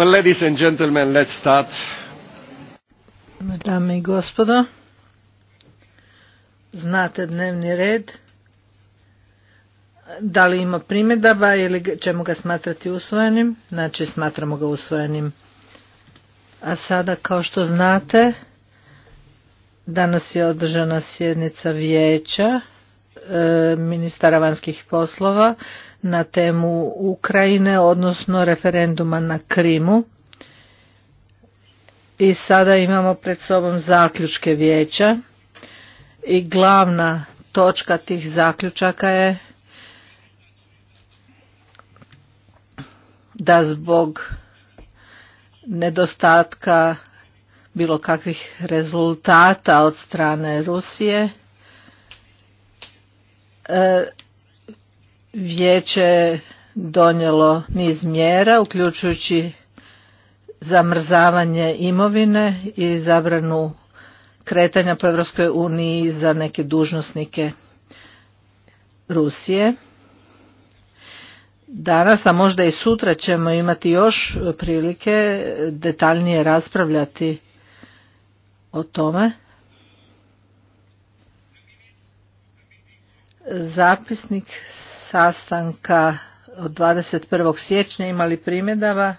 ladies Dame i gospodo, znate dnevni red. Da li ima primjedaba ili ćemo ga smatrati usvojenim? Znači, smatramo ga usvojenim. A sada, kao što znate, danas je održana sjednica vijeća E, ministara vanjskih poslova na temu Ukrajine, odnosno referenduma na Krimu. I sada imamo pred sobom zaključke vijeća i glavna točka tih zaključaka je da zbog nedostatka bilo kakvih rezultata od strane Rusije E, vijeće donijelo niz mjera uključujući zamrzavanje imovine i zabranu kretanja po Europskoj uniji za neke dužnosnike Rusije. Danas, a možda i sutra ćemo imati još prilike detaljnije raspravljati o tome. zapisnik sastanka od 21. siječnja imali primjedava?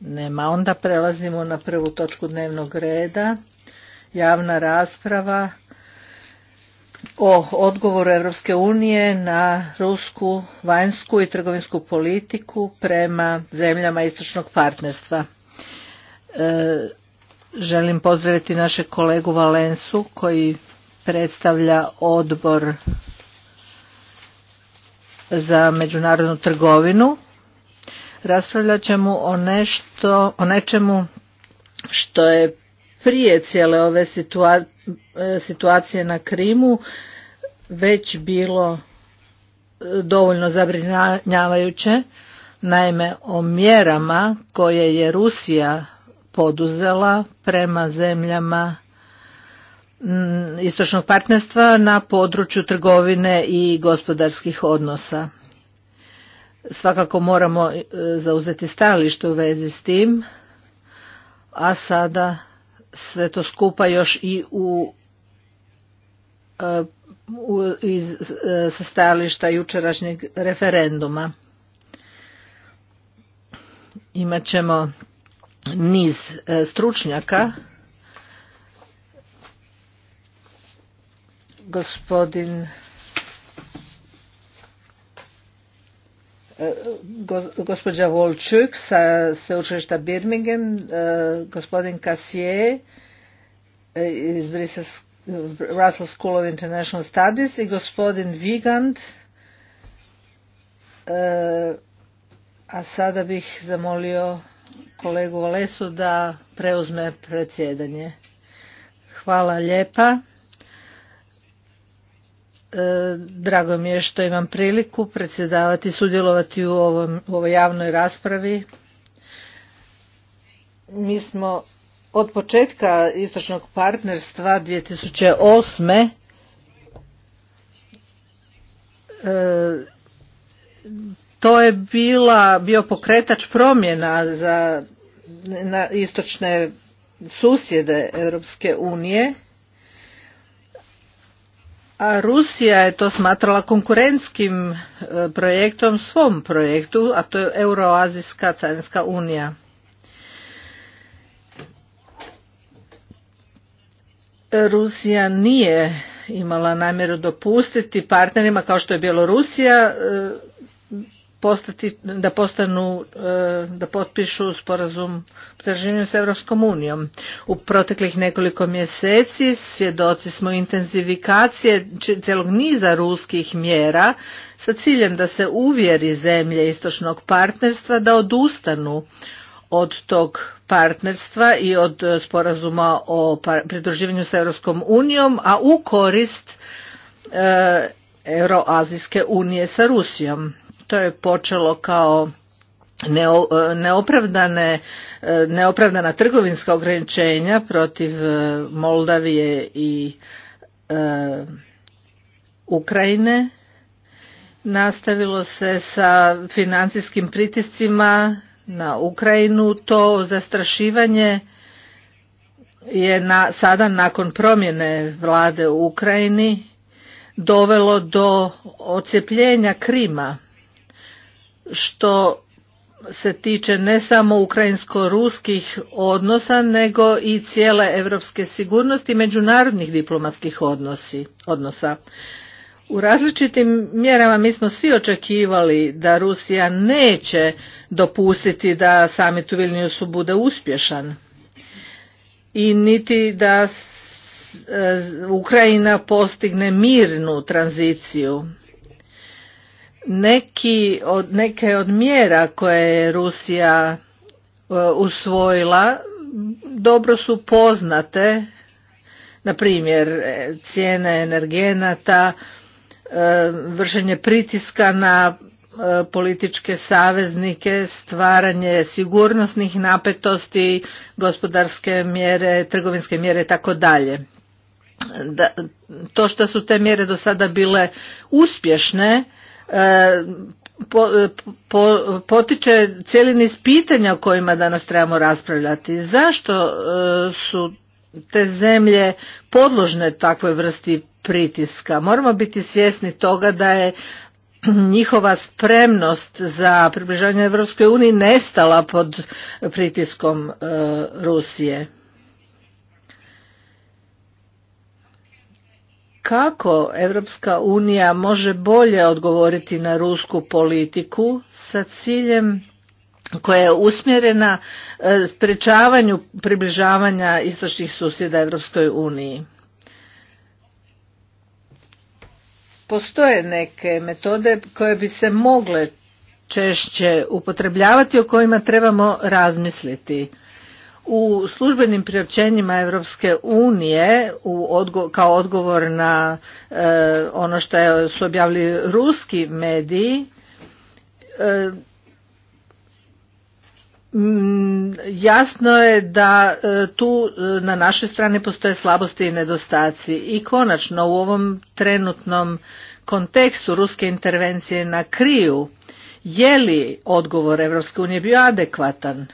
Nema. Onda prelazimo na prvu točku dnevnog reda. Javna rasprava o odgovoru Europske unije na rusku vanjsku i trgovinsku politiku prema zemljama istočnog partnerstva. E, želim pozdraviti našeg kolegu Valensu koji predstavlja odbor za međunarodnu trgovinu. Raspravljat ćemo o, nešto, o nečemu što je prije cijele ove situacije na Krimu već bilo dovoljno zabrinjavajuće, naime o mjerama koje je Rusija poduzela prema zemljama Mm, istočnog partnerstva na području trgovine i gospodarskih odnosa. Svakako moramo e, zauzeti stajalište u vezi s tim, a sada sve to skupa još i u, e, u iz, e, sa stajališta jučerašnjeg referenduma. Imaćemo niz stručnjaka gospodin e, gospođa Volčuk sa sveučilišta Birmingham, e, gospodin Cassier e, iz Russell School of International Studies i gospodin Vigand. A sada bih zamolio kolegu Valesu da preuzme predsjedanje. Hvala lijepa. E, drago mi je što imam priliku predsjedavati i sudjelovati u, ovoj javnoj raspravi. Mi smo od početka istočnog partnerstva 2008. E, to je bila, bio pokretač promjena za istočne susjede Europske unije a Rusija je to smatrala konkurentskim e, projektom svom projektu, a to je Euroazijska carinska unija. Rusija nije imala namjeru dopustiti partnerima kao što je Bjelorusija e, postati, da postanu, e, da potpišu sporazum pridruženju s Europskom unijom. U proteklih nekoliko mjeseci svjedoci smo intenzifikacije cijelog niza ruskih mjera sa ciljem da se uvjeri zemlje istočnog partnerstva da odustanu od tog partnerstva i od sporazuma o pa, pridruživanju s Europskom unijom, a u korist e, Euroazijske unije sa Rusijom. To je počelo kao neopravdane, neopravdana trgovinska ograničenja protiv e, Moldavije i e, Ukrajine. Nastavilo se sa financijskim pritiscima na Ukrajinu. To zastrašivanje je na, sada nakon promjene vlade u Ukrajini dovelo do ocijepljenja Krima što se tiče ne samo ukrajinsko-ruskih odnosa, nego i cijele evropske sigurnosti i međunarodnih diplomatskih odnosi, odnosa. U različitim mjerama mi smo svi očekivali da Rusija neće dopustiti da samit u Vilniusu bude uspješan i niti da e, Ukrajina postigne mirnu tranziciju neki od, neke od mjera koje je Rusija e, usvojila dobro su poznate, na primjer e, cijene energenata, e, vršenje pritiska na političke saveznike, stvaranje sigurnosnih napetosti, gospodarske mjere, trgovinske mjere i tako dalje. To što su te mjere do sada bile uspješne po, po, potiče cijeli niz pitanja o kojima danas trebamo raspravljati. Zašto e, su te zemlje podložne takvoj vrsti pritiska? Moramo biti svjesni toga da je njihova spremnost za približavanje Europskoj uniji nestala pod pritiskom e, Rusije. kako Europska unija može bolje odgovoriti na rusku politiku sa ciljem koja je usmjerena e, sprečavanju približavanja istočnih susjeda Europskoj uniji. Postoje neke metode koje bi se mogle češće upotrebljavati o kojima trebamo razmisliti u službenim priopćenjima Europske unije kao odgovor na e, ono što su objavili ruski mediji e, jasno je da e, tu na našoj strani postoje slabosti i nedostaci i konačno u ovom trenutnom kontekstu ruske intervencije na kriju je li odgovor Europske unije bio adekvatan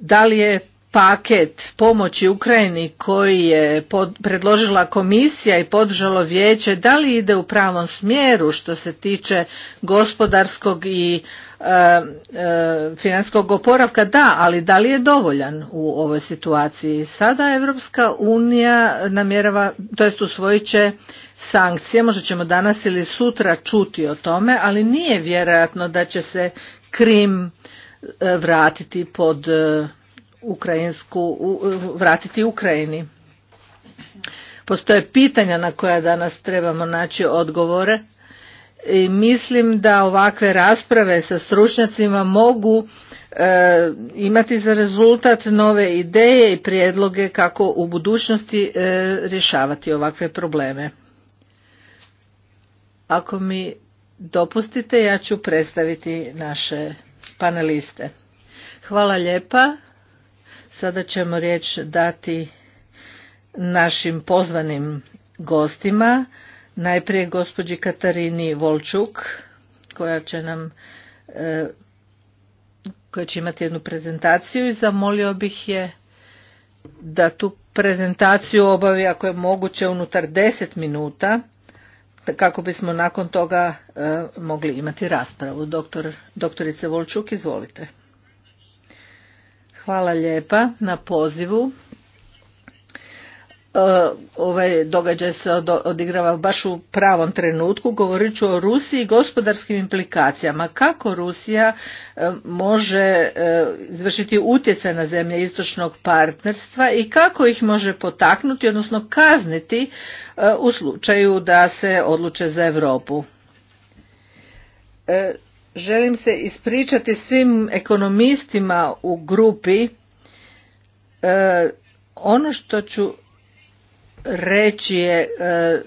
da li je paket pomoći Ukrajini koji je predložila komisija i podržalo vijeće, da li ide u pravom smjeru što se tiče gospodarskog i e, e, financijskog oporavka? Da, ali da li je dovoljan u ovoj situaciji? Sada Evropska unija namjerava, to jest usvojit će sankcije, možda ćemo danas ili sutra čuti o tome, ali nije vjerojatno da će se Krim E, vratiti pod e, ukrajinsku e, vratiti Ukrajini. Postoje pitanja na koja danas trebamo naći odgovore i mislim da ovakve rasprave sa stručnjacima mogu imati za rezultat nove ideje i prijedloge kako u budućnosti rješavati ovakve probleme. Ako mi dopustite ja ću predstaviti naše paneliste. Hvala lijepa. Sada ćemo riječ dati našim pozvanim gostima. Najprije gospođi Katarini Volčuk koja će nam e, koja će imati jednu prezentaciju i zamolio bih je da tu prezentaciju obavi ako je moguće unutar 10 minuta kako bismo nakon toga e, mogli imati raspravu. Doktor, doktorice Volčuk, izvolite. Hvala lijepa na pozivu Eh, ovaj događaj se odigrava baš u pravom trenutku. Govorit ću o Rusiji i gospodarskim implikacijama. Kako Rusija eh, može eh, izvršiti utjecaj na zemlje istočnog partnerstva i kako ih može potaknuti, odnosno kazniti u slučaju da se odluče za Europu. Želim se ispričati svim ekonomistima u grupi. Ono što ću reći je e,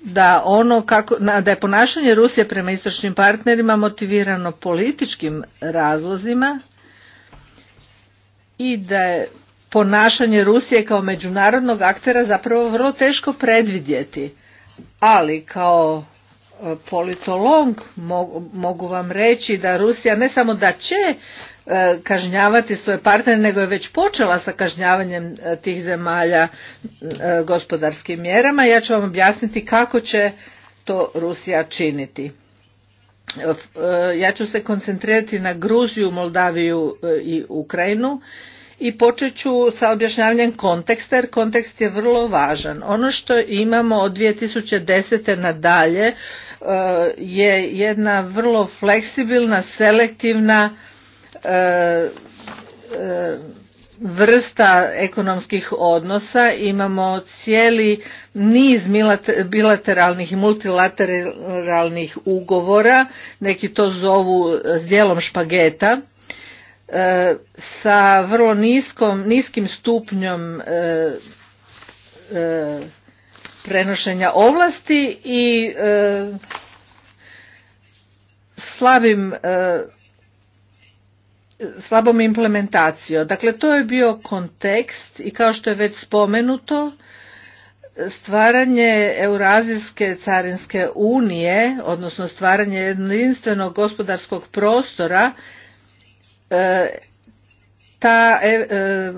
da ono kako, da je ponašanje Rusije prema istočnim partnerima motivirano političkim razlozima i da je ponašanje Rusije kao međunarodnog aktera zapravo vrlo teško predvidjeti. Ali kao e, politolog mogu vam reći da Rusija ne samo da će E, kažnjavati svoje partnere, nego je već počela sa kažnjavanjem e, tih zemalja e, gospodarskim mjerama. Ja ću vam objasniti kako će to Rusija činiti. Ja ću se koncentrirati na Gruziju, Moldaviju i Ukrajinu i počet ću sa objašnjavanjem konteksta jer kontekst je vrlo važan. Ono što imamo od 2010. nadalje je jedna vrlo fleksibilna, selektivna E, e, vrsta ekonomskih odnosa imamo cijeli niz bilateralnih i multilateralnih ugovora neki to zovu s dijelom špageta e, sa vrlo niskom, niskim stupnjom prenošenja ovlasti i slabim slabom implementacijom. Dakle, to je bio kontekst i kao što je već spomenuto, stvaranje Eurazijske carinske unije, odnosno stvaranje jedinstvenog gospodarskog prostora, e, ta e, e,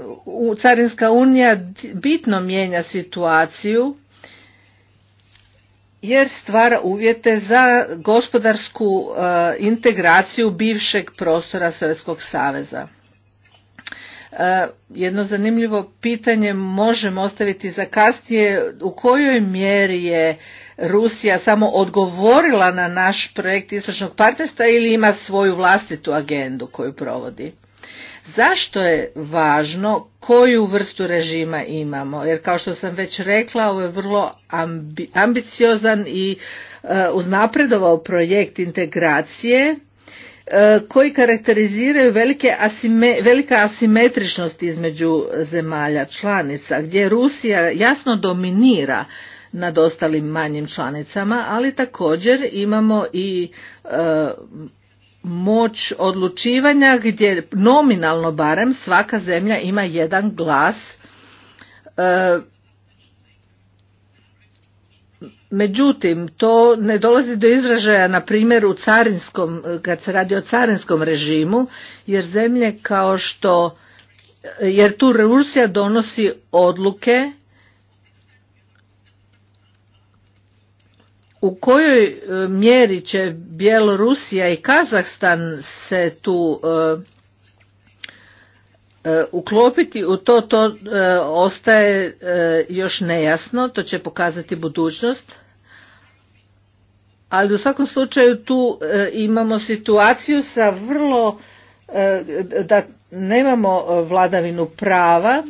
Carinska unija bitno mijenja situaciju jer stvara uvjete za gospodarsku eh, integraciju bivšeg prostora Sovjetskog saveza. Eh, jedno zanimljivo pitanje možemo ostaviti za kasnije u kojoj mjeri je Rusija samo odgovorila na naš projekt istočnog partnerstva ili ima svoju vlastitu agendu koju provodi. Zašto je važno koju vrstu režima imamo? Jer kao što sam već rekla, ovo je vrlo ambiciozan i e, uznapredovao projekt integracije e, koji karakteriziraju velika asimetričnost između zemalja članica, gdje Rusija jasno dominira nad ostalim manjim članicama, ali također imamo i e, moć odlučivanja gdje nominalno barem svaka zemlja ima jedan glas e, međutim to ne dolazi do izražaja na primjer u carinskom kad se radi o carinskom režimu jer zemlje kao što jer tu Rusija donosi odluke u kojoj e, mjeri će Bjelorusija i Kazahstan se tu e, e, uklopiti u to, to ostaje još nejasno, to će pokazati budućnost. Ali u svakom slučaju tu imamo situaciju sa vrlo, da nemamo vladavinu prava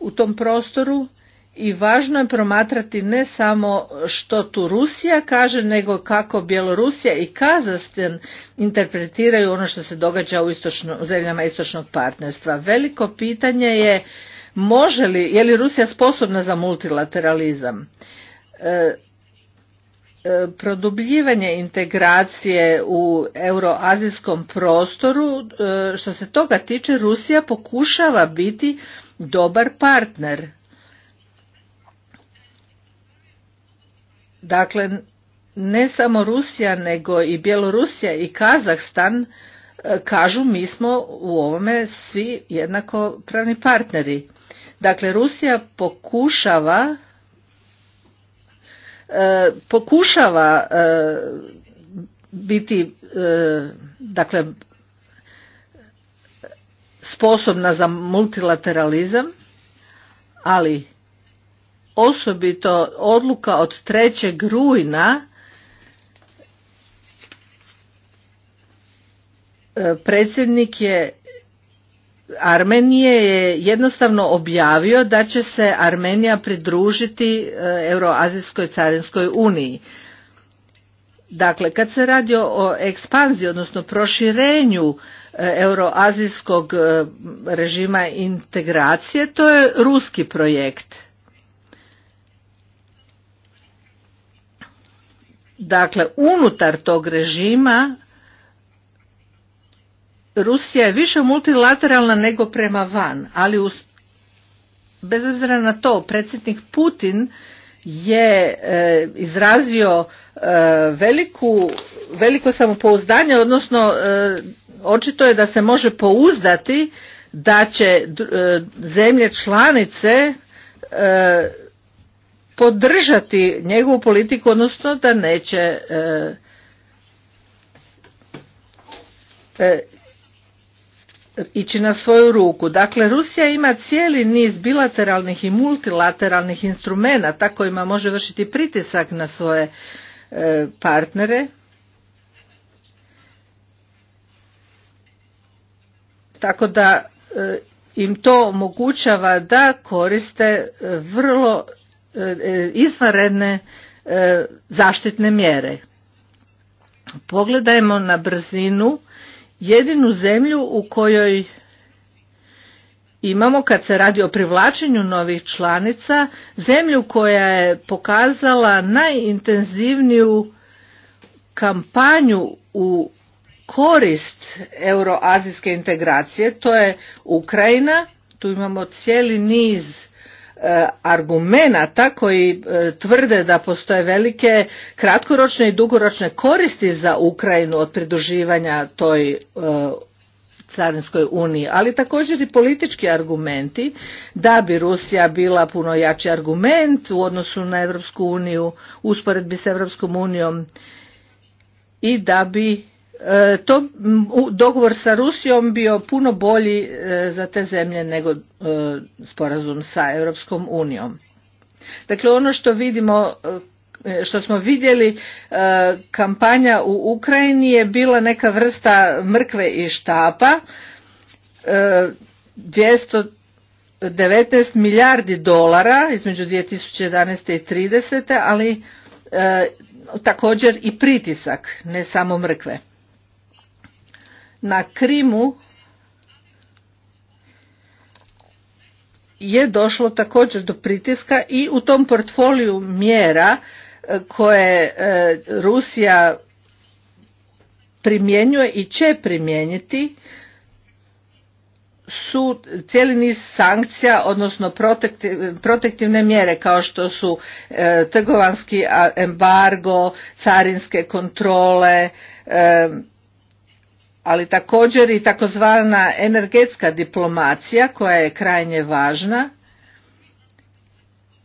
u tom prostoru i važno je promatrati ne samo što tu Rusija kaže, nego kako Bjelorusija i Kazahstan interpretiraju ono što se događa u, zemljama istočnog partnerstva. Veliko pitanje je može li, je li Rusija sposobna za multilateralizam? E, e produbljivanje integracije u euroazijskom prostoru, e, što se toga tiče, Rusija pokušava biti dobar partner. Dakle, ne samo Rusija, nego i Bjelorusija i Kazahstan e, kažu mi smo u ovome svi jednako pravni partneri. Dakle, Rusija pokušava e, pokušava e, biti dakle sposobna za multilateralizam, ali osobito odluka od 3. rujna e, predsjednik je Armenije je jednostavno objavio da će se Armenija pridružiti e, Euroazijskoj carinskoj uniji. Dakle, kad se radi o ekspanziji, odnosno proširenju e, euroazijskog režima integracije, to je ruski projekt. Dakle, unutar tog režima Rusija je više multilateralna nego prema van, ali uz, bez obzira na to predsjednik Putin je e, izrazio e, veliku, veliko samopouzdanje, odnosno e, očito je da se može pouzdati da će zemlje članice podržati njegovu politiku, odnosno da neće e, e, ići na svoju ruku. Dakle, Rusija ima cijeli niz bilateralnih i multilateralnih instrumenata kojima može vršiti pritisak na svoje e, partnere. Tako da e, im to omogućava da koriste vrlo E, e, izvanredne e, zaštitne mjere. Pogledajmo na brzinu jedinu zemlju u kojoj imamo kad se radi o privlačenju novih članica, zemlju koja je pokazala najintenzivniju kampanju u korist euroazijske integracije, to je Ukrajina, tu imamo cijeli niz E, argumenata koji e, tvrde da postoje velike kratkoročne i dugoročne koristi za Ukrajinu od pridruživanja toj e, carinskoj uniji, ali također i politički argumenti da bi Rusija bila puno jači argument u odnosu na Europsku uniju, usporedbi s Europskom unijom i da bi E, to dogovor sa Rusijom bio puno bolji e, za te zemlje nego e, sporazum sa Europskom unijom. Dakle ono što vidimo što smo vidjeli kampanja u Ukrajini je bila neka vrsta mrkve i štapa 219 milijardi dolara između 2011. i 30. ali također i pritisak ne samo mrkve na Krimu je došlo također do pritiska i u tom portfoliju mjera e, koje e, Rusija primjenjuje i će primijeniti su cijeli niz sankcija odnosno protektivne mjere kao što su e, trgovanski embargo, carinske kontrole, ali također i takozvana energetska diplomacija koja je krajnje važna.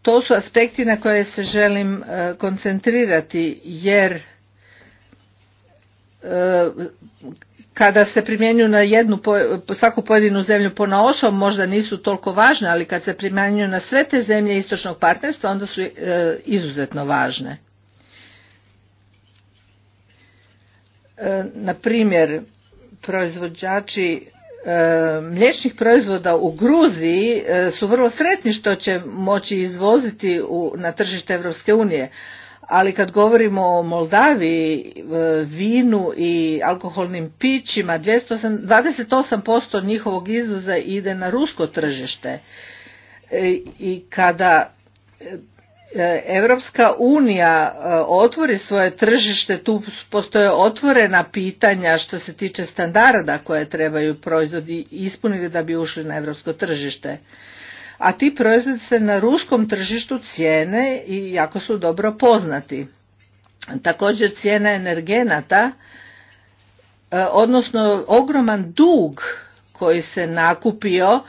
To su aspekti na koje se želim e, koncentrirati jer e, kada se primjenjuju na jednu svaku pojedinu zemlju ponaosob možda nisu toliko važne, ali kad se primjenjuju na sve te zemlje istočnog partnerstva onda su e, izuzetno važne. Na primjer, proizvođači e, mliječnih proizvoda u Gruziji e, su vrlo sretni što će moći izvoziti na tržište Europske unije. Ali kad govorimo o Moldaviji, e, vinu i alkoholnim pićima, 28% njihovog izvoza ide na rusko tržište. I kada Europska unija e, otvori svoje tržište, tu postoje otvorena pitanja što se tiče standarda koje trebaju proizvodi ispuniti da bi ušli na europsko tržište. A ti proizvodi se na ruskom tržištu cijene i jako su dobro poznati. Također cijena energenata, e, odnosno ogroman dug koji se nakupio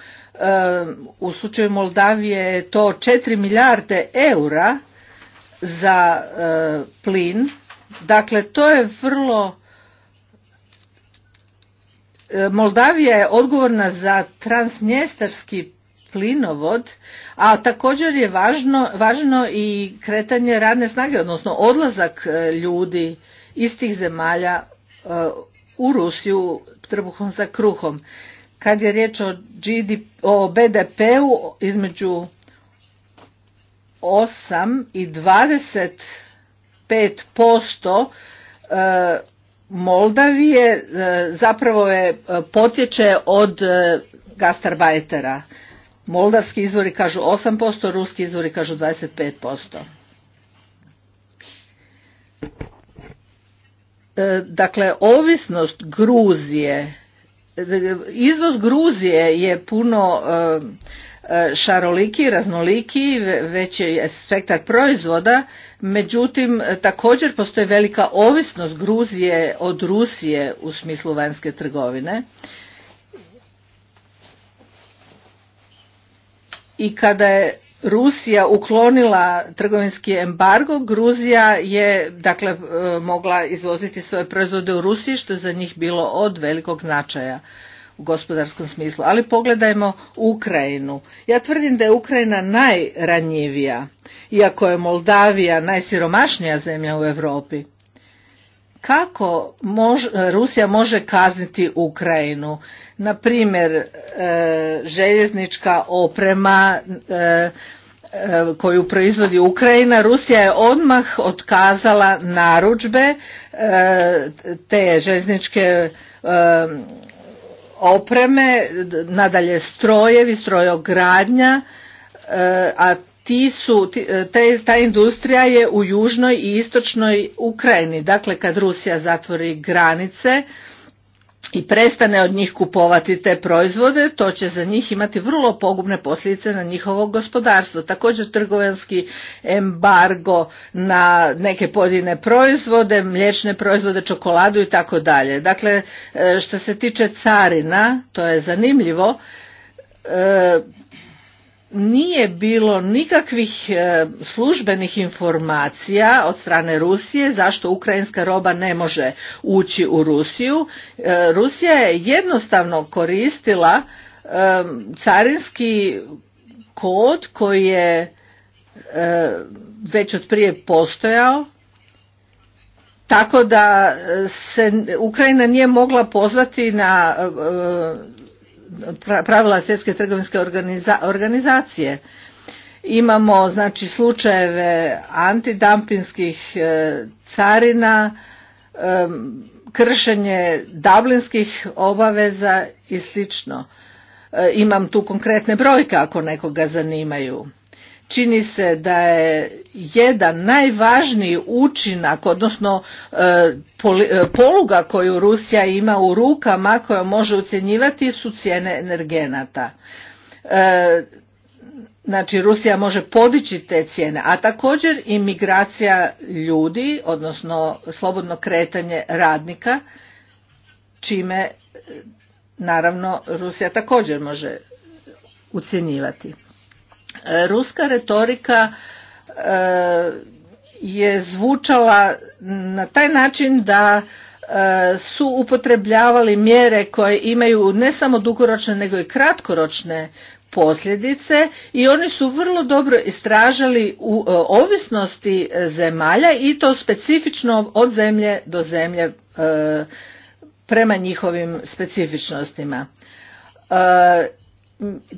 u slučaju Moldavije je to 4 milijarde eura za plin. Dakle, to je vrlo... Moldavija je odgovorna za transnjestarski plinovod, a također je važno, važno i kretanje radne snage, odnosno odlazak e, ljudi iz tih zemalja e, u Rusiju trbuhom za kruhom kad je riječ o, GDP, o BDP-u između 8 i 25 posto e, Moldavije e, zapravo je e, potječe od gastarbajtera. Moldavski izvori kažu 8%, ruski izvori kažu 25%. Dakle, ovisnost Gruzije izvoz Gruzije je puno e, e, šaroliki, raznoliki, veći je spektar proizvoda, međutim također postoji velika ovisnost Gruzije od Rusije u smislu vanjske trgovine. I kada je Rusija uklonila trgovinski embargo, Gruzija je dakle e, mogla izvoziti svoje proizvode u Rusiji što je za njih bilo od velikog značaja u gospodarskom smislu. Ali pogledajmo Ukrajinu. Ja tvrdim da je Ukrajina najranjivija, iako je Moldavija najsiromašnija zemlja u Europi kako Rusija može kazniti Ukrajinu. Na primjer, e, željeznička oprema e, e, koju proizvodi Ukrajina, Rusija je odmah otkazala narudžbe te željezničke opreme, nadalje strojevi, strojogradnja, a ti su, e, ta industrija je u južnoj i istočnoj Ukrajini. Dakle, kad Rusija zatvori granice i prestane od njih kupovati te proizvode, to će za njih imati vrlo pogubne posljedice na njihovo gospodarstvo. Također trgovinski embargo na neke pojedine proizvode, mliječne proizvode, čokoladu i tako dalje. Dakle, e, što se tiče carina, to je zanimljivo, e, nije bilo nikakvih e, službenih informacija od strane Rusije zašto ukrajinska roba ne može ući u Rusiju. E, Rusija je jednostavno koristila e, carinski kod koji je već od prije postojao tako da se Ukrajina nije mogla pozvati na pravila svjetske trgovinske organizacije imamo znači slučajeve antidampinskih e, carina e, kršenje dublinskih obaveza i slično e, imam tu konkretne brojke ako nekoga zanimaju čini se da je jedan najvažniji učinak odnosno e, e, poluga koju Rusija ima u rukama koja može ucjenjivati su cijene energenata. E, znači Rusija može podići te cijene, a također i migracija ljudi, odnosno slobodno kretanje radnika, čime naravno Rusija također može ucjenjivati. Ruska retorika e, je zvučala na taj način da e, su upotrebljavali mjere koje imaju ne samo dugoročne nego i kratkoročne posljedice i oni su vrlo dobro istražali u e, ovisnosti zemalja i to specifično od zemlje do zemlje prema njihovim specifičnostima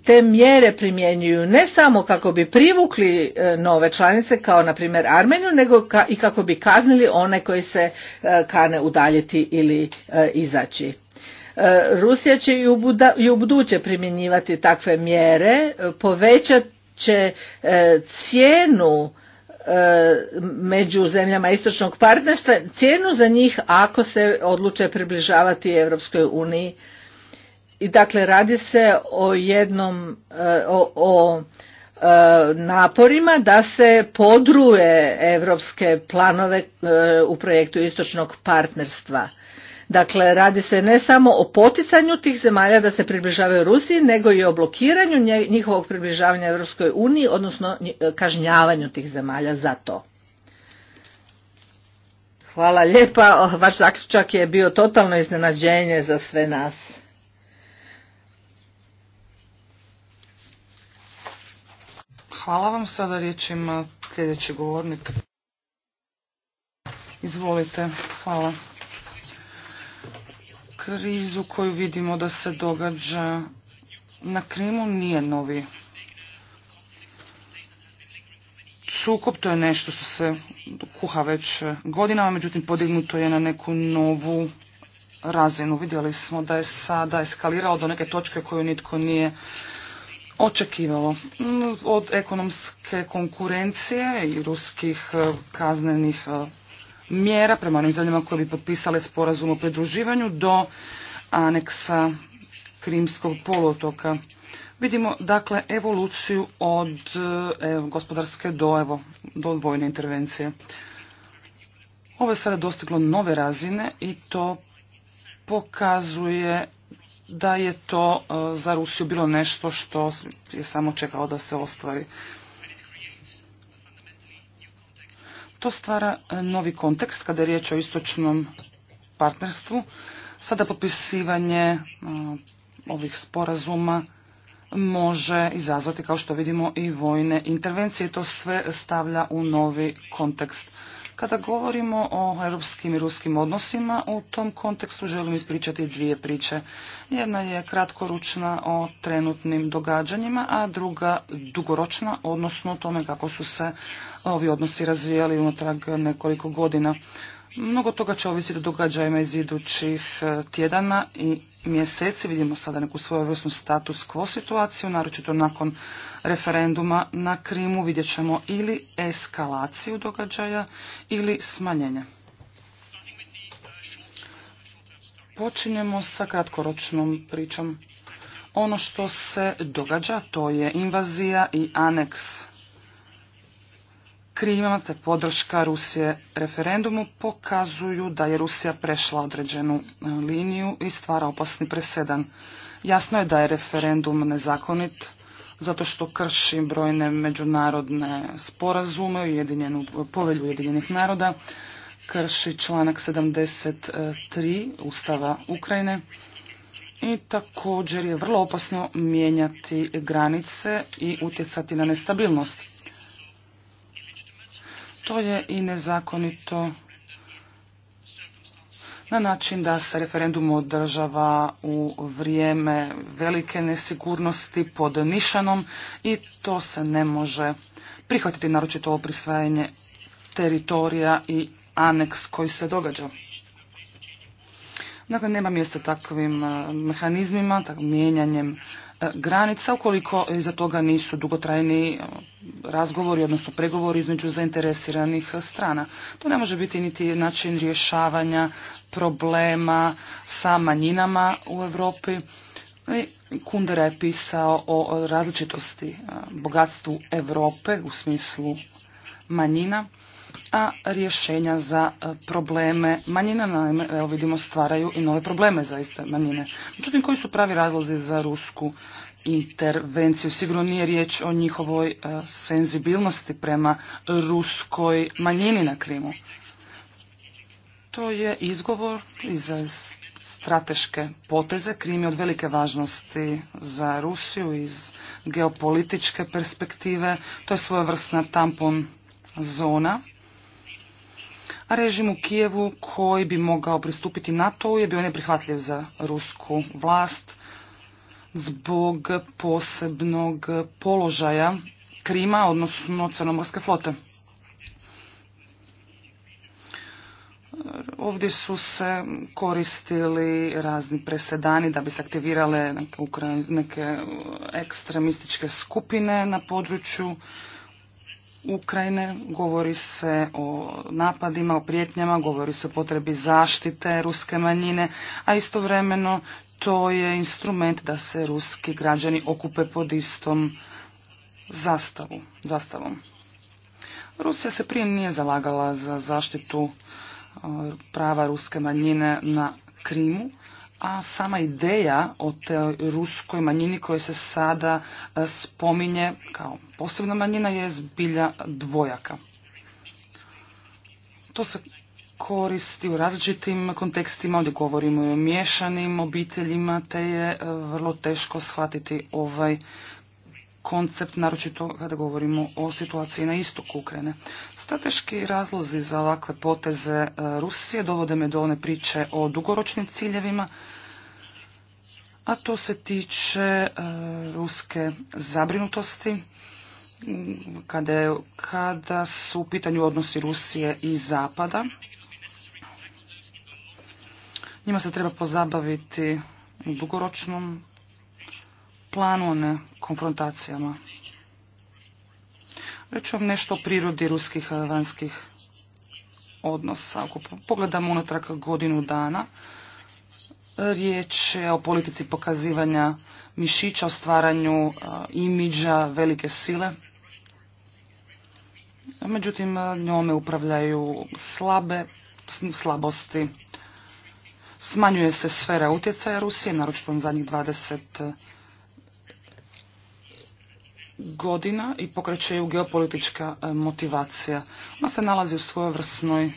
te mjere primjenjuju ne samo kako bi privukli e, nove članice kao na primjer Armeniju nego i kako bi kaznili one koji se e, kane udaljiti ili e, izaći. Rusija će i u buduće primjenjivati takve mjere, povećat će cijenu među zemljama istočnog partnerstva, cijenu za njih ako se odluče približavati Europskoj uniji i dakle radi se o jednom e, o, e, naporima da se podruje evropske planove e, u projektu istočnog partnerstva. Dakle, radi se ne samo o poticanju tih zemalja da se približavaju Rusiji, nego i o blokiranju njihovog približavanja Europskoj uniji, odnosno kažnjavanju tih zemalja za to. Hvala lijepa, vaš zaključak je bio totalno iznenađenje za sve nas. Hvala vam. Sada riječ ima sljedeći govornik. Izvolite. Hvala. Krizu koju vidimo da se događa na Krimu nije novi. Sukob to je nešto što se kuha već godinama, međutim podignuto je na neku novu razinu. Vidjeli smo da je sada eskalirao do neke točke koju nitko nije očekivalo mm, od ekonomske konkurencije i ruskih e, kaznenih e, mjera prema onim zemljama koje bi potpisale sporazum o pridruživanju do aneksa Krimskog poluotoka. Vidimo dakle evoluciju od e, evo, gospodarske do, evo, do vojne intervencije. Ovo je sada dostiglo nove razine i to pokazuje da je to e, za Rusiju bilo nešto što je samo čekao da se ostvari. To stvara e, novi kontekst kada je riječ o istočnom partnerstvu. Sada popisivanje e, ovih sporazuma može izazvati, kao što vidimo, i vojne intervencije. To sve stavlja u novi kontekst. Kada govorimo o europskim i ruskim odnosima, u tom kontekstu želim ispričati dvije priče. Jedna je kratkoručna o trenutnim događanjima, a druga dugoročna, odnosno o tome kako su se ovi odnosi razvijali unatrag nekoliko godina. Mnogo toga će ovisiti o događajima iz idućih e, tjedana i mjeseci. Vidimo sada neku svojevrsnu status quo situaciju, naročito nakon referenduma na Krimu. Vidjet ćemo ili eskalaciju događaja ili smanjenje. Počinjemo sa kratkoročnom pričom. Ono što se događa to je invazija i aneks krivac te podrška Rusije referendumu pokazuju da je Rusija prešla određenu e, liniju i stvara opasni presedan. Jasno je da je referendum nezakonit zato što krši brojne međunarodne sporazume, ujedinjenu, povelju Ujedinjenih naroda, krši članak 73 Ustava Ukrajine i također je vrlo opasno mijenjati granice i utjecati na nestabilnost što je i nezakonito na način da se referendum održava u vrijeme velike nesigurnosti pod Nišanom i to se ne može prihvatiti naročito ovo prisvajanje teritorija i aneks koji se događa. Dakle, nema mjesta takvim eh, mehanizmima, takvim mijenjanjem granica ukoliko iza toga nisu dugotrajni e, razgovori, odnosno pregovori između zainteresiranih strana. To ne može biti niti način rješavanja problema sa manjinama u Europi. E, Kundera je pisao o različitosti e, bogatstvu Europe u smislu manjina a rješenja za e, probleme manjina, naime, evo vidimo, stvaraju i nove probleme za iste manjine. Međutim, koji su pravi razlozi za rusku intervenciju? Sigurno nije riječ o njihovoj e, senzibilnosti prema ruskoj manjini na Krimu. To je izgovor i za strateške poteze. Krim je od velike važnosti za Rusiju iz geopolitičke perspektive. To je svojevrsna tampon zona režim u Kijevu koji bi mogao pristupiti nato je bio neprihvatljiv za rusku vlast zbog posebnog položaja Krima, odnosno Crnomorske flote. Ovdje su se koristili razni presedani da bi se aktivirale neke, neke ekstremističke skupine na području Ukrajine, govori se o napadima, o prijetnjama, govori se o potrebi zaštite ruske manjine, a istovremeno to je instrument da se ruski građani okupe pod istom zastavu, zastavom. Rusija se prije nije zalagala za zaštitu e, prava ruske manjine na Krimu, a sama ideja o te ruskoj manjini koja se sada e, spominje kao posebna manjina je zbilja dvojaka. To se koristi u različitim kontekstima, ovdje govorimo i o miješanim obiteljima, te je e, vrlo teško shvatiti ovaj koncept, naročito kada govorimo o situaciji na istoku Ukrajine. Strateški razlozi za ovakve poteze e, Rusije dovode me do one priče o dugoročnim ciljevima, a to se tiče e, ruske zabrinutosti kada, kada su u pitanju odnosi Rusije i Zapada. Njima se treba pozabaviti u dugoročnom planu, ne konfrontacijama. Reću vam nešto o prirodi ruskih eh, vanjskih odnosa. Ako pogledamo unatrag godinu dana, riječ je o politici pokazivanja mišića, o stvaranju eh, imidža velike sile. Međutim, eh, njome upravljaju slabe, slabosti. Smanjuje se sfera utjecaja Rusije, naročito u zadnjih 20 godina i pokreće ju geopolitička e, motivacija. Ona se nalazi u vrsnoj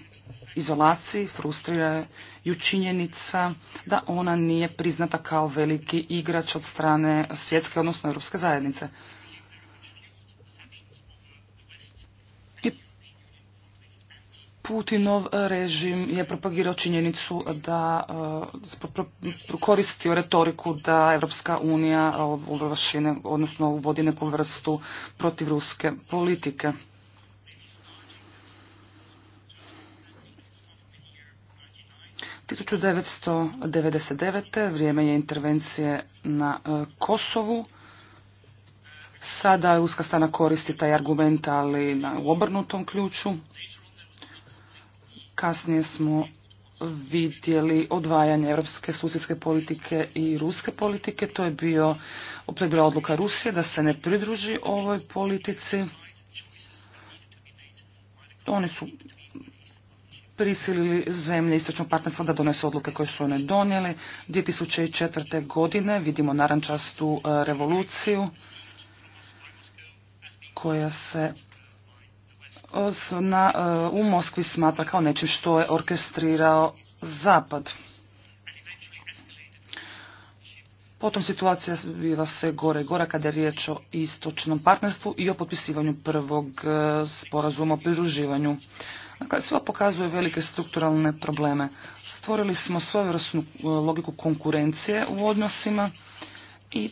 izolaciji, frustrira ju činjenica da ona nije priznata kao veliki igrač od strane svjetske, odnosno europske zajednice. Putinov režim je propagirao činjenicu da e, koristio retoriku da Evropska unija e, odnosno uvodi neku vrstu protiv ruske politike. tisuća 1999. vrijeme je intervencije na e, Kosovu Sada Ruska strana koristi taj argument, ali na, u obrnutom ključu. Kasnije smo vidjeli odvajanje europske susjedske politike i ruske politike. To je, bio, to bila odluka Rusije da se ne pridruži ovoj politici. Oni su prisilili zemlje istočnog partnerstva da donesu odluke koje su one donijeli. 2004. godine vidimo narančastu e, revoluciju koja se E, u Moskvi smatra kao nečim što je orkestrirao Zapad. Potom situacija biva sve gore i gora kada je riječ o istočnom partnerstvu i o potpisivanju prvog e, sporazuma o pridruživanju. Dakle, sve pokazuje velike strukturalne probleme. Stvorili smo svojevrsnu e, logiku konkurencije u odnosima i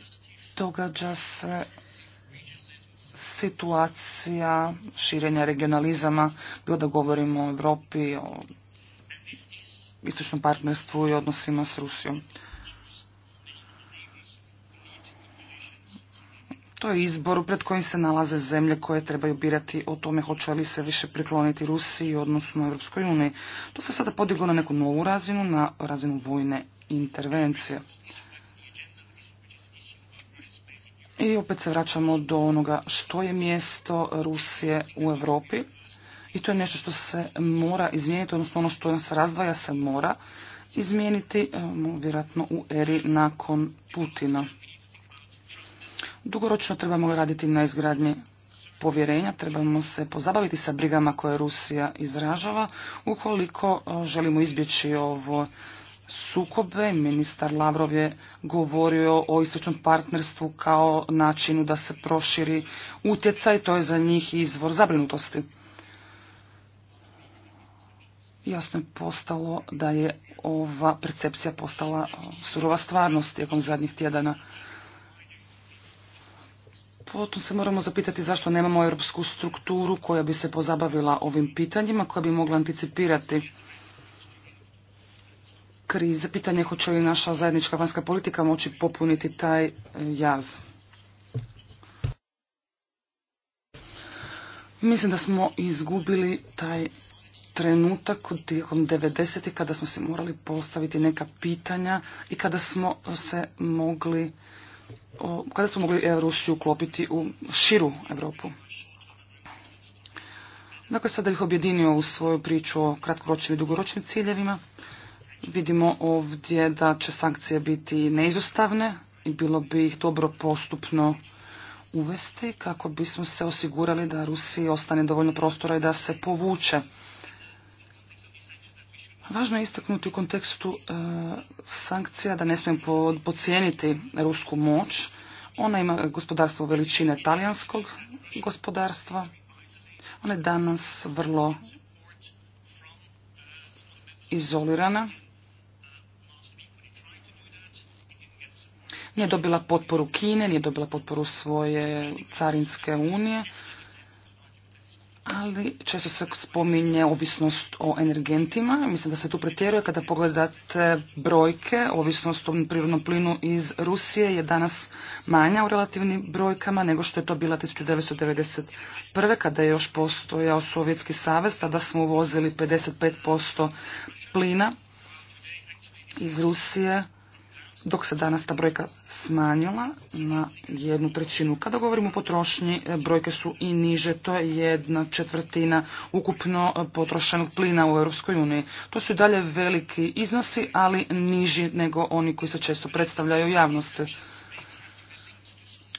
događa se situacija širenja regionalizama, bilo da govorimo o Europi, o istočnom partnerstvu i odnosima s Rusijom. To je izbor pred kojim se nalaze zemlje koje trebaju birati o tome hoće li se više prikloniti Rusiji, odnosno Europskoj uniji. To se sada podiglo na neku novu razinu, na razinu vojne intervencije. I opet se vraćamo do onoga što je mjesto Rusije u Europi. I to je nešto što se mora izmijeniti, odnosno ono što se razdvaja se mora izmijeniti, e, vjerojatno u eri nakon Putina. Dugoročno trebamo raditi na izgradnji povjerenja, trebamo se pozabaviti sa brigama koje Rusija izražava, ukoliko e, želimo izbjeći ovo sukobe. Ministar Lavrov je govorio o istočnom partnerstvu kao načinu da se proširi utjecaj. To je za njih izvor zabrinutosti. Jasno je postalo da je ova percepcija postala uh, surova stvarnost tijekom zadnjih tjedana. Potom se moramo zapitati zašto nemamo europsku strukturu koja bi se pozabavila ovim pitanjima, koja bi mogla anticipirati krize, pitanje hoće li naša zajednička vanjska politika moći popuniti taj e, jaz. Mislim da smo izgubili taj trenutak tijekom 90. kada smo se morali postaviti neka pitanja i kada smo se mogli kada smo mogli Rusiju uklopiti u širu Europu. Dakle, sada ih objedinio u svoju priču o kratkoročnim i dugoročnim ciljevima. Vidimo ovdje da će sankcije biti neizostavne i bilo bi ih dobro postupno uvesti kako bismo se osigurali da Rusiji ostane dovoljno prostora i da se povuče. Važno je istaknuti u kontekstu e, sankcija da ne smijem podcijeniti rusku moć. Ona ima gospodarstvo veličine talijanskog gospodarstva. Ona je danas vrlo izolirana Nije dobila potporu Kine, nije dobila potporu svoje carinske unije, ali često se spominje ovisnost o energentima. Mislim da se tu pretjeruje kada pogledate brojke. Ovisnost o prirodnom plinu iz Rusije je danas manja u relativnim brojkama nego što je to bila 1991. kada je još postojao Sovjetski savez. Tada smo uvozili 55% plina iz Rusije dok se danas ta brojka smanjila na jednu trećinu. Kada govorimo o potrošnji, e, brojke su i niže, to je jedna četvrtina ukupno e, potrošenog plina u Europskoj uniji. To su i dalje veliki iznosi, ali niži nego oni koji se često predstavljaju u javnosti.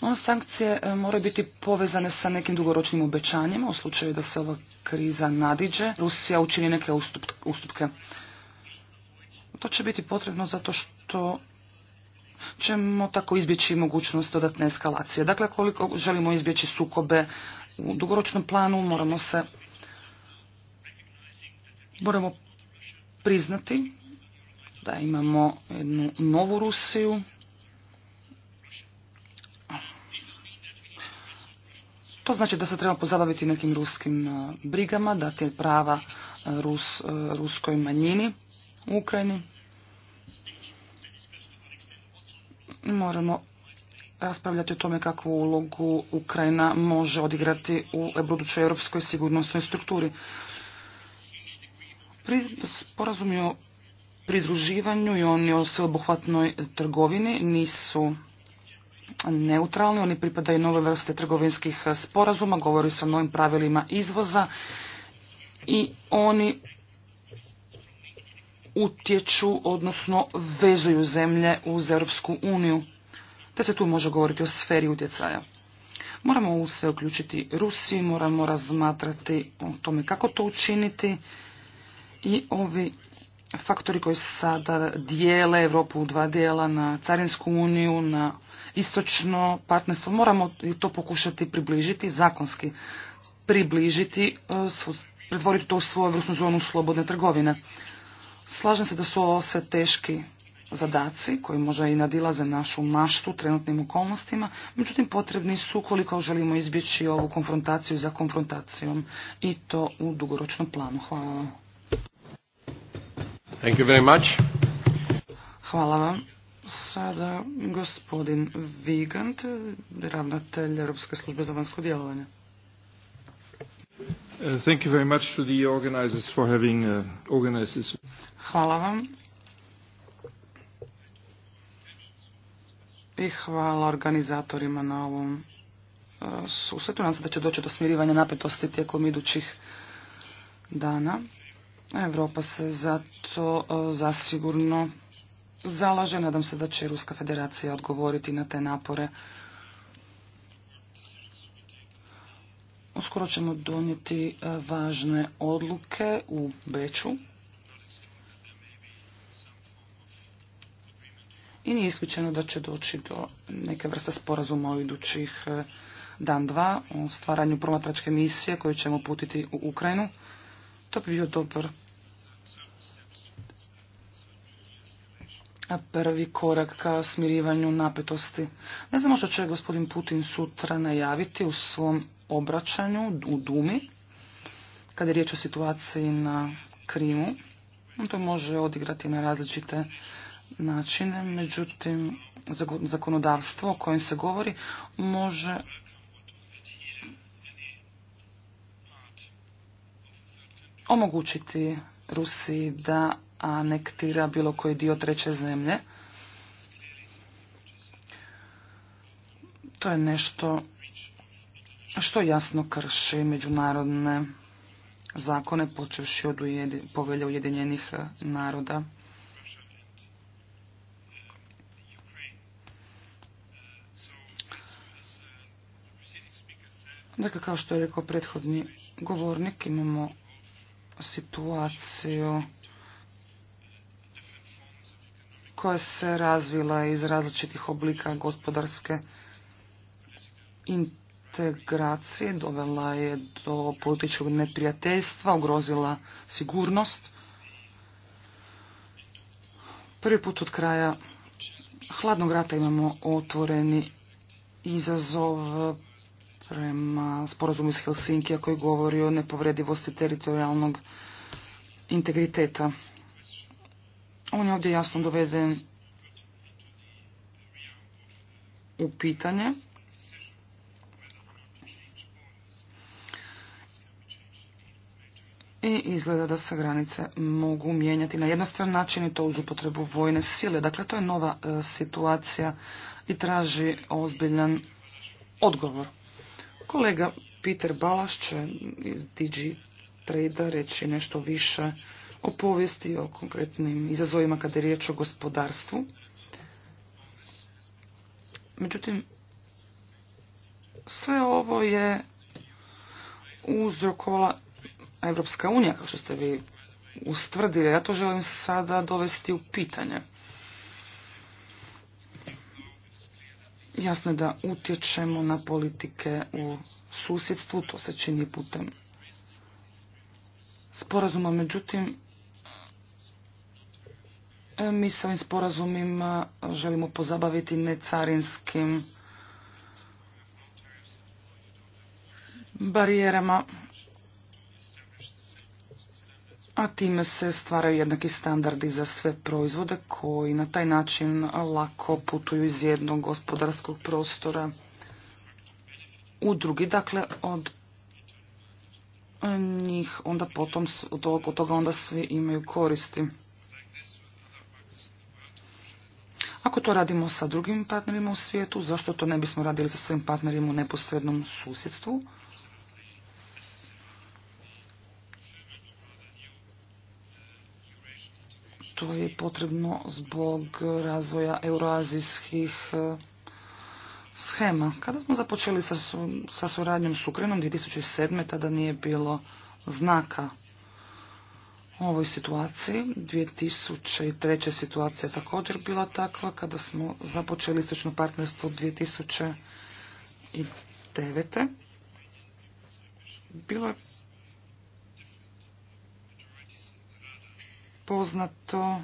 Ono sankcije e, moraju biti povezane sa nekim dugoročnim obećanjima u slučaju da se ova kriza nadiđe. Rusija učini neke ustupke. To će biti potrebno zato što ćemo tako izbjeći mogućnost dodatne eskalacije. Dakle, koliko želimo izbjeći sukobe u dugoročnom planu, moramo se moramo priznati da imamo jednu novu Rusiju. To znači da se treba pozabaviti nekim ruskim e, brigama, dati prava e, e, ruskoj manjini u Ukrajini. moramo raspravljati o tome kakvu ulogu Ukrajina može odigrati u budućoj europskoj sigurnosnoj strukturi. Pri sporazumi o pridruživanju i oni o sveobuhvatnoj trgovini nisu neutralni, oni pripadaju nove vrste trgovinskih sporazuma, govori se o novim pravilima izvoza i oni utječu, odnosno vezuju zemlje uz Europsku uniju, te se tu može govoriti o sferi utjecaja. Moramo u sve uključiti Rusiju, moramo razmatrati o tome kako to učiniti i ovi faktori koji sada dijele Europu u dva dijela na Carinsku uniju, na istočno partnerstvo, moramo to pokušati približiti, zakonski približiti, e, pretvoriti to svoju vrstnu zonu slobodne trgovine. Slažem se da su ovo sve teški zadaci koji možda i nadilaze našu maštu trenutnim okolnostima, međutim potrebni su koliko želimo izbjeći ovu konfrontaciju za konfrontacijom i to u dugoročnom planu. Hvala vam. Thank you very much. Hvala vam. Sada gospodin Vigand, ravnatelj Europske službe za vanjsko djelovanje. Uh, thank you Hvala vam. I hvala organizatorima na ovom uh, susretu. Nadam se da će doći do smirivanja napetosti tijekom idućih dana. Europa se zato uh, zasigurno zalaže. Nadam se da će Ruska federacija odgovoriti na te napore. Uskoro ćemo donijeti e, važne odluke u Beću. I nije isključeno da će doći do neke vrste sporazuma u idućih e, dan dva o stvaranju promatračke misije koju ćemo putiti u Ukrajinu. To bi bio dobar prvi korak ka smirivanju napetosti. Ne znamo što će gospodin Putin sutra najaviti u svom obraćanju u Dumi, kada je riječ o situaciji na Krimu. to može odigrati na različite načine, međutim zakonodavstvo o kojem se govori može omogućiti Rusiji da anektira bilo koji dio treće zemlje. To je nešto što jasno krši međunarodne zakone, počevši od povelja Ujedinjenih naroda. Dakle, kao što je rekao prethodni govornik, imamo situaciju koja se razvila iz različitih oblika gospodarske integracije, dovela je do političkog neprijateljstva, ugrozila sigurnost. Prvi put od kraja hladnog rata imamo otvoreni izazov prema sporazumu iz Helsinkija koji govori o nepovredivosti teritorijalnog integriteta. On je ovdje jasno doveden u pitanje. I izgleda da se granice mogu mijenjati na jednostran način i to uz upotrebu vojne sile. Dakle, to je nova e, situacija i traži ozbiljan odgovor. Kolega Peter Balaš će iz DG Trade reći nešto više o povijesti, o konkretnim izazovima kada je riječ o gospodarstvu. Međutim, sve ovo je uzrokovala Evropska unija, kao što ste vi ustvrdili. Ja to želim sada dovesti u pitanje. Jasno je da utječemo na politike u susjedstvu, to se čini putem sporazuma, međutim, mi s ovim sporazumima želimo pozabaviti necarinskim barijerama, a time se stvaraju jednaki standardi za sve proizvode koji na taj način lako putuju iz jednog gospodarskog prostora u drugi. Dakle, od njih onda potom, od toga onda svi imaju koristi. Ako to radimo sa drugim partnerima u svijetu, zašto to ne bismo radili sa svojim partnerima u neposrednom susjedstvu? To je potrebno zbog razvoja euroazijskih e, schema. Kada smo započeli sa, sa suradnjom s Ukrajinom 2007. tada nije bilo znaka u ovoj situaciji. 2003. situacija također bila takva kada smo započeli istočno partnerstvo 2009. Bilo je poznato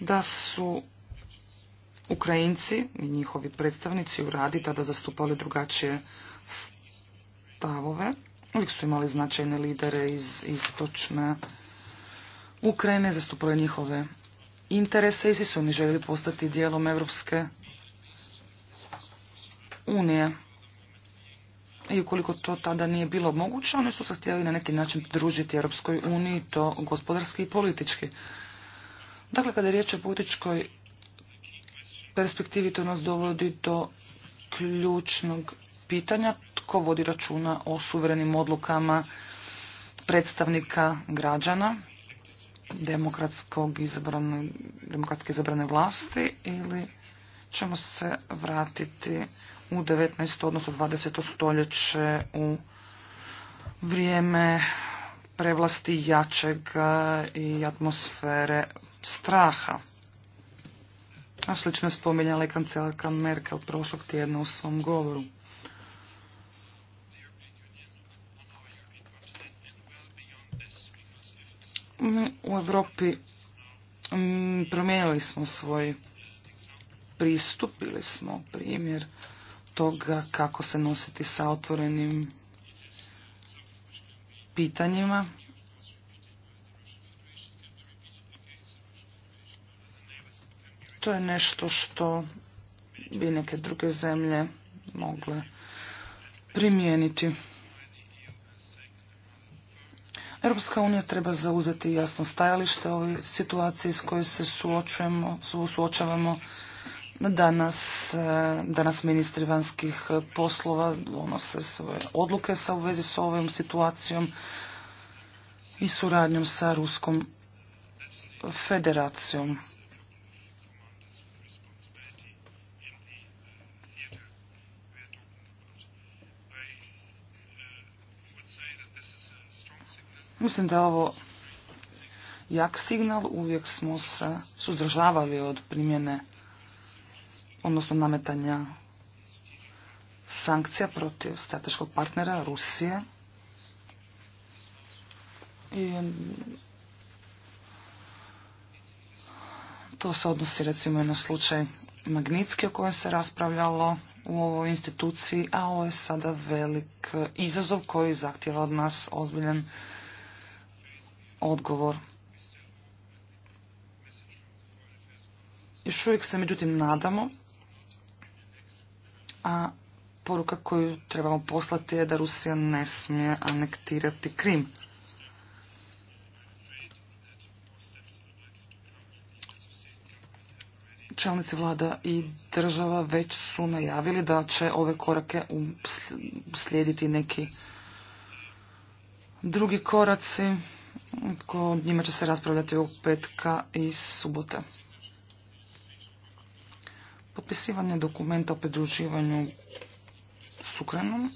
da su Ukrajinci i njihovi predstavnici u radi tada zastupali drugačije stavove. Uvijek su imali značajne lidere iz istočne Ukrajine, zastupuje njihove interese i svi su oni željeli postati dijelom Europske unije. I ukoliko to tada nije bilo moguće, oni su se htjeli na neki način družiti Europskoj uniji, to gospodarski i politički. Dakle, kada je riječ o političkoj perspektivi, to nas dovodi do ključnog pitanja tko vodi računa o suverenim odlukama predstavnika građana demokratske izabrane vlasti ili ćemo se vratiti u 19. odnosno 20. stoljeće u vrijeme prevlasti jačeg i atmosfere straha. A slično je spominjala i kancelarka Merkel prošlog tjedna u svom govoru. Mm, u Europi mm, promijenili smo svoj pristup, bili smo primjer toga kako se nositi sa otvorenim pitanjima. To je nešto što bi neke druge zemlje mogle primijeniti. Europska unija treba zauzeti jasno stajalište o ovoj situaciji s kojoj se suočujemo, suočavamo danas, eh, danas ministri vanjskih poslova donose svoje odluke sa u vezi s ovom situacijom i suradnjom sa Ruskom federacijom. Mislim da je ovo jak signal, uvijek smo se suzdržavali od primjene, odnosno nametanja sankcija protiv strateškog partnera Rusije. I to se odnosi recimo i na slučaj Magnitski o kojem se raspravljalo u ovoj instituciji, a ovo je sada velik izazov koji zahtjeva od nas ozbiljan odgovor. Još uvijek se međutim nadamo, a poruka koju trebamo poslati je da Rusija ne smije anektirati Krim. Čelnici vlada i država već su najavili da će ove korake slijediti neki drugi koraci. Ko, njima će se raspravljati u petka i subote. Potpisivanje dokumenta o pridruživanju s Ukrajinom.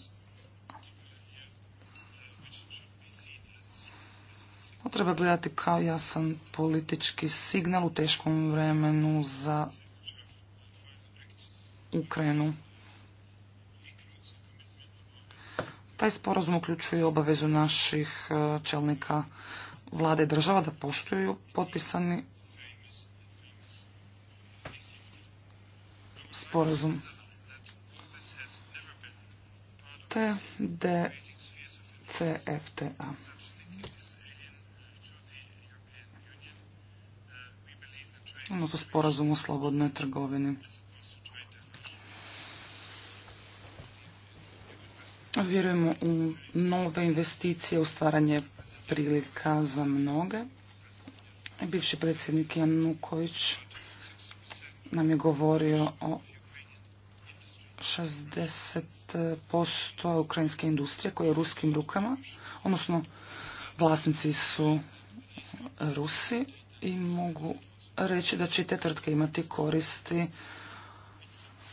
To treba gledati kao jasan politički signal u teškom vremenu za Ukrajinu. Taj sporazum uključuje obavezu naših eh, čelnika vlade država da poštuju potpisani sporazum. Te DCFTA. Ono to sporazum o slobodnoj trgovini. Vjerujemo u nove investicije, u stvaranje prilika za mnoge. Bivši predsjednik Januković nam je govorio o 60% ukrajinske industrije koja je u ruskim rukama, odnosno vlasnici su Rusi i mogu reći da će te tvrtke imati koristi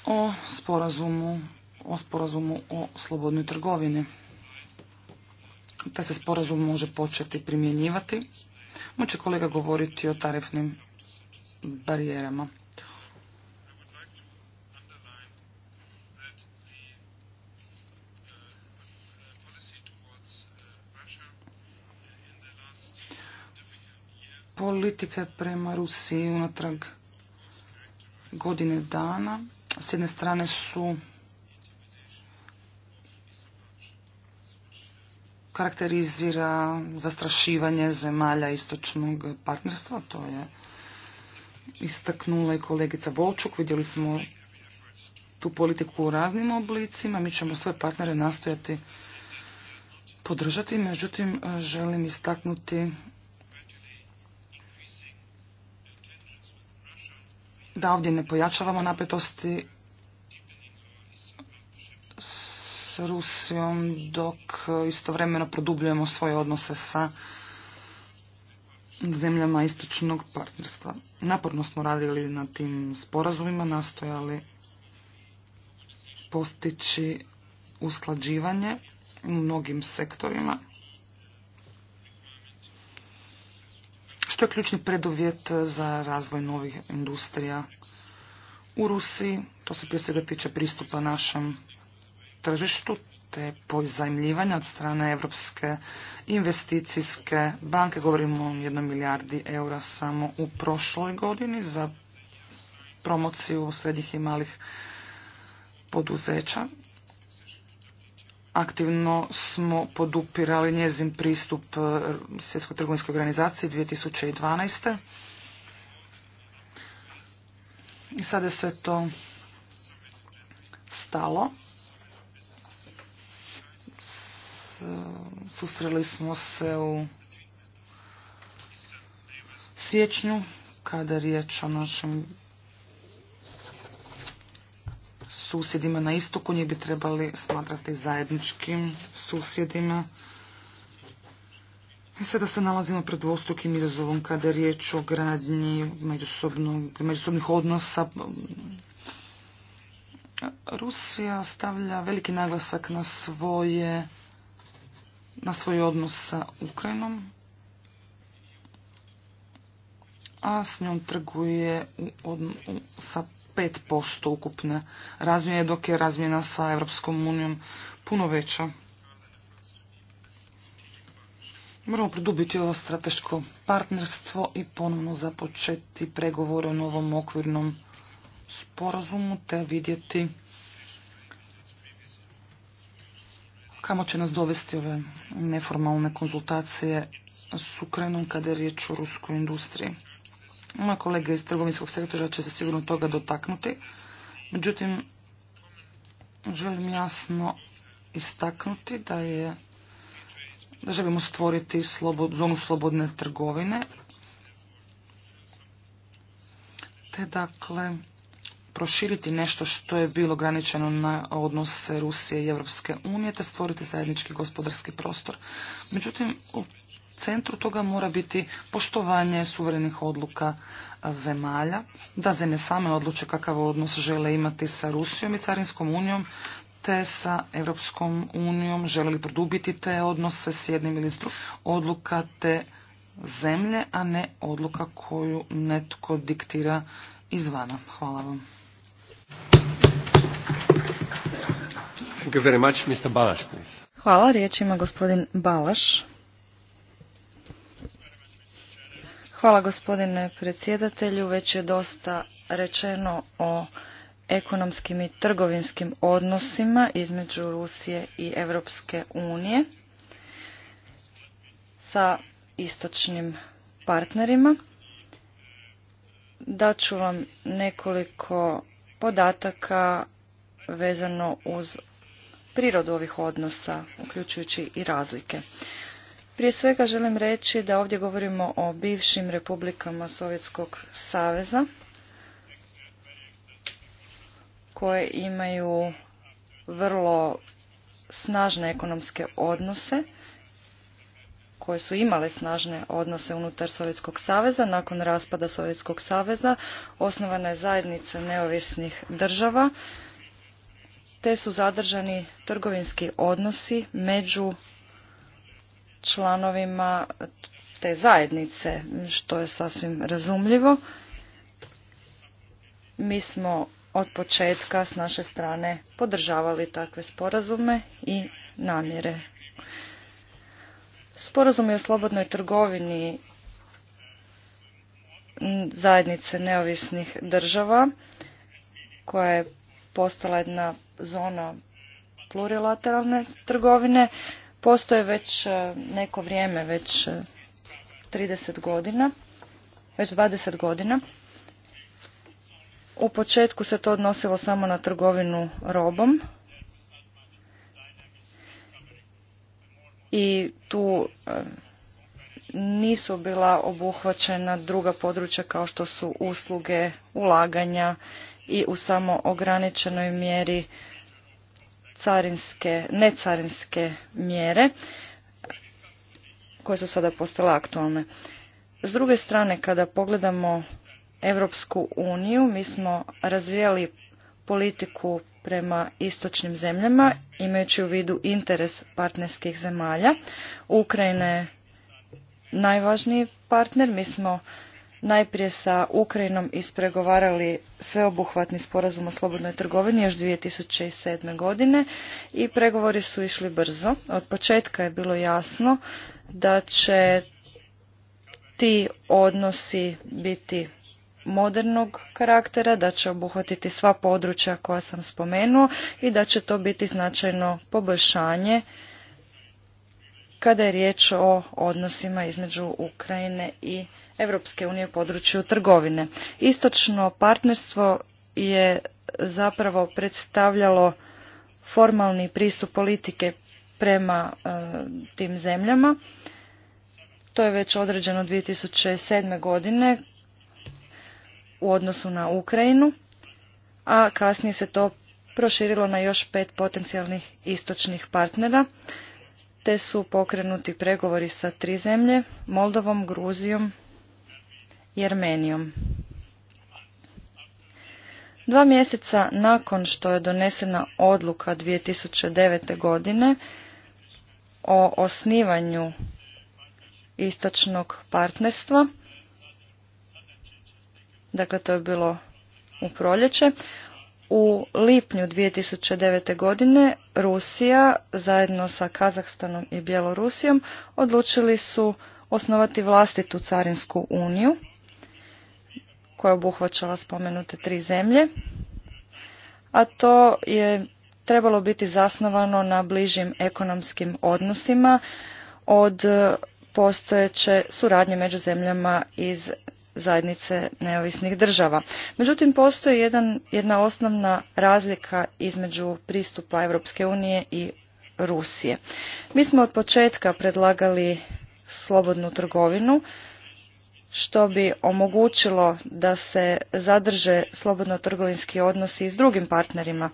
o sporazumu o sporazumu o slobodnoj trgovini. Taj se sporazum može početi primjenjivati. Moće kolega govoriti o tarifnim barijerama. politike prema Rusiji unatrag godine dana. S jedne strane su karakterizira zastrašivanje zemalja istočnog partnerstva, to je istaknula i kolegica Volčuk, vidjeli smo tu politiku u raznim oblicima, mi ćemo sve partnere nastojati podržati, međutim želim istaknuti da ovdje ne pojačavamo napetosti s Rusijom dok istovremeno produbljujemo svoje odnose sa zemljama istočnog partnerstva. Naporno smo radili na tim sporazumima, nastojali postići usklađivanje u mnogim sektorima. Što je ključni preduvjet za razvoj novih industrija u Rusiji, to se prije svega tiče pristupa našem tržištu te pozajmljivanja od strane Europske investicijske banke. Govorimo o jednoj milijardi eura samo u prošloj godini za promociju srednjih i malih poduzeća. Aktivno smo podupirali njezin pristup Svjetskoj trgovinskoj organizaciji 2012. I sada je sve to stalo. susreli smo se u siječnju kada je riječ o našim susjedima na istoku, njih bi trebali smatrati zajedničkim susjedima. I sada se nalazimo pred dvostrukim izazovom kada je riječ o gradnji međusobnih odnosa. Rusija stavlja veliki naglasak na svoje na svoj odnos sa Ukrajinom, a s njom trguje sa 5% ukupne razmjene, dok je razmjena sa Evropskom unijom puno veća. Moramo produbiti ovo strateško partnerstvo i ponovno započeti pregovore o novom okvirnom sporazumu te vidjeti kamo će nas dovesti ove neformalne konzultacije s Ukrajinom kada je riječ o ruskoj industriji. Moja kolega iz trgovinskog sektora će se sigurno toga dotaknuti. Međutim, želim jasno istaknuti da je da želimo stvoriti zonu slobodne trgovine. Te dakle, proširiti nešto što je bilo ograničeno na odnose Rusije i Europske unije te stvoriti zajednički gospodarski prostor. Međutim, u centru toga mora biti poštovanje suverenih odluka zemalja, da zemlje same odluče kakav odnos žele imati sa Rusijom i Carinskom unijom, te sa Europskom unijom li produbiti te odnose s jednim ili s drugim odluka te zemlje, a ne odluka koju netko diktira izvana. Hvala vam. Hvala, riječ gospodin Balaš. Hvala gospodine predsjedatelju, već je dosta rečeno o ekonomskim i trgovinskim odnosima između Rusije i Europske unije sa istočnim partnerima. Daću vam nekoliko podataka vezano uz prirodu ovih odnosa, uključujući i razlike. Prije svega želim reći da ovdje govorimo o bivšim republikama Sovjetskog saveza koje imaju vrlo snažne ekonomske odnose koje su imale snažne odnose unutar Sovjetskog saveza. Nakon raspada Sovjetskog saveza osnovana je zajednica neovisnih država te su zadržani trgovinski odnosi među članovima te zajednice, što je sasvim razumljivo. Mi smo od početka s naše strane podržavali takve sporazume i namjere. Sporazumi o slobodnoj trgovini zajednice neovisnih država koja je postala jedna zona plurilateralne trgovine. Postoje već e, neko vrijeme, već 30 e, godina, već 20 godina. U početku se to odnosilo samo na trgovinu robom i tu e, nisu bila obuhvaćena druga područja kao što su usluge, ulaganja i u samo ograničenoj mjeri carinske, necarinske mjere koje su sada postale aktualne. S druge strane, kada pogledamo Europsku uniju, mi smo razvijali politiku prema istočnim zemljama, imajući u vidu interes partnerskih zemalja. Ukrajina je najvažniji partner, mi smo najprije sa Ukrajinom ispregovarali sveobuhvatni sporazum o slobodnoj trgovini još 2007. godine i pregovori su išli brzo. Od početka je bilo jasno da će ti odnosi biti modernog karaktera, da će obuhvatiti sva područja koja sam spomenuo i da će to biti značajno poboljšanje kada je riječ o odnosima između Ukrajine i Europske unije u području trgovine. Istočno partnerstvo je zapravo predstavljalo formalni pristup politike prema e, tim zemljama. To je već određeno 2007. godine u odnosu na Ukrajinu, a kasnije se to proširilo na još pet potencijalnih istočnih partnera, te su pokrenuti pregovori sa tri zemlje, Moldovom, Gruzijom, i Dva mjeseca nakon što je donesena odluka 2009. godine o osnivanju istočnog partnerstva, dakle to je bilo u proljeće, u lipnju 2009. godine Rusija zajedno sa Kazahstanom i Bjelorusijom odlučili su osnovati vlastitu carinsku uniju koja je obuhvaćala spomenute tri zemlje, a to je trebalo biti zasnovano na bližim ekonomskim odnosima od postojeće suradnje među zemljama iz zajednice neovisnih država. Međutim, postoji jedan, jedna osnovna razlika između pristupa Europske unije i Rusije. Mi smo od početka predlagali slobodnu trgovinu što bi omogućilo da se zadrže slobodno trgovinski odnosi s drugim partnerima.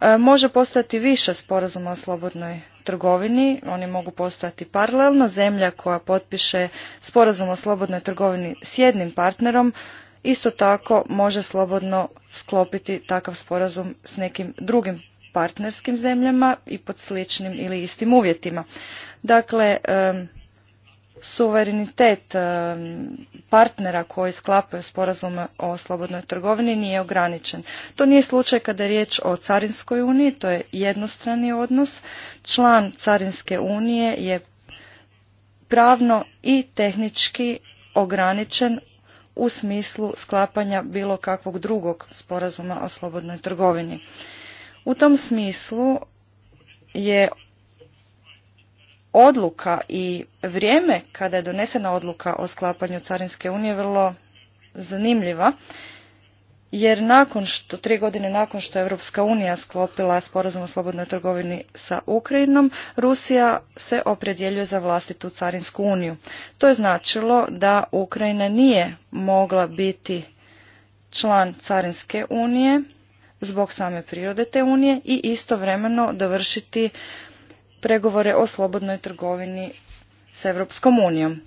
E, može postati više sporazuma o slobodnoj trgovini, oni mogu postojati paralelno. Zemlja koja potpiše sporazum o slobodnoj trgovini s jednim partnerom isto tako može slobodno sklopiti takav sporazum s nekim drugim partnerskim zemljama i pod sličnim ili istim uvjetima. Dakle, suverenitet partnera koji sklapaju sporazume o slobodnoj trgovini nije ograničen. To nije slučaj kada je riječ o Carinskoj uniji, to je jednostrani odnos. Član Carinske unije je pravno i tehnički ograničen u smislu sklapanja bilo kakvog drugog sporazuma o slobodnoj trgovini. U tom smislu je odluka i vrijeme kada je donesena odluka o sklapanju Carinske unije vrlo zanimljiva, jer nakon što, tri godine nakon što je Europska unija sklopila sporazum o slobodnoj trgovini sa Ukrajinom, Rusija se opredjeljuje za vlastitu Carinsku uniju. To je značilo da Ukrajina nije mogla biti član Carinske unije zbog same prirode te unije i istovremeno dovršiti pregovore o slobodnoj trgovini s Europskom unijom.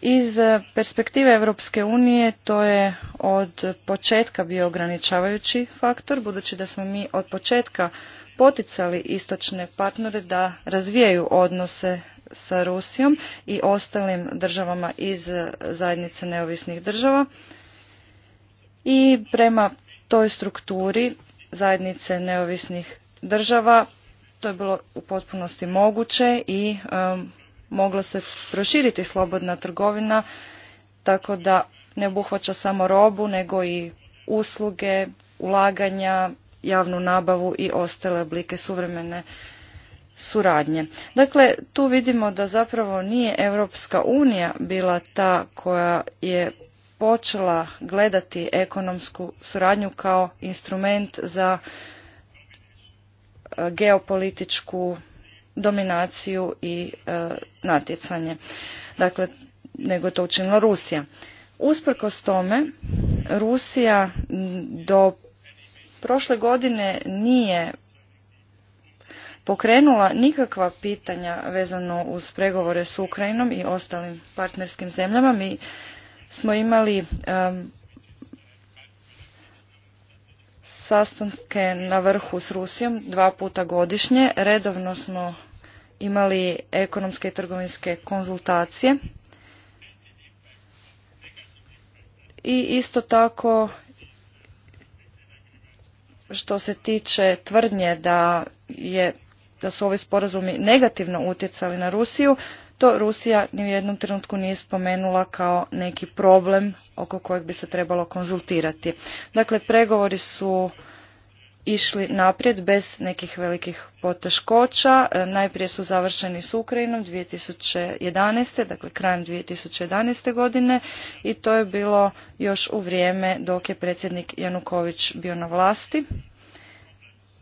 Iz e, perspektive Europske unije to je od početka bio ograničavajući faktor, budući da smo mi od početka poticali istočne partnere da razvijaju odnose sa Rusijom i ostalim državama iz e, zajednice neovisnih država. I prema toj strukturi zajednice neovisnih država to je bilo u potpunosti moguće i um, mogla se proširiti slobodna trgovina tako da ne obuhvaća samo robu nego i usluge, ulaganja, javnu nabavu i ostale oblike suvremene suradnje. Dakle, tu vidimo da zapravo nije Europska unija bila ta koja je počela gledati ekonomsku suradnju kao instrument za geopolitičku dominaciju i e, natjecanje. Dakle, nego je to učinila Rusija. Usprkos tome, Rusija do prošle godine nije pokrenula nikakva pitanja vezano uz pregovore s Ukrajinom i ostalim partnerskim zemljama. Mi smo imali sastanke na vrhu s Rusijom dva puta godišnje. Redovno smo imali ekonomske i trgovinske konzultacije. I isto tako što se tiče tvrdnje da da su ovi sporazumi negativno utjecali na Rusiju, to Rusija ni u jednom trenutku nije spomenula kao neki problem oko kojeg bi se trebalo konzultirati. Dakle, pregovori su išli naprijed bez nekih velikih poteškoća. E, najprije su završeni s Ukrajinom 2011. dakle krajem 2011. godine i to je bilo još u vrijeme dok je predsjednik Januković bio na vlasti.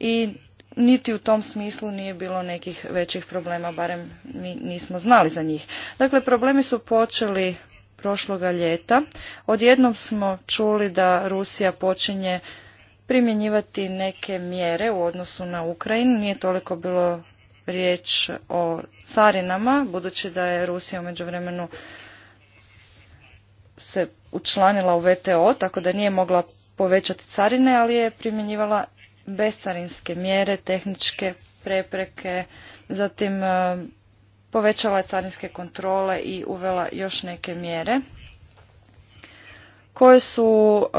I niti u tom smislu nije bilo nekih većih problema, barem mi nismo znali za njih. Dakle, problemi su počeli prošloga ljeta. Odjednom smo čuli da Rusija počinje primjenjivati neke mjere u odnosu na Ukrajinu. Nije toliko bilo riječ o carinama, budući da je Rusija u međuvremenu se učlanila u VTO, tako da nije mogla povećati carine, ali je primjenjivala bescarinske mjere, tehničke prepreke, zatim e, povećala je carinske kontrole i uvela još neke mjere koje su e,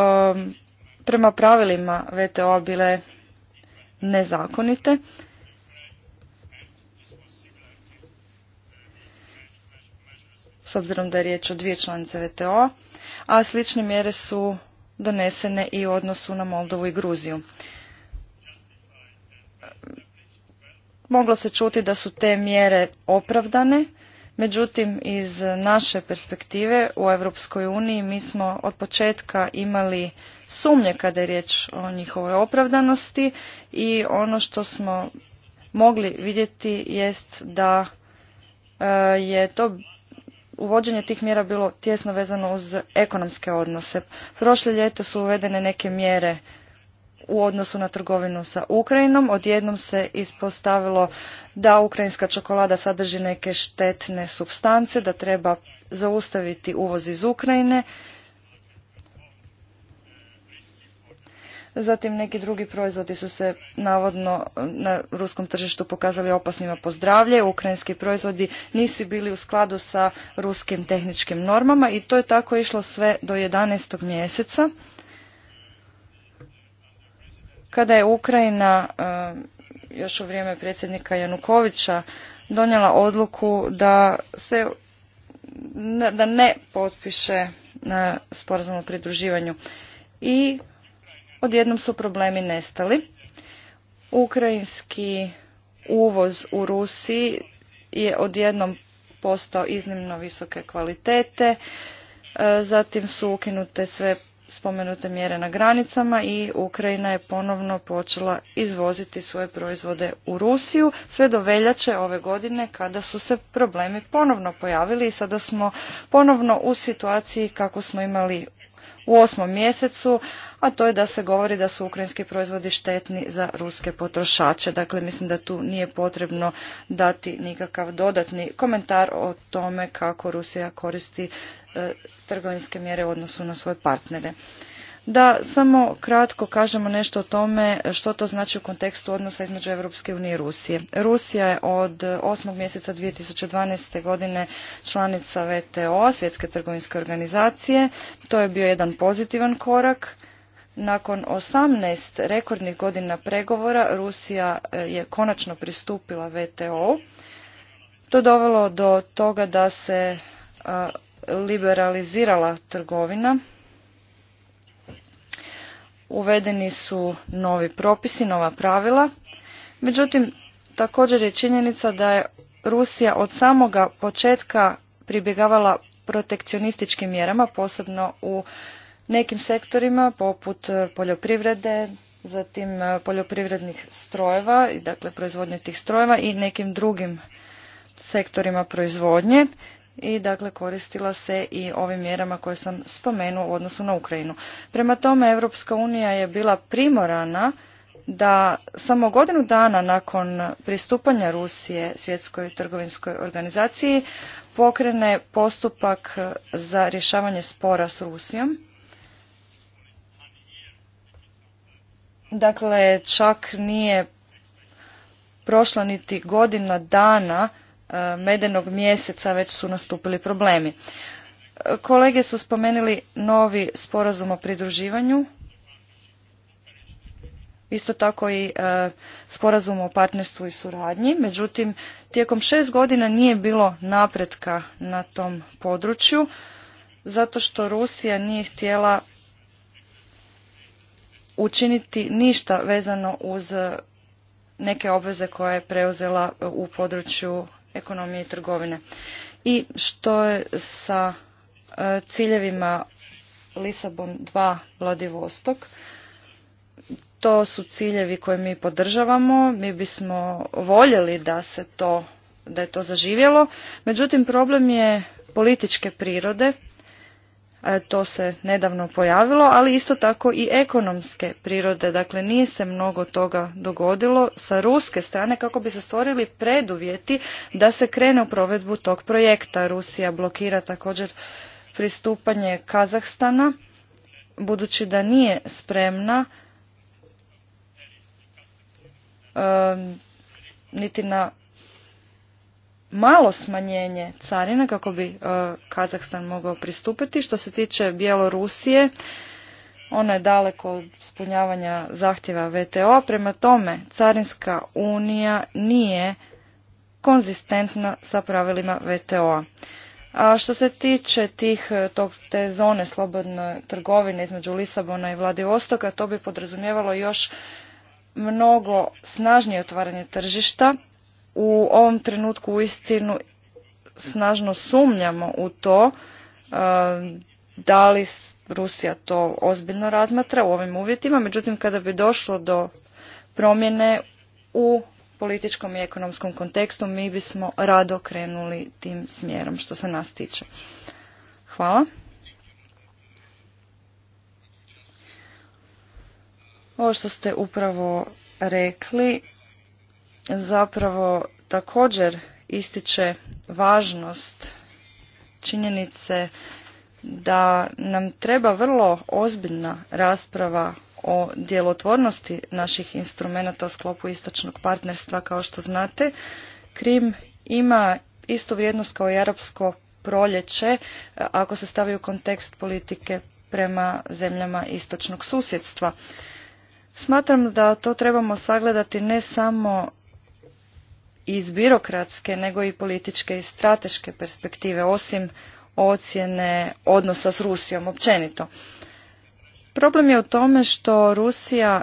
prema pravilima VTO bile nezakonite. S obzirom da je riječ o dvije članice VTO, a slične mjere su donesene i u odnosu na Moldovu i Gruziju. moglo se čuti da su te mjere opravdane, međutim iz naše perspektive u Europskoj uniji mi smo od početka imali sumnje kada je riječ o njihovoj opravdanosti i ono što smo mogli vidjeti jest da e, je to uvođenje tih mjera bilo tjesno vezano uz ekonomske odnose. Prošle ljeto su uvedene neke mjere u odnosu na trgovinu sa Ukrajinom. Odjednom se ispostavilo da ukrajinska čokolada sadrži neke štetne substance, da treba zaustaviti uvoz iz Ukrajine. Zatim neki drugi proizvodi su se navodno na ruskom tržištu pokazali opasnima po zdravlje. Ukrajinski proizvodi nisi bili u skladu sa ruskim tehničkim normama i to je tako išlo sve do 11. mjeseca. Kada je Ukrajina e, još u vrijeme predsjednika Janukovića donijela odluku da se da ne potpiše na e, sporazum o pridruživanju i odjednom su problemi nestali. Ukrajinski uvoz u Rusiji je odjednom postao iznimno visoke kvalitete, e, zatim su ukinute sve spomenute mjere na granicama i Ukrajina je ponovno počela izvoziti svoje proizvode u Rusiju sve do veljače ove godine kada su se problemi ponovno pojavili i sada smo ponovno u situaciji kako smo imali u osmom mjesecu, a to je da se govori da su ukrajinski proizvodi štetni za ruske potrošače. Dakle, mislim da tu nije potrebno dati nikakav dodatni komentar o tome kako Rusija koristi e, trgovinske mjere u odnosu na svoje partnere. Da samo kratko kažemo nešto o tome što to znači u kontekstu odnosa između Europske unije i Rusije. Rusija je od 8. mjeseca 2012. godine članica VTO, Svjetske trgovinske organizacije. To je bio jedan pozitivan korak. Nakon 18 rekordnih godina pregovora Rusija e, je konačno pristupila VTO. To dovelo do toga da se liberalizirala trgovina uvedeni su novi propisi, nova pravila. Međutim, također je činjenica da je Rusija od samoga početka pribjegavala protekcionističkim mjerama, posebno u nekim sektorima poput e, poljoprivrede, zatim e, poljoprivrednih strojeva i dakle proizvodnje tih strojeva i nekim drugim sektorima proizvodnje i dakle koristila se i ovim mjerama koje sam spomenuo u odnosu na Ukrajinu. Prema tome Europska unija je bila primorana da samo godinu dana nakon pristupanja Rusije svjetskoj trgovinskoj organizaciji pokrene postupak za rješavanje spora s Rusijom. Dakle, čak nije prošla niti godina dana E, medenog mjeseca već su nastupili problemi. E, kolege su spomenuli novi sporazum o pridruživanju, isto tako i e, sporazum o partnerstvu i suradnji. Međutim, tijekom šest godina nije bilo napretka na tom području, zato što Rusija nije htjela učiniti ništa vezano uz neke obveze koje je preuzela u području ekonomije i trgovine. I što je sa e, ciljevima Lisabon 2 Vladivostok? To su ciljevi koje mi podržavamo. Mi bismo voljeli da se to da je to zaživjelo. Međutim, problem je političke prirode E, to se nedavno pojavilo, ali isto tako i ekonomske prirode. Dakle, nije se mnogo toga dogodilo sa ruske strane kako bi se stvorili preduvjeti da se krene u provedbu tog projekta. Rusija blokira također pristupanje Kazahstana, budući da nije spremna e, niti na malo smanjenje carina kako bi e, Kazahstan mogao pristupiti. Što se tiče Bjelorusije, ona je daleko od ispunjavanja zahtjeva VTO, prema tome Carinska unija nije konzistentna sa pravilima VTO-a. A što se tiče tih, e, tog, te zone slobodne trgovine između Lisabona i Vladivostoka, to bi podrazumijevalo još mnogo snažnije otvaranje tržišta u ovom trenutku uistinu snažno sumnjamo u to e, da li Rusija to ozbiljno razmatra u ovim uvjetima, međutim kada bi došlo do promjene u političkom i ekonomskom kontekstu mi bismo rado krenuli tim smjerom što se nas tiče. Hvala. Ovo što ste upravo rekli zapravo također ističe važnost činjenice da nam treba vrlo ozbiljna rasprava o djelotvornosti naših instrumenata u sklopu istočnog partnerstva. Kao što znate, Krim ima istu vrijednost kao i arapsko proljeće e, ako se stavi u kontekst politike prema zemljama istočnog susjedstva. Smatram da to trebamo sagledati ne samo iz birokratske nego i političke i strateške perspektive osim ocjene odnosa s Rusijom općenito. Problem je u tome što Rusija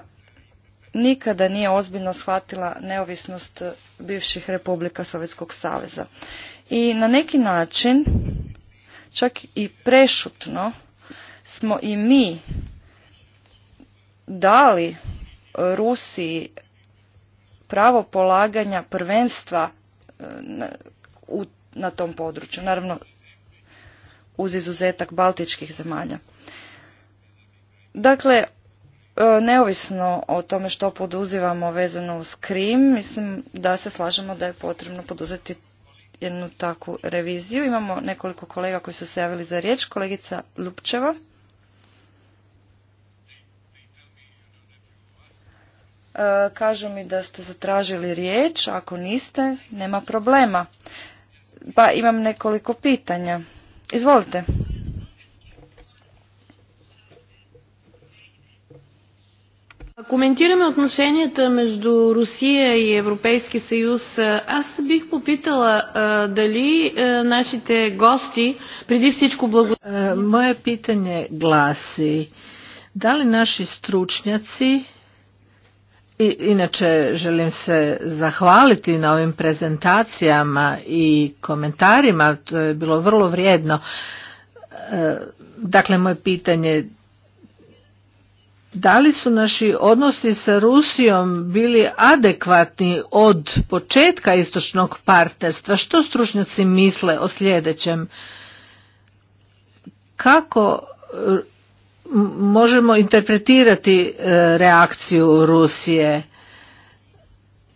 nikada nije ozbiljno shvatila neovisnost bivših republika Sovjetskog saveza. I na neki način, čak i prešutno, smo i mi dali Rusiji pravo polaganja prvenstva e, na tom području, naravno uz izuzetak baltičkih zemalja. Dakle, e, neovisno o tome što poduzivamo vezano uz Krim, mislim da se slažemo da je potrebno poduzeti jednu takvu reviziju. Imamo nekoliko kolega koji su se javili za riječ. Kolegica Lupčeva. kažu mi da ste zatražili riječ, ako niste, nema problema. Pa imam nekoliko pitanja. Izvolite. Коментираме отношенията между Русия и Европейски съюз. Аз бих попитала а, дали а, нашите гости, преди всичко благодаря... Мое питане гласи, дали наши стручняци inače želim se zahvaliti na ovim prezentacijama i komentarima, to je bilo vrlo vrijedno. E, dakle, moje pitanje da li su naši odnosi sa Rusijom bili adekvatni od početka istočnog partnerstva? Što stručnjaci misle o sljedećem? Kako možemo interpretirati e, reakciju Rusije.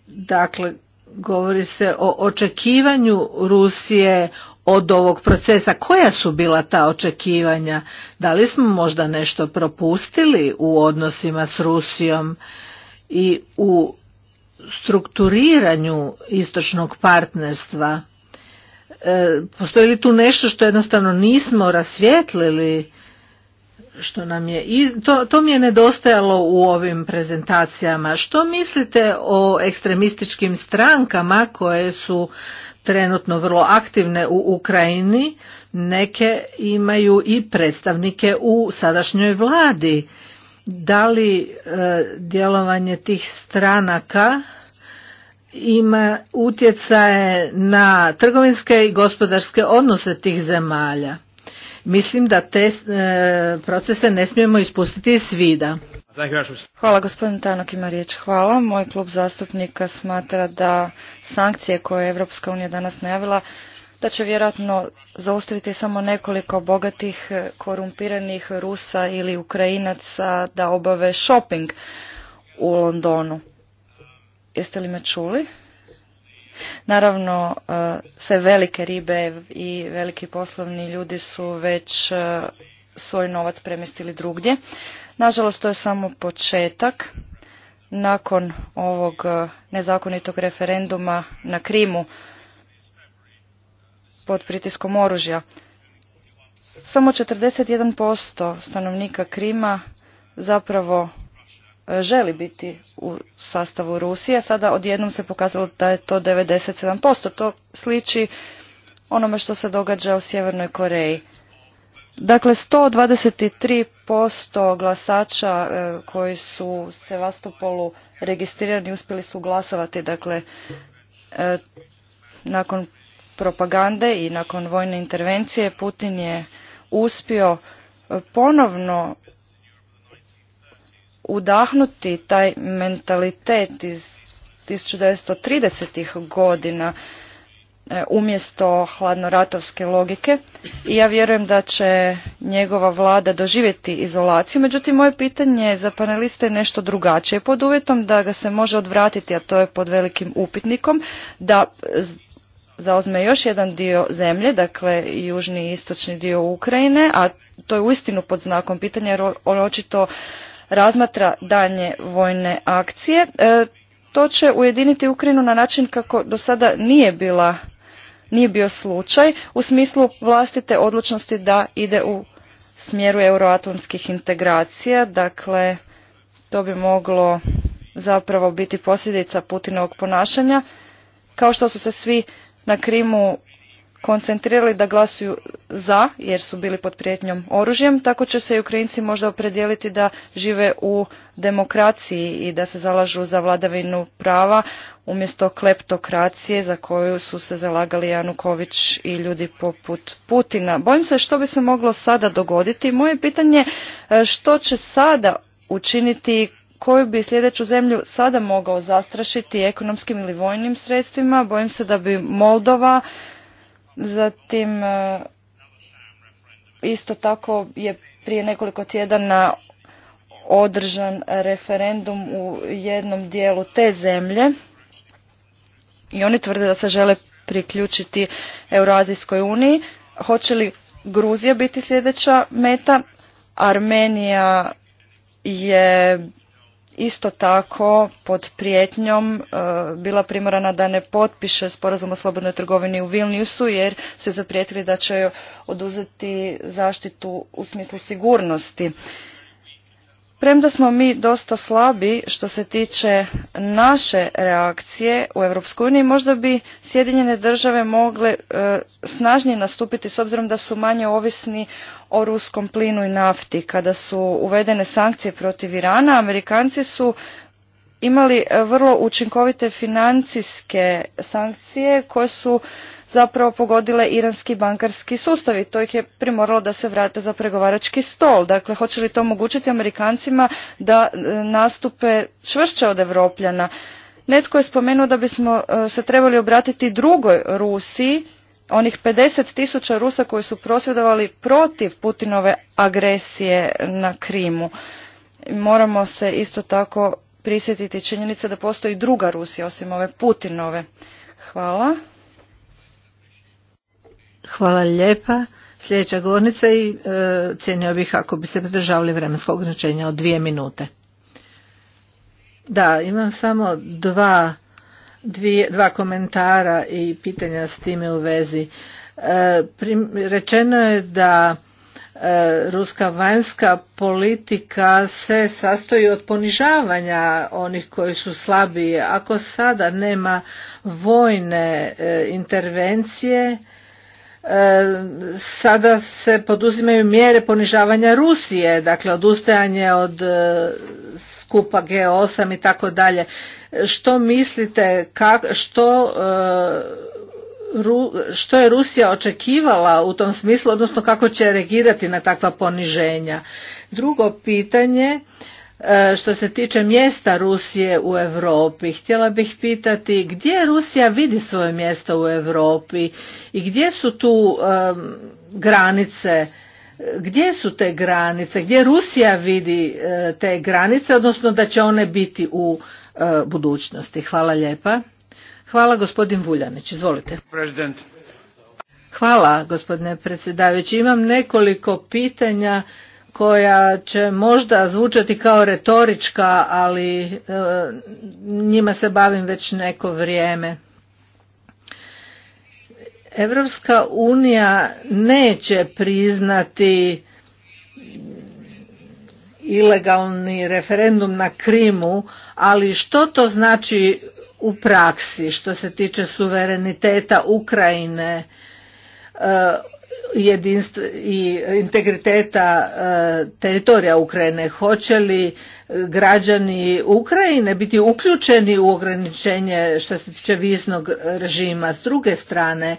Dakle, govori se o očekivanju Rusije od ovog procesa. Koja su bila ta očekivanja? Da li smo možda nešto propustili u odnosima s Rusijom i u strukturiranju istočnog partnerstva? E, postoji li tu nešto što jednostavno nismo rasvjetlili? što nam je, to, to mi je nedostajalo u ovim prezentacijama. Što mislite o ekstremističkim strankama koje su trenutno vrlo aktivne u Ukrajini? Neke imaju i predstavnike u sadašnjoj vladi. Da li e, djelovanje tih stranaka ima utjecaje na trgovinske i gospodarske odnose tih zemalja? mislim da te e, procese ne smijemo ispustiti iz vida. Hvala gospodin Tanok ima riječ. Hvala. Moj klub zastupnika smatra da sankcije koje je Evropska unija danas najavila da će vjerojatno zaustaviti samo nekoliko bogatih e, korumpiranih Rusa ili Ukrajinaca da obave shopping u Londonu. Jeste li me čuli? Naravno, e, sve velike ribe i veliki poslovni ljudi su već e, svoj novac premjestili drugdje. Nažalost, to je samo početak. Nakon ovog e, nezakonitog referenduma na Krimu pod pritiskom oružja, samo 41% stanovnika Krima zapravo želi biti u sastavu Rusije. Sada odjednom se pokazalo da je to 97%. To sliči onome što se događa u Sjevernoj Koreji. Dakle, 123% glasača e, koji su u Sevastopolu registrirani uspjeli su glasovati. Dakle, e, nakon propagande i nakon vojne intervencije Putin je uspio ponovno udahnuti taj mentalitet iz 1930-ih godina e, umjesto hladnoratovske logike i ja vjerujem da će njegova vlada doživjeti izolaciju. Međutim, moje pitanje za paneliste je nešto drugačije pod uvjetom da ga se može odvratiti, a to je pod velikim upitnikom, da zauzme još jedan dio zemlje, dakle južni i istočni dio Ukrajine, a to je uistinu pod znakom pitanja jer očito razmatra daljnje vojne akcije. E, to će ujediniti Ukrajinu na način kako do sada nije bila nije bio slučaj u smislu vlastite odlučnosti da ide u smjeru euroatlantskih integracija. Dakle, to bi moglo zapravo biti posljedica Putinovog ponašanja, kao što su se svi na Krimu koncentrirali da glasuju za jer su bili pod prijetnjom oružjem, tako će se i Ukrajinci možda opredijeliti da žive u demokraciji i da se zalažu za vladavinu prava umjesto kleptokracije za koju su se zalagali Januković i ljudi poput Putina. Bojim se što bi se moglo sada dogoditi. Moje pitanje e, što će sada učiniti koju bi sljedeću zemlju sada mogao zastrašiti ekonomskim ili vojnim sredstvima. Bojim se da bi Moldova Zatim, e, isto tako je prije nekoliko tjedana održan referendum u jednom dijelu te zemlje i oni tvrde da se žele priključiti Euroazijskoj uniji. Hoće li Gruzija biti sljedeća meta? Armenija je isto tako pod prijetnjom e, bila primorana da ne potpiše sporazum o slobodnoj trgovini u Vilniusu jer su joj zaprijetili da će oduzeti zaštitu u smislu sigurnosti. Premda smo mi dosta slabi što se tiče naše reakcije u EU, možda bi Sjedinjene države mogle e, snažnije nastupiti s obzirom da su manje ovisni o ruskom plinu i nafti. Kada su uvedene sankcije protiv Irana, Amerikanci su imali e, vrlo učinkovite financijske sankcije koje su zapravo pogodile iranski bankarski sustav i to ih je primoralo da se vrate za pregovarački stol. Dakle, hoće li to omogućiti Amerikancima da e, nastupe čvršće od Evropljana? Netko je spomenuo da bismo e, se trebali obratiti drugoj Rusiji, onih 50 tisuća Rusa koji su prosvjedovali protiv Putinove agresije na Krimu. Moramo se isto tako prisjetiti činjenice da postoji druga Rusija osim ove Putinove. Hvala. Hvala lijepa. Sljedeća govornica i e, cijenio bih ako bi se pridržavali vremenskog ograničenja od dvije minute. Da, imam samo dva, dvije, dva komentara i pitanja s time u vezi. E, rečeno je da e, ruska vanjska politika se sastoji od ponižavanja onih koji su slabiji. Ako sada nema vojne intervencije, E, sada se poduzimaju mjere ponižavanja Rusije, dakle odustajanje od e, skupa G8 i tako dalje. Što mislite, što, e, što je Rusija očekivala u tom smislu, odnosno kako će reagirati na takva poniženja? Drugo pitanje, E, što se tiče mjesta Rusije u Europi. Htjela bih pitati gdje Rusija vidi svoje mjesto u Europi i gdje su tu granice, gdje su te granice, gdje Rusija vidi e, te granice, odnosno da će one biti u e, budućnosti. Hvala lijepa. Hvala gospodin Vuljanić, izvolite. Hvala gospodine predsjedavajući. Imam nekoliko pitanja koja će možda zvučati kao retorička, ali e, njima se bavim već neko vrijeme. Evropska unija neće priznati ilegalni referendum na Krimu, ali što to znači u praksi što se tiče suvereniteta Ukrajine? E, i integriteta e, teritorija Ukrajine. Hoće li e, građani Ukrajine biti uključeni u ograničenje što se tiče visnog režima? S druge strane,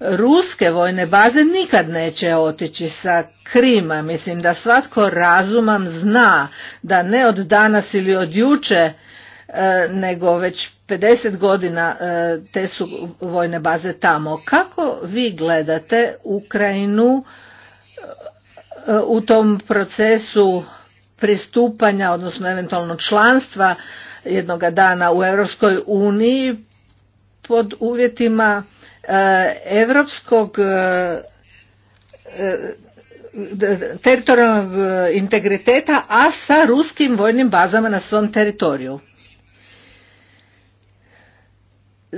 ruske vojne baze nikad neće otići sa Krima. Mislim da svatko razumam zna da ne od danas ili od juče e, nego već 50 godina e, te su vojne baze tamo. Kako vi gledate Ukrajinu e, u tom procesu pristupanja, odnosno eventualno članstva jednoga dana u Europskoj uniji pod uvjetima europskog e, teritorijalnog integriteta, a sa ruskim vojnim bazama na svom teritoriju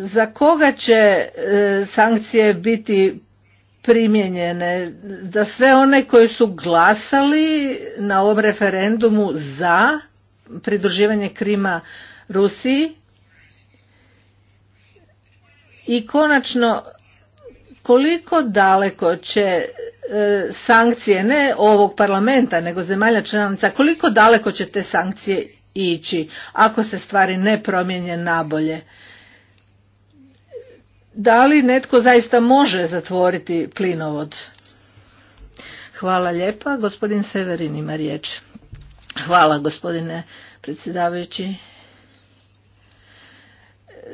za koga će e, sankcije biti primijenjene Za sve one koji su glasali na ovom referendumu za pridruživanje Krima Rusiji i konačno koliko daleko će e, sankcije ne ovog parlamenta nego zemalja članica koliko daleko će te sankcije ići ako se stvari ne promijene nabolje da li netko zaista može zatvoriti plinovod? Hvala lijepa. Gospodin Severin ima riječ. Hvala gospodine predsjedavajući.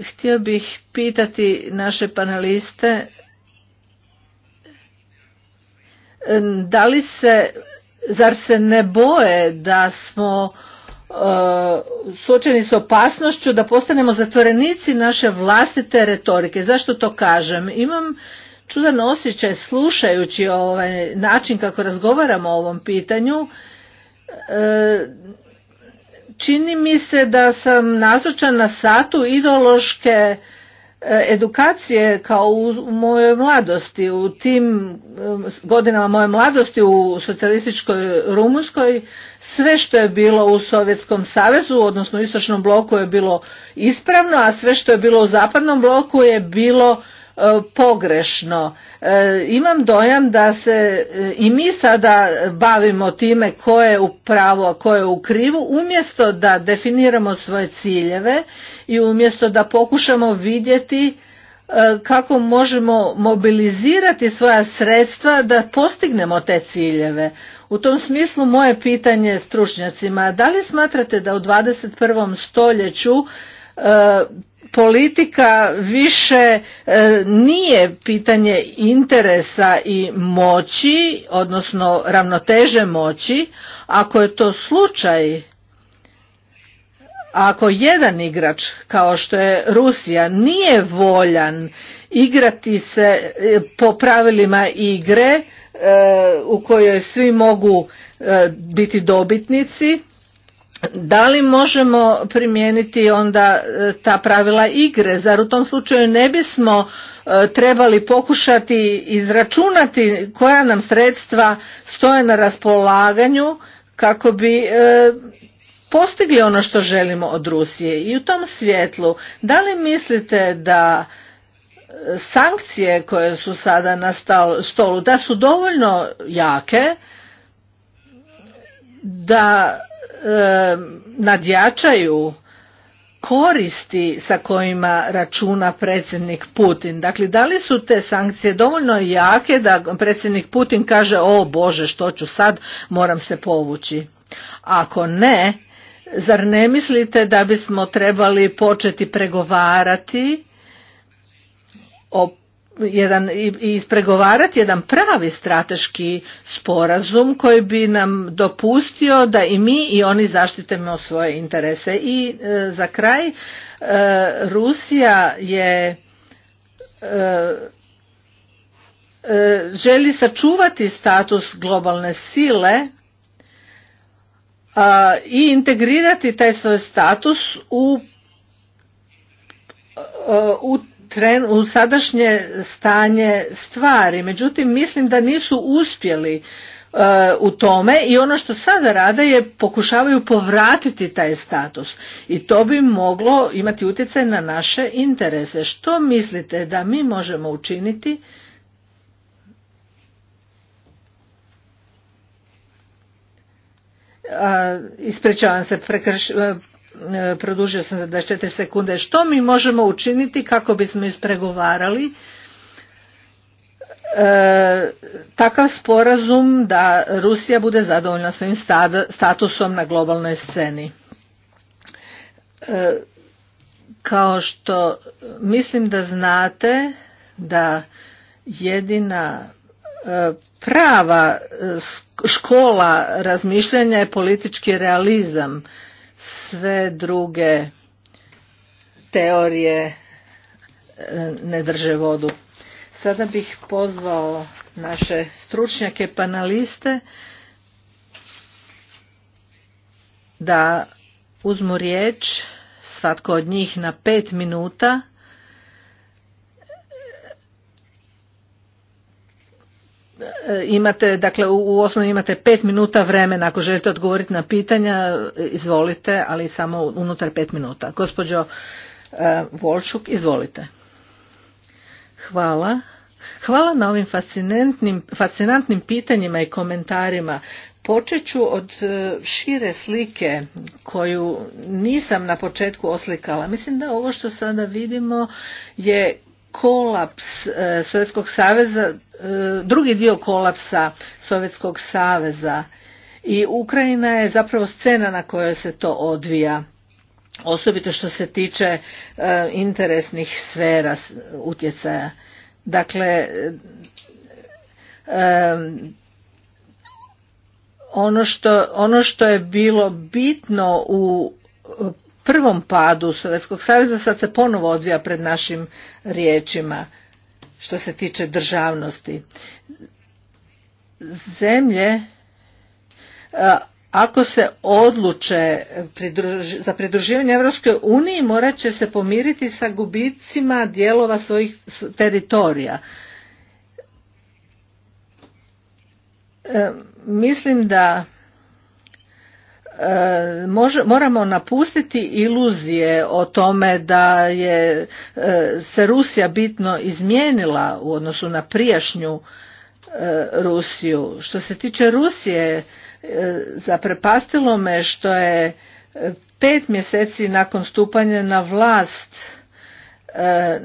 Htio bih pitati naše paneliste da li se, zar se ne boje da smo E, suočeni s opasnošću da postanemo zatvorenici naše vlastite retorike. Zašto to kažem? Imam čudan osjećaj slušajući ovaj način kako razgovaramo o ovom pitanju. E, čini mi se da sam nazočan na satu ideološke edukacije kao u mojoj mladosti, u tim um, godinama moje mladosti u socijalističkoj Rumunskoj, sve što je bilo u Sovjetskom savezu, odnosno u istočnom bloku je bilo ispravno, a sve što je bilo u zapadnom bloku je bilo E, pogrešno. E, imam dojam da se e, i mi sada bavimo time ko je u pravo, a ko je u krivu, umjesto da definiramo svoje ciljeve i umjesto da pokušamo vidjeti kako možemo mobilizirati svoja sredstva da postignemo te ciljeve. U tom smislu moje pitanje stručnjacima, da li smatrate da u 21. stoljeću politika više e, nije pitanje interesa i moći, odnosno ravnoteže moći. Ako je to slučaj, ako jedan igrač kao što je Rusija nije voljan igrati se e, po pravilima igre e, u kojoj svi mogu biti dobitnici da li možemo primijeniti onda e, ta pravila igre? Zar u tom slučaju ne bismo e, trebali pokušati izračunati koja nam sredstva stoje na raspolaganju kako bi e, postigli ono što želimo od Rusije? I u tom svjetlu, da li mislite da sankcije koje su sada na stolu, da su dovoljno jake, da Eh, nadjačaju koristi sa kojima računa predsjednik Putin. Dakle, da li su te sankcije dovoljno jake da predsjednik Putin kaže o Bože što ću sad, moram se povući. Ako ne, zar ne mislite da bismo trebali početi pregovarati o jedan i ispregovarati jedan pravi strateški sporazum koji bi nam dopustio da i mi i oni zaštitimo svoje interese i e, za kraj e, Rusija je e, želi sačuvati status globalne sile i integrirati taj svoj status u u tren, u sadašnje stanje stvari. Međutim, mislim da nisu uspjeli e, u tome i ono što sada rade je pokušavaju povratiti taj status i to bi moglo imati utjecaj na naše interese. Što mislite da mi možemo učiniti ispričavam se, prekrš, E, produžio sam za 24 sekunde, što mi možemo učiniti kako bismo ispregovarali e, takav sporazum da Rusija bude zadovoljna svojim statusom na globalnoj sceni. E, kao što mislim da znate da jedina e, prava škola razmišljanja je politički realizam sve druge teorije e, ne drže vodu. Sada bih pozvao naše stručnjake panaliste da uzmu riječ svatko od njih na pet minuta E, imate, dakle u osnovi imate pet minuta vremena ako želite odgovoriti na pitanja, e, izvolite, ali samo unutar pet minuta. Gospođo e, Volčuk, izvolite. Hvala. Hvala na ovim fascinantnim pitanjima i komentarima. Počet ću od šire slike koju nisam na početku oslikala. Mislim da ovo što sada vidimo je kolaps e, Sovjetskog saveza, e, drugi dio kolapsa Sovjetskog saveza i Ukrajina je zapravo scena na kojoj se to odvija. Osobito što se tiče e, interesnih sfera utjecaja. Dakle, ono što, ono što je bilo bitno u prvom padu Sovjetskog saveza sad se ponovo odvija pred našim riječima što se tiče državnosti. Zemlje ako se odluče za pridruživanje Europskoj uniji morat će se pomiriti sa gubicima dijelova svojih teritorija. E, mislim da moramo napustiti iluzije o tome da je e, se Rusija bitno izmijenila u odnosu na prijašnju e, Rusiju. Što se tiče Rusije, e, zaprepastilo me što je pet mjeseci nakon stupanja na vlast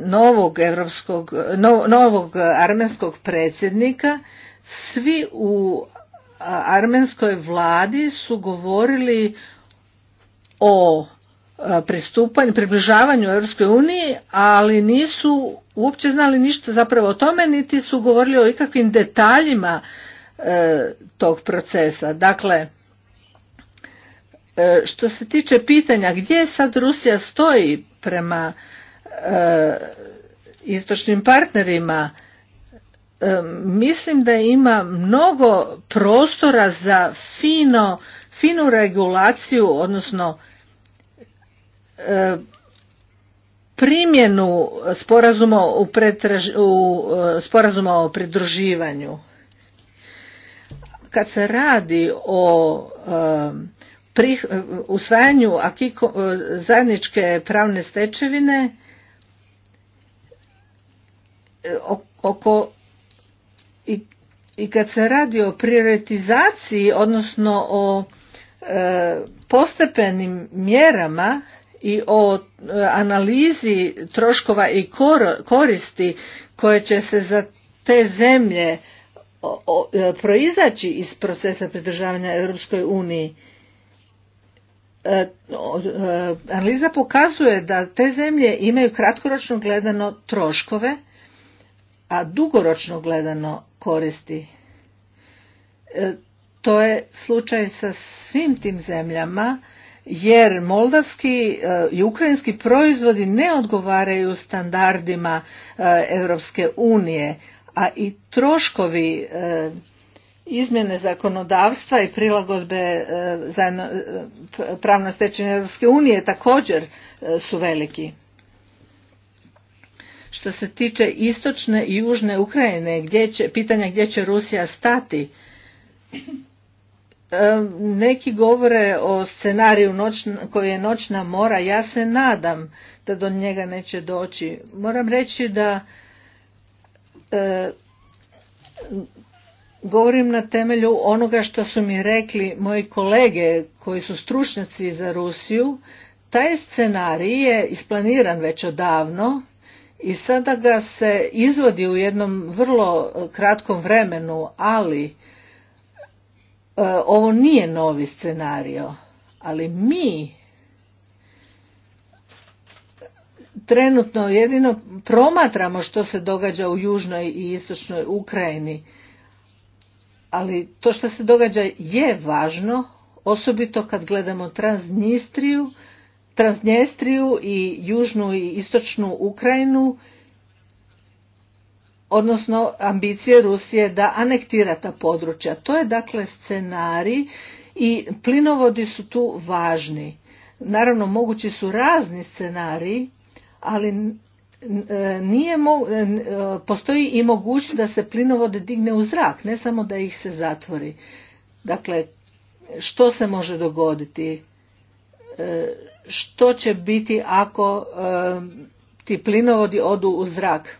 novog, novog armenskog predsjednika, svi u armenskoj vladi su govorili o pristupanju, približavanju Europskoj uniji, ali nisu uopće znali ništa zapravo o tome, niti su govorili o ikakvim detaljima e, tog procesa. Dakle, e, što se tiče pitanja gdje sad Rusija stoji prema e, istočnim partnerima, mislim da ima mnogo prostora za fino, finu regulaciju, odnosno primjenu sporazuma u, u eh, sporazuma o pridruživanju. Kad se radi o usvajanju akiko, eh, zajedničke pravne stečevine, eh, oko i, i kad se radi o prioritizaciji odnosno o e, postepenim mjerama i o e, analizi troškova i koristi koje će se za te zemlje o, e, proizaći iz procesa pridržavanja Europskoj uniji analiza pokazuje da te zemlje imaju kratkoročno gledano troškove, a dugoročno gledano koristi. E, to je slučaj sa svim tim zemljama jer moldavski e, i ukrajinski proizvodi ne odgovaraju standardima Europske unije, a i troškovi e, izmjene zakonodavstva i prilagodbe pravnoj stečenja Europske unije također su veliki. Što se tiče istočne i južne Ukrajine, gdje će, pitanja gdje će Rusija stati, e, neki govore o scenariju koji je noćna mora, ja se nadam da do njega neće doći. Moram reći da e, govorim na temelju onoga što su mi rekli moji kolege koji su stručnjaci za Rusiju. Taj scenarij je isplaniran već odavno i sada ga se izvodi u jednom vrlo e, kratkom vremenu, ali e, ovo nije novi scenario, ali mi trenutno jedino promatramo što se događa u južnoj i istočnoj Ukrajini. Ali to što se događa je važno, osobito kad gledamo Transnistriju Transnjestriju i južnu i istočnu Ukrajinu, odnosno ambicije Rusije da anektira ta područja. To je dakle scenarij i plinovodi su tu važni. Naravno, mogući su razni scenariji, ali nije, postoji i mogućnost da se plinovode digne u zrak, ne samo da ih se zatvori. Dakle, što se može dogoditi? E, što će biti ako ti plinovodi odu u zrak.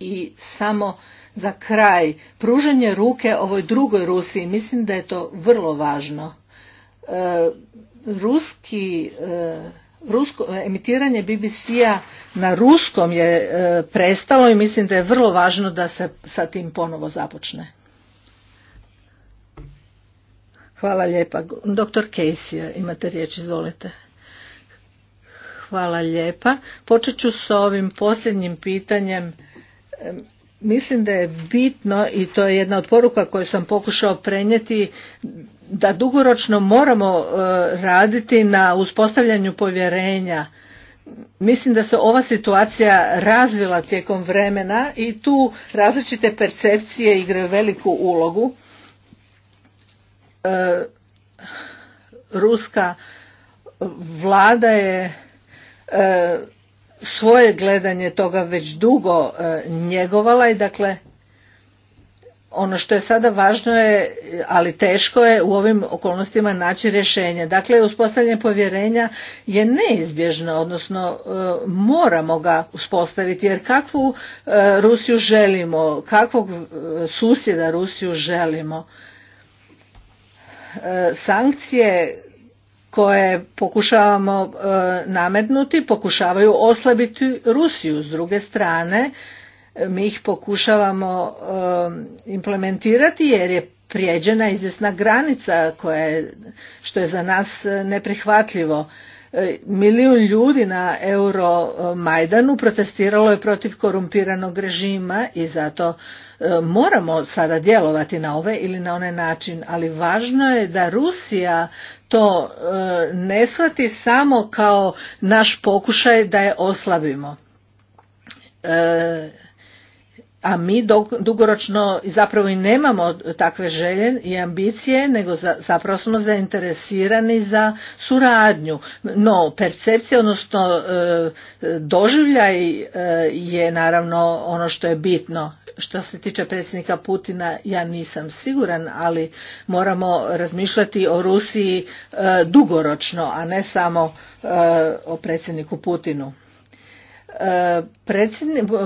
I samo za kraj, pruženje ruke ovoj drugoj Rusiji, mislim da je to vrlo važno. Ruski Rusko, emitiranje BBC-a na ruskom je prestalo i mislim da je vrlo važno da se sa tim ponovo započne. Hvala lijepa. Dr. Casey, imate riječ, izvolite. Hvala lijepa. Počet ću s ovim posljednjim pitanjem. Mislim da je bitno i to je jedna od poruka koju sam pokušao prenijeti da dugoročno moramo e, raditi na uspostavljanju povjerenja. Mislim da se ova situacija razvila tijekom vremena i tu različite percepcije igraju veliku ulogu. E, ruska vlada je E, svoje gledanje toga već dugo e, njegovala i dakle ono što je sada važno je, ali teško je u ovim okolnostima naći rješenje. Dakle, uspostavljanje povjerenja je neizbježno, odnosno e, moramo ga uspostaviti, jer kakvu Rusiju želimo, kakvog susjeda Rusiju želimo. Sankcije koje pokušavamo e, nametnuti pokušavaju oslabiti Rusiju s druge strane mi ih pokušavamo e, implementirati jer je prijeđena izvjesna granica koja je, što je za nas neprihvatljivo e, milijun ljudi na euro majdanu protestiralo je protiv korumpiranog režima i zato moramo sada djelovati na ove ili na onaj način ali važno je da Rusija to e, ne shvati samo kao naš pokušaj da je oslabimo. E, a mi dugoročno zapravo i nemamo takve želje i ambicije, nego zapravo smo zainteresirani za suradnju. No, percepcija, odnosno e, doživljaj e, je naravno ono što je bitno. Što se tiče predsjednika Putina, ja nisam siguran, ali moramo razmišljati o Rusiji e, dugoročno, a ne samo o predsjedniku Putinu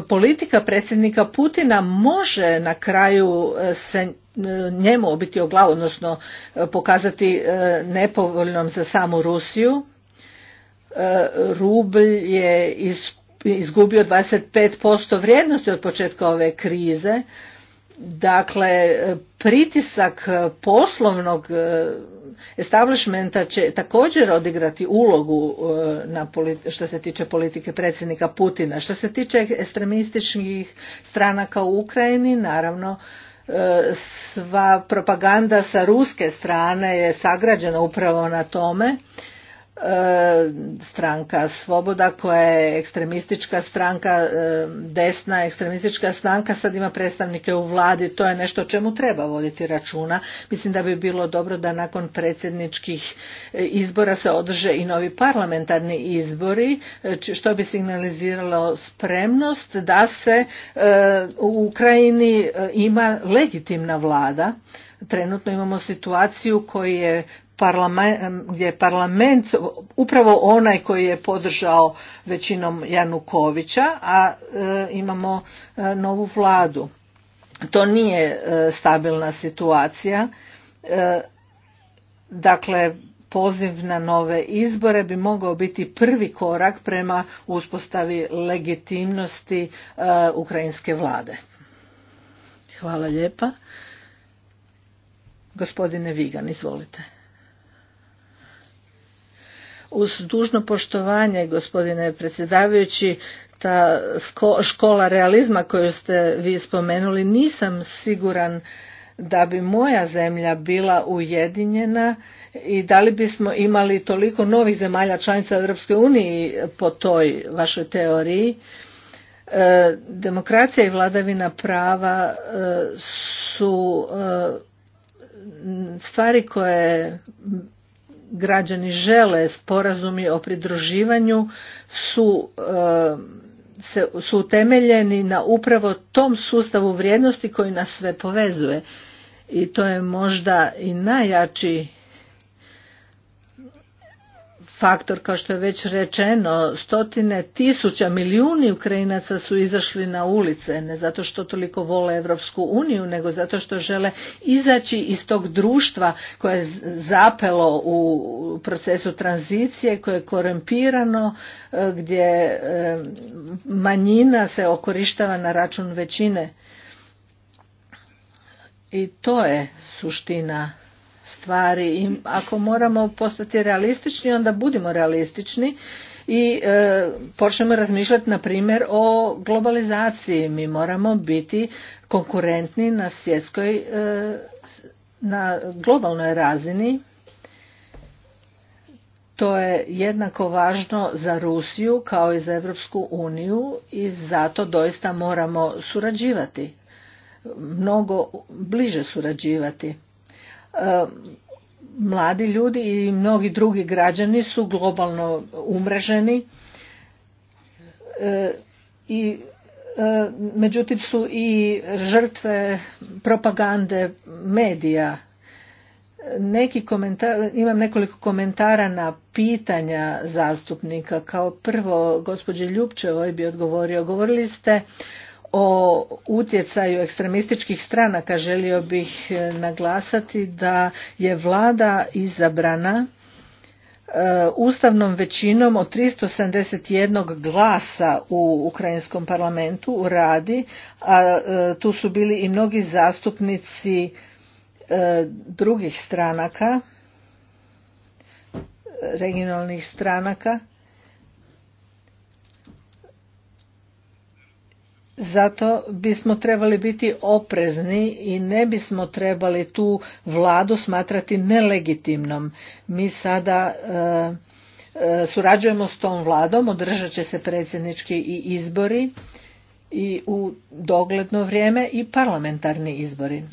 politika predsjednika Putina može na kraju e, se e, njemu obiti o glavu, odnosno e, pokazati nepovoljnom za samu Rusiju. Rublj je izgubio 25% vrijednosti od početka ove krize. Dakle, pritisak e, poslovnog e, establishmenta će također odigrati ulogu e, na što se tiče politike predsjednika Putina. Što se tiče ekstremističkih stranaka u Ukrajini, naravno, sva propaganda sa ruske strane je sagrađena upravo na tome E, stranka Svoboda koja je ekstremistička stranka, e, desna ekstremistička stranka, sad ima predstavnike u vladi, to je nešto o čemu treba voditi računa. Mislim da bi bilo dobro da nakon predsjedničkih e, izbora se održe i novi parlamentarni izbori, što bi signaliziralo spremnost da se u Ukrajini ima legitimna vlada trenutno imamo situaciju koju je gdje je parlament upravo onaj koji je podržao većinom Janukovića, a e, imamo e, novu vladu. To nije e, stabilna situacija. Dakle, poziv na nove izbore bi mogao biti prvi korak prema uspostavi legitimnosti ukrajinske vlade. Hvala lijepa. Gospodine Vigan, izvolite. Uz dužno poštovanje, gospodine predsjedavajući, ta škola realizma koju ste vi spomenuli, nisam siguran da bi moja zemlja bila ujedinjena i da li bismo imali toliko novih zemalja članica Europske unije po toj vašoj teoriji. E, demokracija i vladavina prava e, su e, stvari koje građani žele sporazumi o pridruživanju su e, su utemeljeni na upravo tom sustavu vrijednosti koji nas sve povezuje i to je možda i najjači faktor, kao što je već rečeno, stotine tisuća, milijuni Ukrajinaca su izašli na ulice, ne zato što toliko vole Evropsku uniju, nego zato što žele izaći iz tog društva koje je zapelo u procesu tranzicije, koje je korempirano, e, gdje e, manjina se okorištava na račun većine. I to je suština stvari i ako moramo postati realistični onda budimo realistični i e, počnemo razmišljati na primjer o globalizaciji mi moramo biti konkurentni na svjetskoj e, na globalnoj razini to je jednako važno za Rusiju kao i za Europsku uniju i zato doista moramo surađivati mnogo bliže surađivati mladi ljudi i mnogi drugi građani su globalno umreženi e, i e, međutim su i žrtve propagande medija neki imam nekoliko komentara na pitanja zastupnika. Kao prvo, gospođe Ljupčevoj bi odgovorio, govorili ste o utjecaju ekstremističkih stranaka želio bih e, naglasati da je vlada izabrana e, ustavnom većinom od 371 glasa u ukrajinskom parlamentu u Radi, a e, tu su bili i mnogi zastupnici drugih stranaka, regionalnih stranaka zato bismo trebali biti oprezni i ne bismo trebali tu vladu smatrati nelegitimnom. Mi sada e, e, surađujemo s tom vladom, održat će se predsjednički i izbori i u dogledno vrijeme i parlamentarni izbori.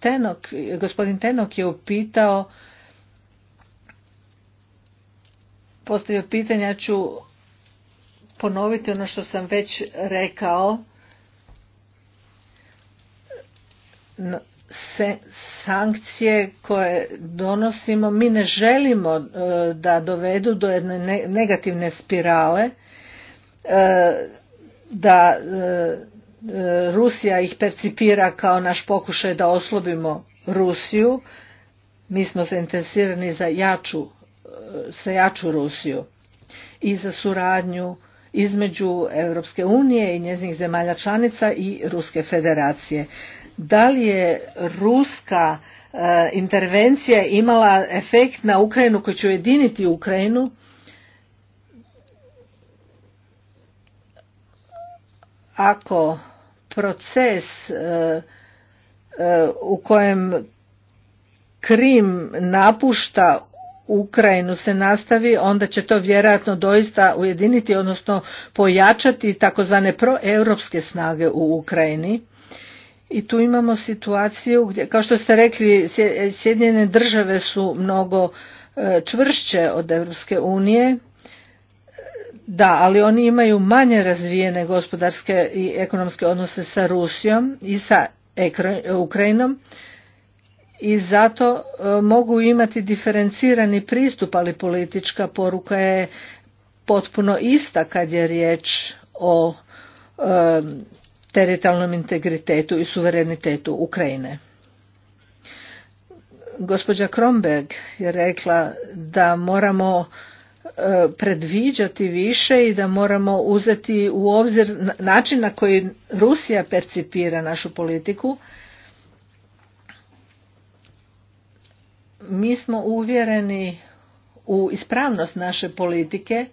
Tenok, gospodin Tenok je upitao, postavio pitanja ću ponoviti ono što sam već rekao sankcije koje donosimo mi ne želimo e, da dovedu do jedne negativne spirale e, da e, Rusija ih percipira kao naš pokušaj da oslobimo Rusiju mi smo zainteresirani za jaču, za jaču Rusiju i za suradnju između Europske unije i njezinih zemalja članica i Ruske federacije. Da li je ruska e, intervencija imala efekt na Ukrajinu koji će ujediniti Ukrajinu? Ako proces e, e, u kojem Krim napušta Ukrajinu se nastavi, onda će to vjerojatno doista ujediniti, odnosno pojačati takozvane proeuropske snage u Ukrajini. I tu imamo situaciju gdje, kao što ste rekli, Sjedinjene države su mnogo e, čvršće od Europske unije, da, ali oni imaju manje razvijene gospodarske i ekonomske odnose sa Rusijom i sa Ukrajinom i zato e, mogu imati diferencirani pristup, ali politička poruka je potpuno ista kad je riječ o e, teritorijalnom integritetu i suverenitetu Ukrajine. Gospođa Kromberg je rekla da moramo e, predviđati više i da moramo uzeti u obzir način na koji Rusija percipira našu politiku mi smo uvjereni u ispravnost naše politike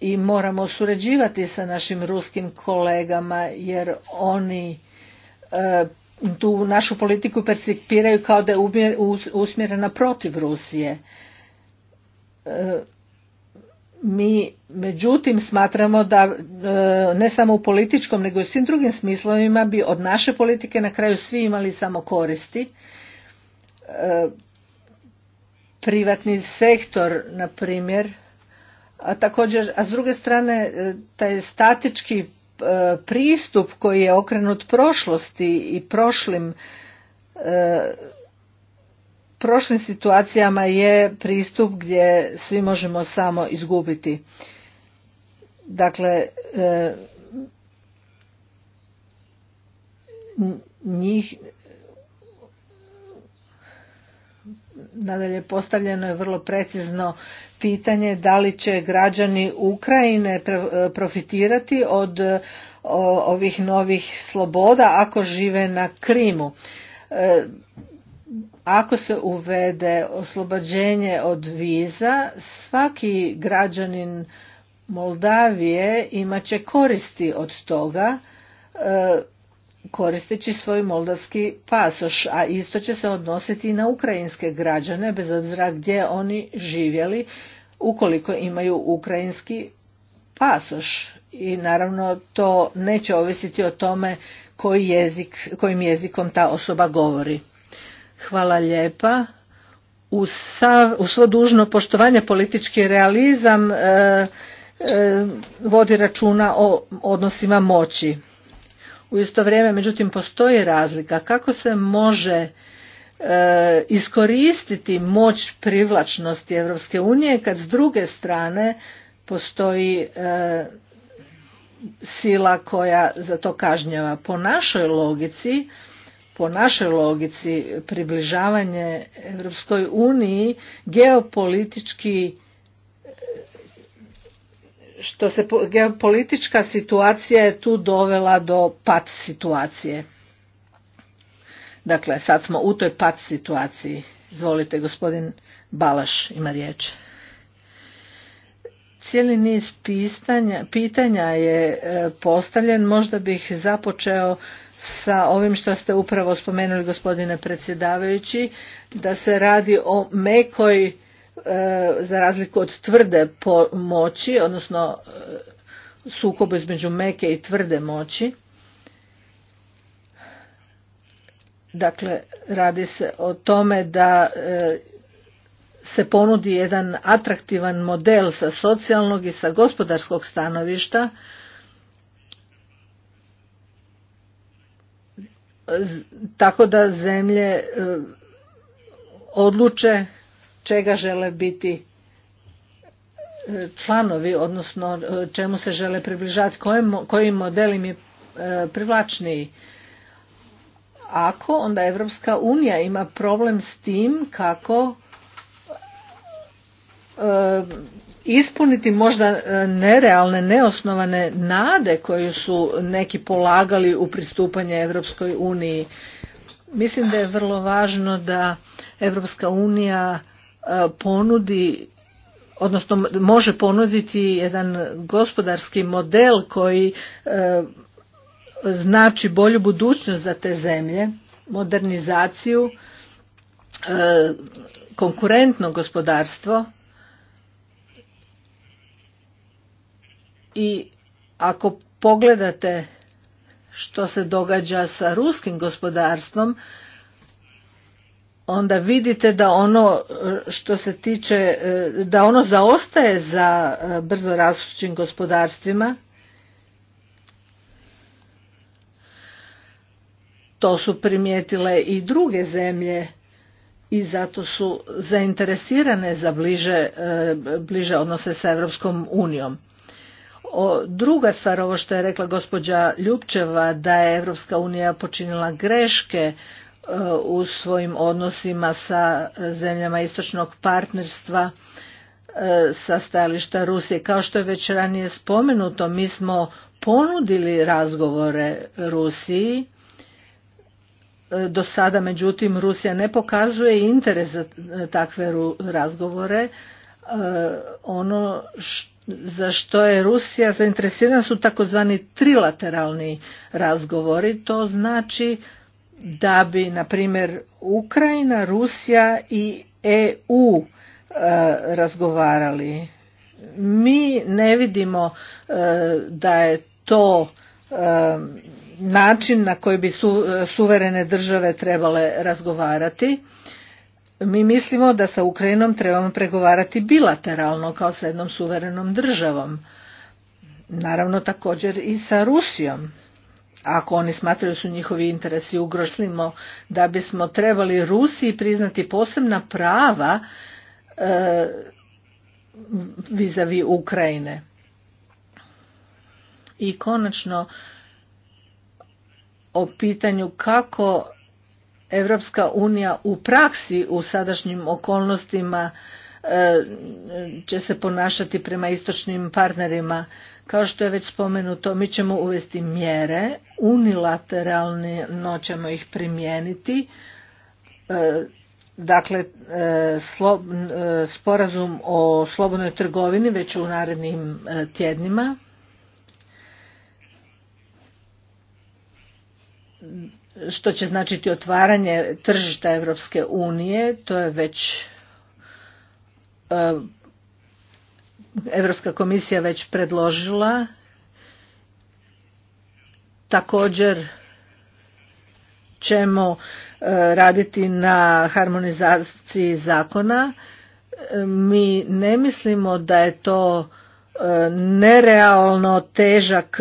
i moramo surađivati sa našim ruskim kolegama jer oni e, tu našu politiku percipiraju kao da je usmjerena protiv Rusije. E, mi međutim smatramo da e, ne samo u političkom nego i u svim drugim smislovima bi od naše politike na kraju svi imali samo koristi privatni sektor, na primjer, a također, a s druge strane, e, taj statički e, pristup koji je okrenut prošlosti i prošlim e, prošlim situacijama je pristup gdje svi možemo samo izgubiti. Dakle, njih Nadalje, postavljeno je vrlo precizno pitanje da li će građani Ukrajine e, profitirati od e, ovih novih sloboda ako žive na Krimu. E, ako se uvede oslobađenje od viza, svaki građanin Moldavije imaće koristi od toga koristeći svoj moldavski pasoš, a isto će se odnositi i na ukrajinske građane, bez obzira gdje oni živjeli, ukoliko imaju ukrajinski pasoš. I naravno to neće ovisiti o tome koji jezik, kojim jezikom ta osoba govori. Hvala lijepa. U, u svo dužno poštovanje politički realizam e, e, vodi računa o odnosima moći. U isto vrijeme, međutim, postoji razlika kako se može e, iskoristiti moć privlačnosti Europske unije kad s druge strane postoji e, sila koja za to kažnjava. Po našoj logici, po našoj logici približavanje Europskoj uniji geopolitički što se geopolitička situacija je tu dovela do pat situacije. Dakle, sad smo u toj pat situaciji. Izvolite, gospodin Balaš ima riječ. Cijeli niz pitanja, pitanja je e, postavljen. Možda bih započeo sa ovim što ste upravo spomenuli, gospodine predsjedavajući, da se radi o mekoj E, za razliku od tvrde moći, odnosno e, sukobu između meke i tvrde moći. Dakle, radi se o tome da e, se ponudi jedan atraktivan model sa socijalnog i sa gospodarskog stanovišta tako da zemlje odluče čega žele biti e, članovi, odnosno e, čemu se žele približati, koji model im je e, privlačniji. Ako onda Evropska unija ima problem s tim kako ispuniti možda nerealne, neosnovane nade koju su neki polagali u pristupanje Evropskoj uniji. Mislim da je vrlo važno da Evropska unija E, ponudi odnosno može ponuditi jedan gospodarski model koji e, znači bolju budućnost za te zemlje, modernizaciju, e, konkurentno gospodarstvo i ako pogledate što se događa sa ruskim gospodarstvom onda vidite da ono e, što se tiče, e, da ono zaostaje za e, brzo gospodarstvima. To su primijetile i druge zemlje i zato su zainteresirane za bliže, bliže odnose sa Europskom unijom. druga stvar, ovo što je rekla gospođa Ljupčeva, da je Europska unija počinila greške u svojim odnosima sa zemljama istočnog partnerstva e, sa stajališta Rusije. Kao što je već ranije spomenuto, mi smo ponudili razgovore Rusiji, e, do sada međutim Rusija ne pokazuje interes za takve razgovore. E, ono za što je Rusija zainteresirana su takozvani trilateralni razgovori, to znači da bi, na primjer, Ukrajina, Rusija i EU e, razgovarali. Mi ne vidimo e, da je to e, način na koji bi suverene države trebale razgovarati. Mi mislimo da sa Ukrajinom trebamo pregovarati bilateralno kao sa jednom suverenom državom. Naravno također i sa Rusijom ako oni smatraju su njihovi interesi ugroslimo da bismo trebali Rusiji priznati posebna prava e, vizavi Ukrajine. I konačno o pitanju kako Evropska unija u praksi u sadašnjim okolnostima e, će se ponašati prema istočnim partnerima kao što je već spomenuto, mi ćemo uvesti mjere, no ćemo ih primijeniti. E, dakle, e, e, sporazum o slobodnoj trgovini već u narednim tjednima. Što će značiti otvaranje tržišta Evropske unije, to je već Europska komisija već predložila. Također ćemo e, raditi na harmonizaciji zakona. E, mi ne mislimo da je to e, nerealno težak,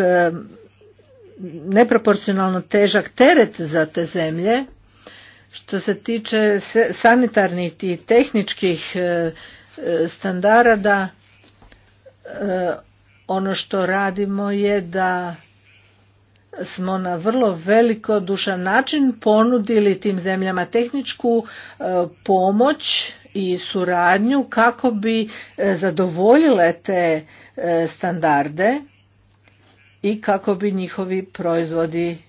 neproporcionalno težak teret za te zemlje. Što se tiče sanitarnih i tehničkih standarda, E, ono što radimo je da smo na vrlo veliko dušan način ponudili tim zemljama tehničku e, pomoć i suradnju kako bi e, zadovoljile te standarde i kako bi njihovi proizvodi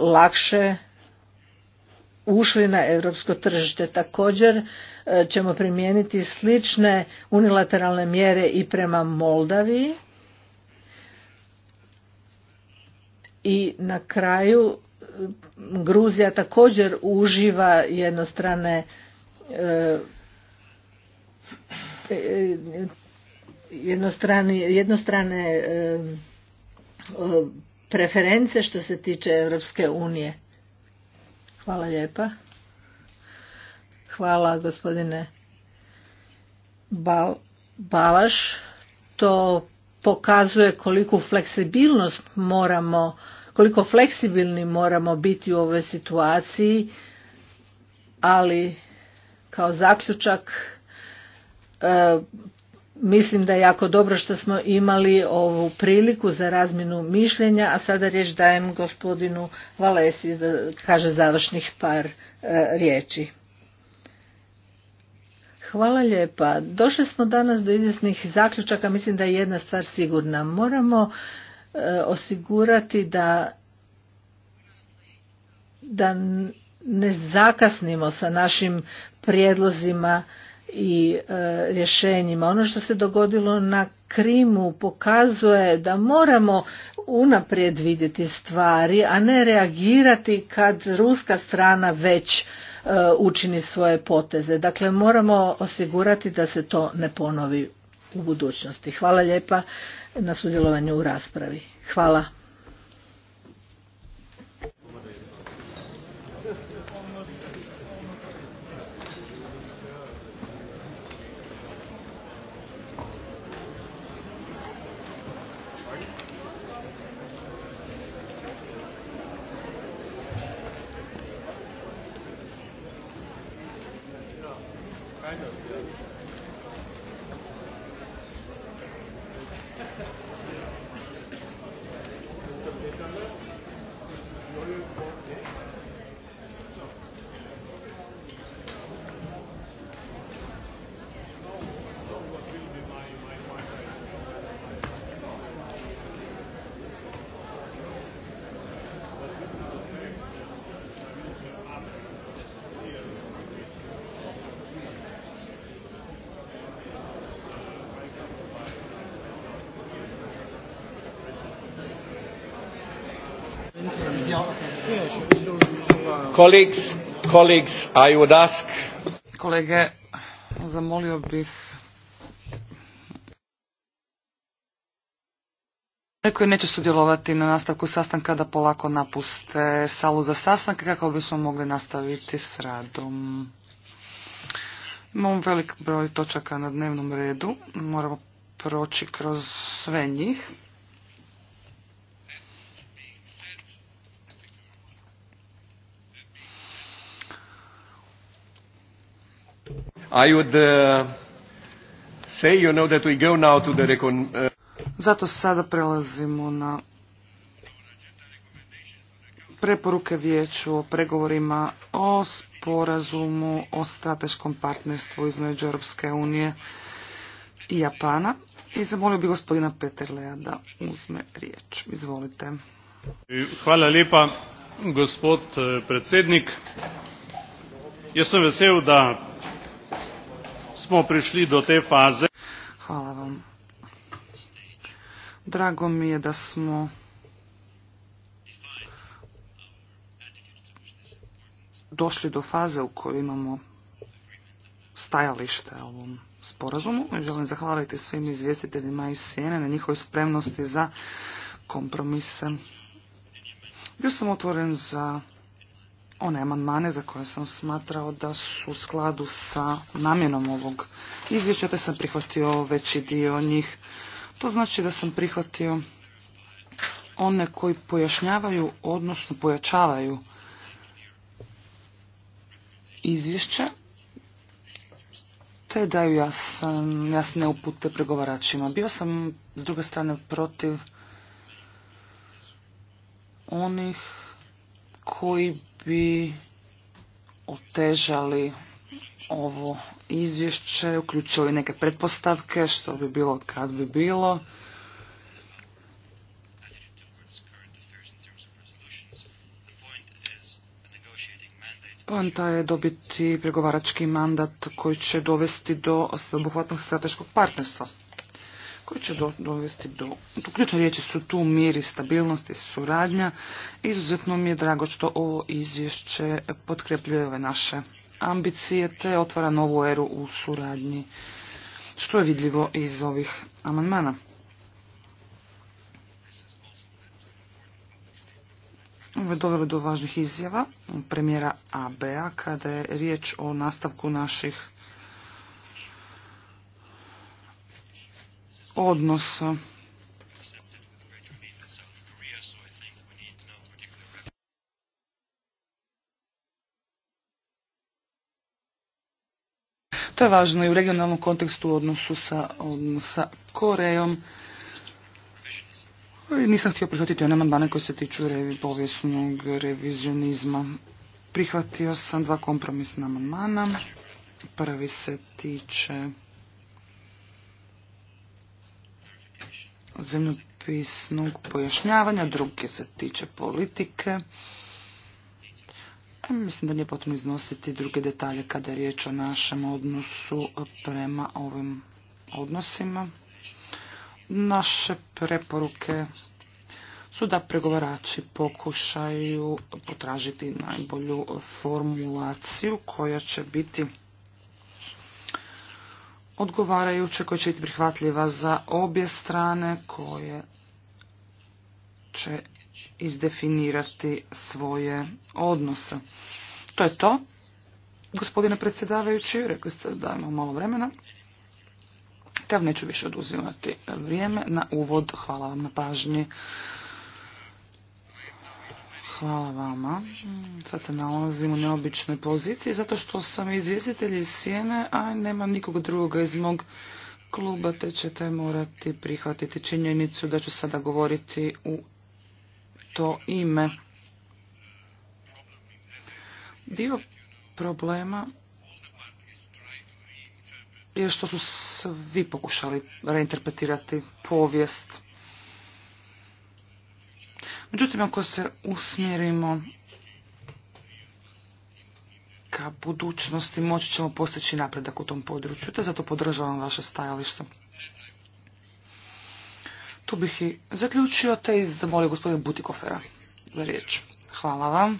lakše ušli na europsko tržište. Također ćemo primijeniti slične unilateralne mjere i prema Moldaviji. I na kraju Gruzija također uživa jednostrane e, jednostrane, e, preference što se tiče Europske unije. Hvala lijepa. Hvala gospodine Balaš. To pokazuje koliku fleksibilnost moramo, koliko fleksibilni moramo biti u ovoj situaciji, ali kao zaključak e, mislim da je jako dobro što smo imali ovu priliku za razminu mišljenja, a sada riječ dajem gospodinu Valesi da kaže završnih par e, riječi. Hvala lijepa. Došli smo danas do izvjesnih zaključaka. Mislim da je jedna stvar sigurna. Moramo e, osigurati da da ne zakasnimo sa našim prijedlozima i e, rješenjima. Ono što se dogodilo na Krimu pokazuje da moramo unaprijed vidjeti stvari, a ne reagirati kad ruska strana već E, učini svoje poteze. Dakle, moramo osigurati da se to ne ponovi u budućnosti. Hvala lijepa na sudjelovanju u raspravi. Hvala. Kolege, zamolio bih koji neće sudjelovati na nastavku sastanka da polako napuste salu za sastanke kako bismo mogli nastaviti s radom. Imamo velik broj točaka na dnevnom redu, moramo proći kroz sve njih. I would uh, say, you know, that we go now to the uh, Zato sada prelazimo na preporuke vijeću o pregovorima o sporazumu o strateškom partnerstvu između Europske unije i Japana. I zamolio bi gospodina Peterleja da uzme riječ. Izvolite. Hvala lijepa, gospod eh, predsjednik. Jesam sam vesel, da smo prišli do te faze. Hvala vam. Drago mi je da smo došli do faze u kojoj imamo stajalište ovom sporazumu. Želim zahvaliti svim izvjestiteljima i sjene na njihovoj spremnosti za kompromise. Bio sam otvoren za one amandmane za koje sam smatrao da su u skladu sa namjenom ovog izvješća, te sam prihvatio veći dio njih. To znači da sam prihvatio one koji pojašnjavaju, odnosno pojačavaju izvješće, te daju jasne upute pregovaračima. Bio sam s druge strane protiv onih koji bi otežali ovo izvješće, uključili neke pretpostavke, što bi bilo kad bi bilo. Poenta je dobiti pregovarački mandat koji će dovesti do sveobuhvatnog strateškog partnerstva koji će dovesti do, do ključne riječi su tu mir i stabilnost i suradnja. Izuzetno mi je drago što ovo izvješće potkrepljuje ove naše ambicije te otvara novu eru u suradnji što je vidljivo iz ovih amandmana. Ovo je dovelo do važnih izjava premijera ABA kada je riječ o nastavku naših odnosa. To je važno i u regionalnom kontekstu u odnosu sa, sa Korejom. Nisam htio prihvatiti one amandmane koji se tiču revi, povijesnog revizionizma. Prihvatio sam dva kompromisna amandmana. Prvi se tiče zemljopisnog pojašnjavanja, druge se tiče politike. E, mislim da nije potrebno iznositi druge detalje kada je riječ o našem odnosu prema ovim odnosima. Naše preporuke su da pregovarači pokušaju potražiti najbolju formulaciju koja će biti odgovarajuće, koja će biti prihvatljiva za obje strane, koje će izdefinirati svoje odnose. To je to. Gospodine predsjedavajući, rekli ste da imamo malo vremena. Ja neću više oduzimati vrijeme. Na uvod, hvala vam na pažnji. Hvala vama. Sad se nalazim u neobičnoj poziciji zato što sam izvjestitelj iz Sijene, a nemam nikog drugoga iz mog kluba, te ćete morati prihvatiti činjenicu da ću sada govoriti u to ime. Dio problema je što su svi pokušali reinterpretirati povijest Međutim, ako se usmjerimo ka budućnosti, moći ćemo postići napredak u tom području, te zato podržavam vaše stajalište. Tu bih i zaključio, te i zamolio gospodina Butikofera za riječ. Hvala vam.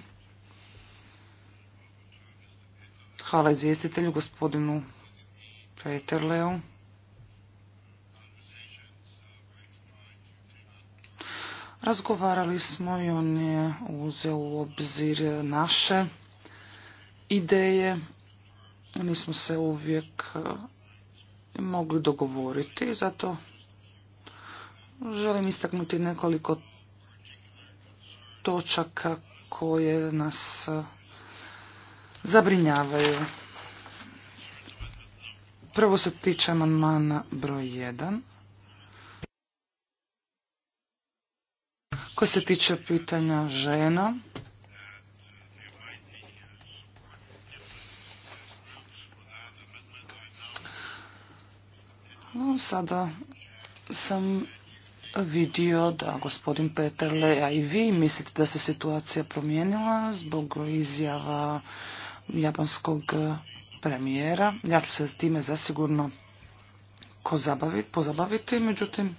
Hvala izvjestitelju, gospodinu Peterleu. Razgovarali smo i on je uzeo u obzir naše ideje. Nismo se uvijek e, mogli dogovoriti, zato želim istaknuti nekoliko točaka koje nas e, zabrinjavaju. Prvo se tiče amandmana broj 1. koje se tiče pitanja žena. sada sam vidio da gospodin Peterle, a i vi mislite da se situacija promijenila zbog izjava japanskog premijera. Ja ću se time zasigurno pozabaviti, međutim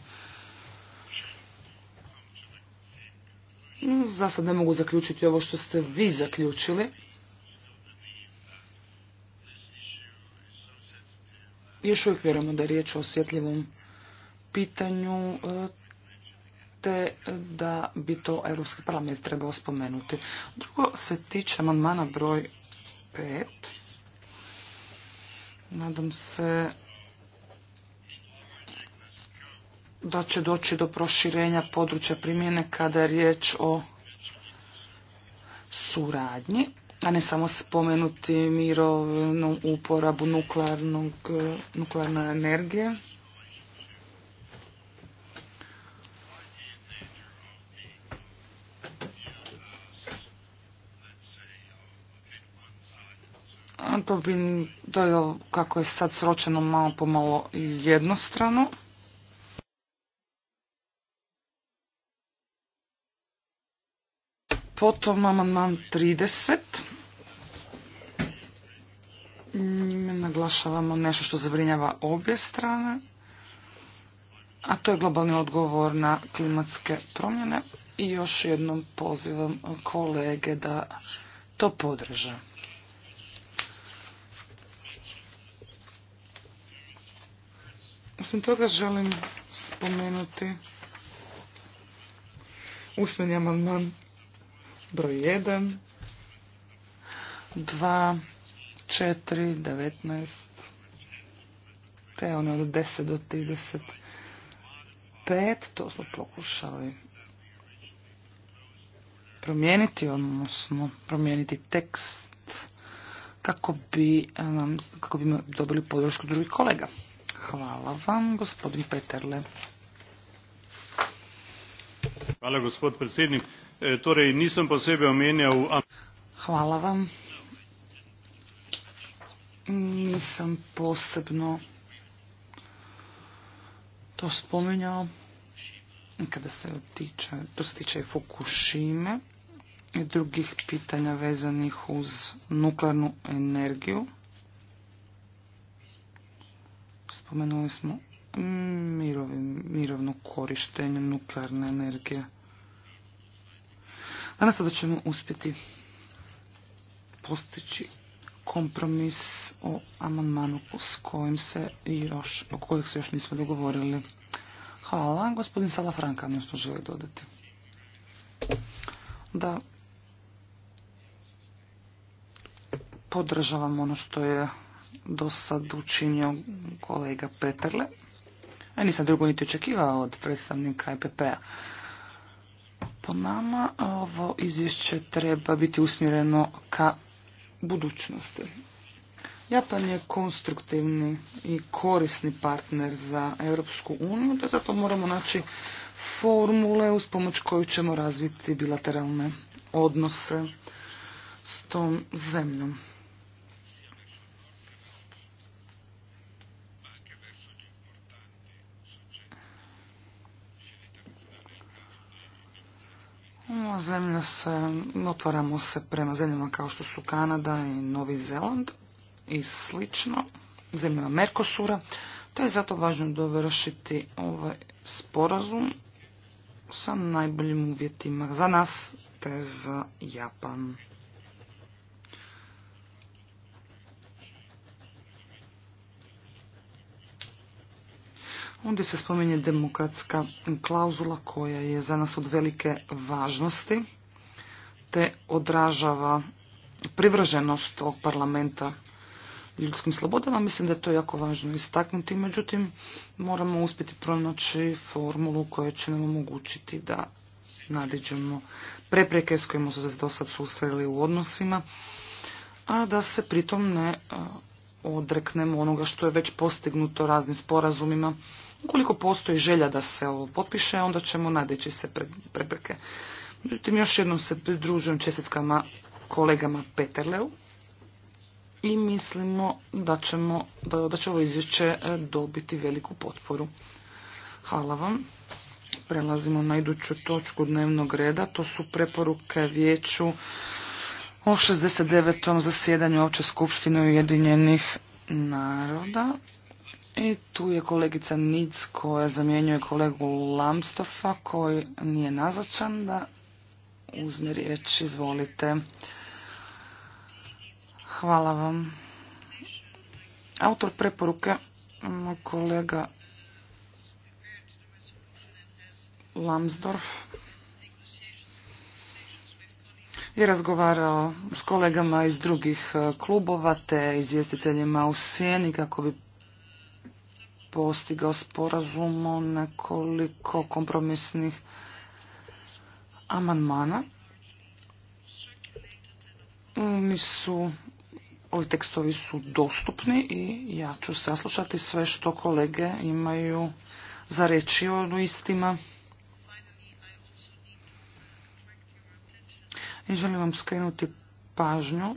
Za ne mogu zaključiti ovo što ste vi zaključili. Još uvijek vjerujemo da je riječ o osjetljivom pitanju e, te da bi to Europski parlament trebao spomenuti. Drugo se tiče amandmana broj 5. Nadam se da će doći do proširenja područja primjene kada je riječ o suradnji, a ne samo spomenuti mirovnu uporabu nuklearnog, nuklearne energije. To bi, to kako je sad sročeno, malo pomalo jednostrano. Potom amandman 30. Mm, naglašavamo nešto što zabrinjava obje strane, a to je globalni odgovor na klimatske promjene. I još jednom pozivam kolege da to podrže. Osim toga želim spomenuti usmeni amandman broj 1, 2, 4, 19, te one od 10 do 35, to smo pokušali promijeniti, odnosno promijeniti tekst kako bi, eh, kako bi dobili podršku drugih kolega. Hvala vam, gospodin Peterle. Hvala, gospod predsjednik. E, torej nisam pa omenjal... Hvala vam. Nisam posebno to spominjao. Kada se tiče, to se tiče Fukushime i drugih pitanja vezanih uz nuklearnu energiju. Spomenuli smo mirovno korištenje nuklearne energije. Danas sada ćemo uspjeti postići kompromis o amandmanu s kojim se još, o kojeg se još nismo dogovorili. Hvala. Gospodin Salafranka nešto želi dodati. Da podržavam ono što je do sad učinio kolega Peterle. Ja nisam drugo niti očekivao od predstavnika IPP-a. E nama ovo izvješće treba biti usmjereno ka budućnosti. Japan je konstruktivni i korisni partner za Europsku uniju, da zato moramo naći formule uz pomoć koju ćemo razviti bilateralne odnose s tom zemljom. Zemlja se, otvaramo se prema zemljama kao što su Kanada i Novi Zeland i slično, zemljama Merkosura, To je zato važno dovršiti ovaj sporazum sa najboljim uvjetima za nas te za Japan. Onda se spominje demokratska klauzula koja je za nas od velike važnosti te odražava privrženost tog parlamenta ljudskim slobodama. Mislim da je to jako važno istaknuti, međutim moramo uspjeti pronaći formulu koja će nam omogućiti da nadiđemo prepreke s kojima su se do sad susreli u odnosima, a da se pritom ne odreknemo onoga što je već postignuto raznim sporazumima Ukoliko postoji želja da se ovo potpiše, onda ćemo nadeći se prepreke. Međutim, još jednom se pridružujem čestitkama kolegama Peterleu i mislimo da, ćemo, da će ovo izvješće e, dobiti veliku potporu. Hvala vam. Prelazimo na iduću točku dnevnog reda. To su preporuke vijeću o 69. zasjedanju Opće skupštine Ujedinjenih naroda. I tu je kolegica Nic koja zamjenjuje kolegu Lamstofa koji nije nazočan da uzme riječ. Izvolite. Hvala vam. Autor preporuke, kolega Lamsdorf, je razgovarao s kolegama iz drugih eh, klubova te izvjestiteljima u sjeni kako bi postigao sporazum o nekoliko kompromisnih amandmana. Mi su, ovi tekstovi su dostupni i ja ću saslušati sve što kolege imaju za reći o istima. I želim vam skrenuti pažnju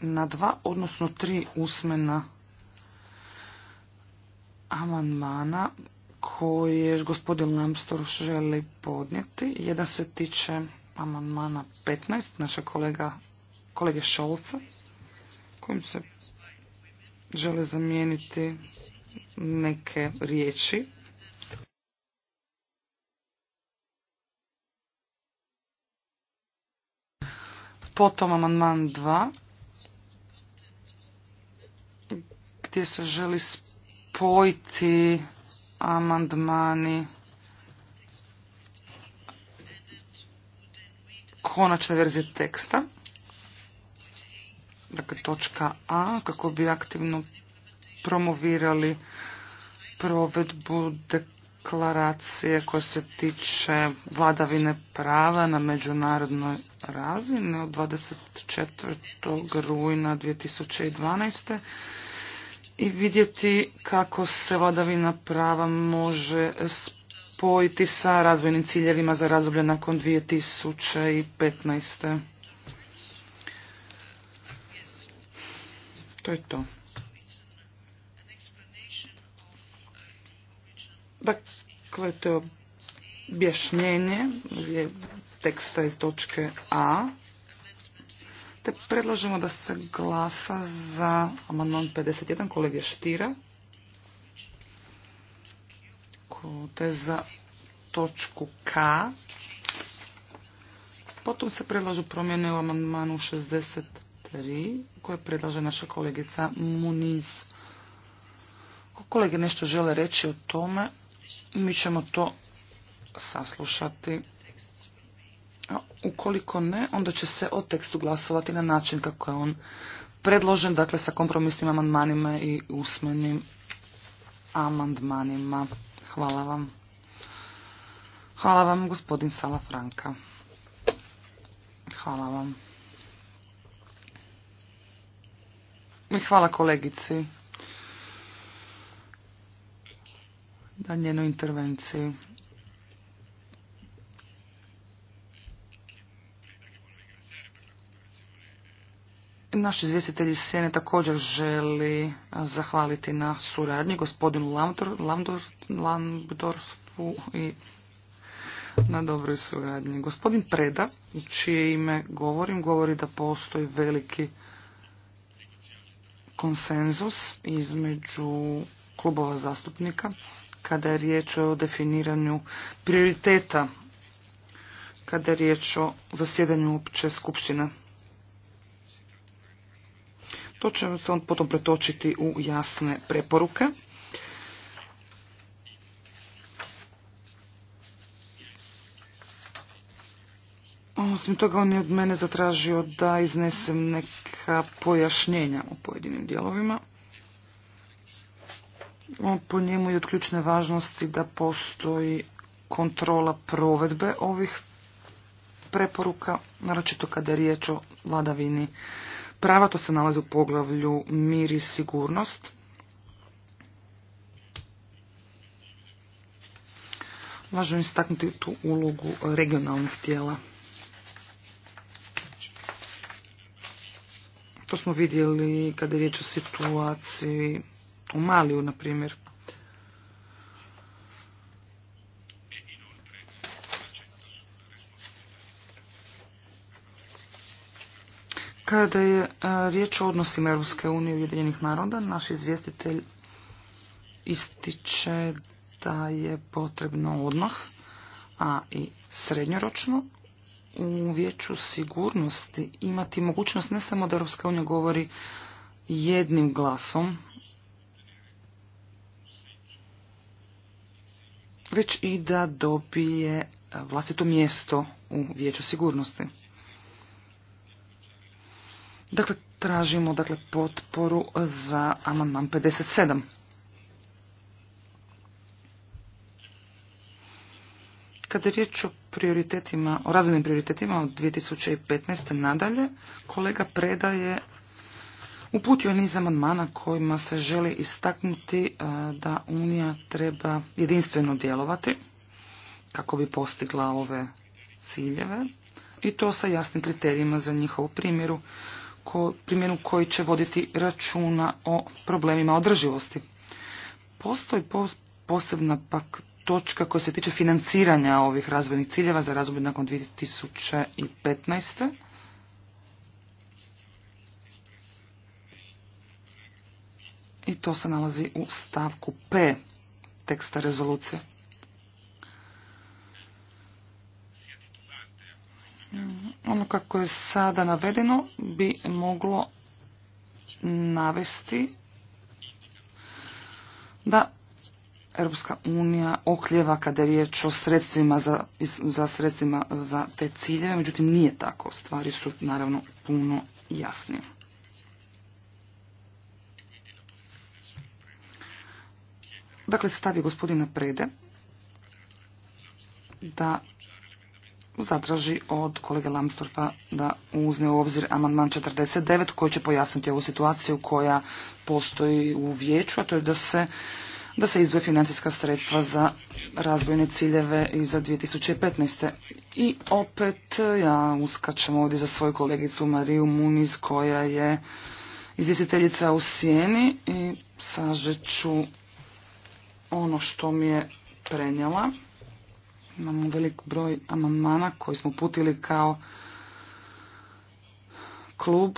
na dva, odnosno tri usmena amandmana koje gospodin Lamstor želi podnijeti. Jedan se tiče amandmana 15, naša kolega, kolege Šolca, kojim se žele zamijeniti neke riječi. Potom amandman 2, gdje se želi pojti amandmani konačne verzije teksta, dakle točka A, kako bi aktivno promovirali provedbu deklaracije koja se tiče vladavine prava na međunarodnoj razini od 24. rujna 2012 i vidjeti kako se vladavina prava može spojiti sa razvojnim ciljevima za razdoblje nakon 2015. To je to. Dakle, to je objašnjenje teksta iz točke A te predlažemo da se glasa za amandman 51 kolege Štira, te za točku K. Potom se predlažu promjene u amandmanu 63 koje predlaže naša kolegica Muniz. Ako kolege nešto žele reći o tome, mi ćemo to saslušati ukoliko ne, onda će se o tekstu glasovati na način kako je on predložen, dakle sa kompromisnim amandmanima i usmenim amandmanima. Hvala vam. Hvala vam, gospodin Sala Franka. Hvala vam. I hvala kolegici na njenoj intervenciji. Naši izvjestitelj iz Sjene također želi zahvaliti na suradnji gospodinu Lambdorfu i na dobroj suradnji. Gospodin Preda, u čije ime govorim, govori da postoji veliki konsenzus između klubova zastupnika kada je riječ o definiranju prioriteta kada je riječ o zasjedanju opće skupštine. To će se on potom pretočiti u jasne preporuke. Osim toga, on je od mene zatražio da iznesem neka pojašnjenja u pojedinim dijelovima. On po njemu je od ključne važnosti da postoji kontrola provedbe ovih preporuka, naročito kada je riječ o vladavini prava, to se nalazi u poglavlju mir i sigurnost. Važno je istaknuti tu ulogu regionalnih tijela. To smo vidjeli kada je riječ o situaciji u Maliju, na primjer. Kada je e, riječ o odnosima Europske unije i Ujedinjenih naroda, naš izvjestitelj ističe da je potrebno odmah, a i srednjoročno, u vijeću sigurnosti imati mogućnost ne samo da Europska unija govori jednim glasom, već i da dobije vlastito mjesto u vijeću sigurnosti. Dakle, tražimo dakle, potporu za amandman 57. Kada je riječ o prioritetima, o razvojnim prioritetima od 2015. nadalje, kolega Preda je uputio niz amandmana kojima se želi istaknuti e, da Unija treba jedinstveno djelovati kako bi postigla ove ciljeve i to sa jasnim kriterijima za njihovu primjeru primjenu koji će voditi računa o problemima održivosti. Postoji posebna pak točka koja se tiče financiranja ovih razvojnih ciljeva za razdoblje nakon 2015. I to se nalazi u stavku P teksta rezolucije. Ono kako je sada navedeno bi moglo navesti da Europska unija okljeva kada je riječ o sredstvima za, za sredstvima za te ciljeve, međutim nije tako. Stvari su naravno puno jasnije. Dakle, stavi gospodina Prede da zatraži od kolege Lamstorpa da uzme u obzir amandman 49 koji će pojasniti ovu situaciju koja postoji u vijeću, a to je da se da se izdvoje financijska sredstva za razvojne ciljeve i za 2015. I opet ja uskačem ovdje za svoju kolegicu Mariju Muniz koja je izvjestiteljica u Sijeni i sažeću ono što mi je prenijela. Imamo velik broj amandmana koji smo putili kao klub.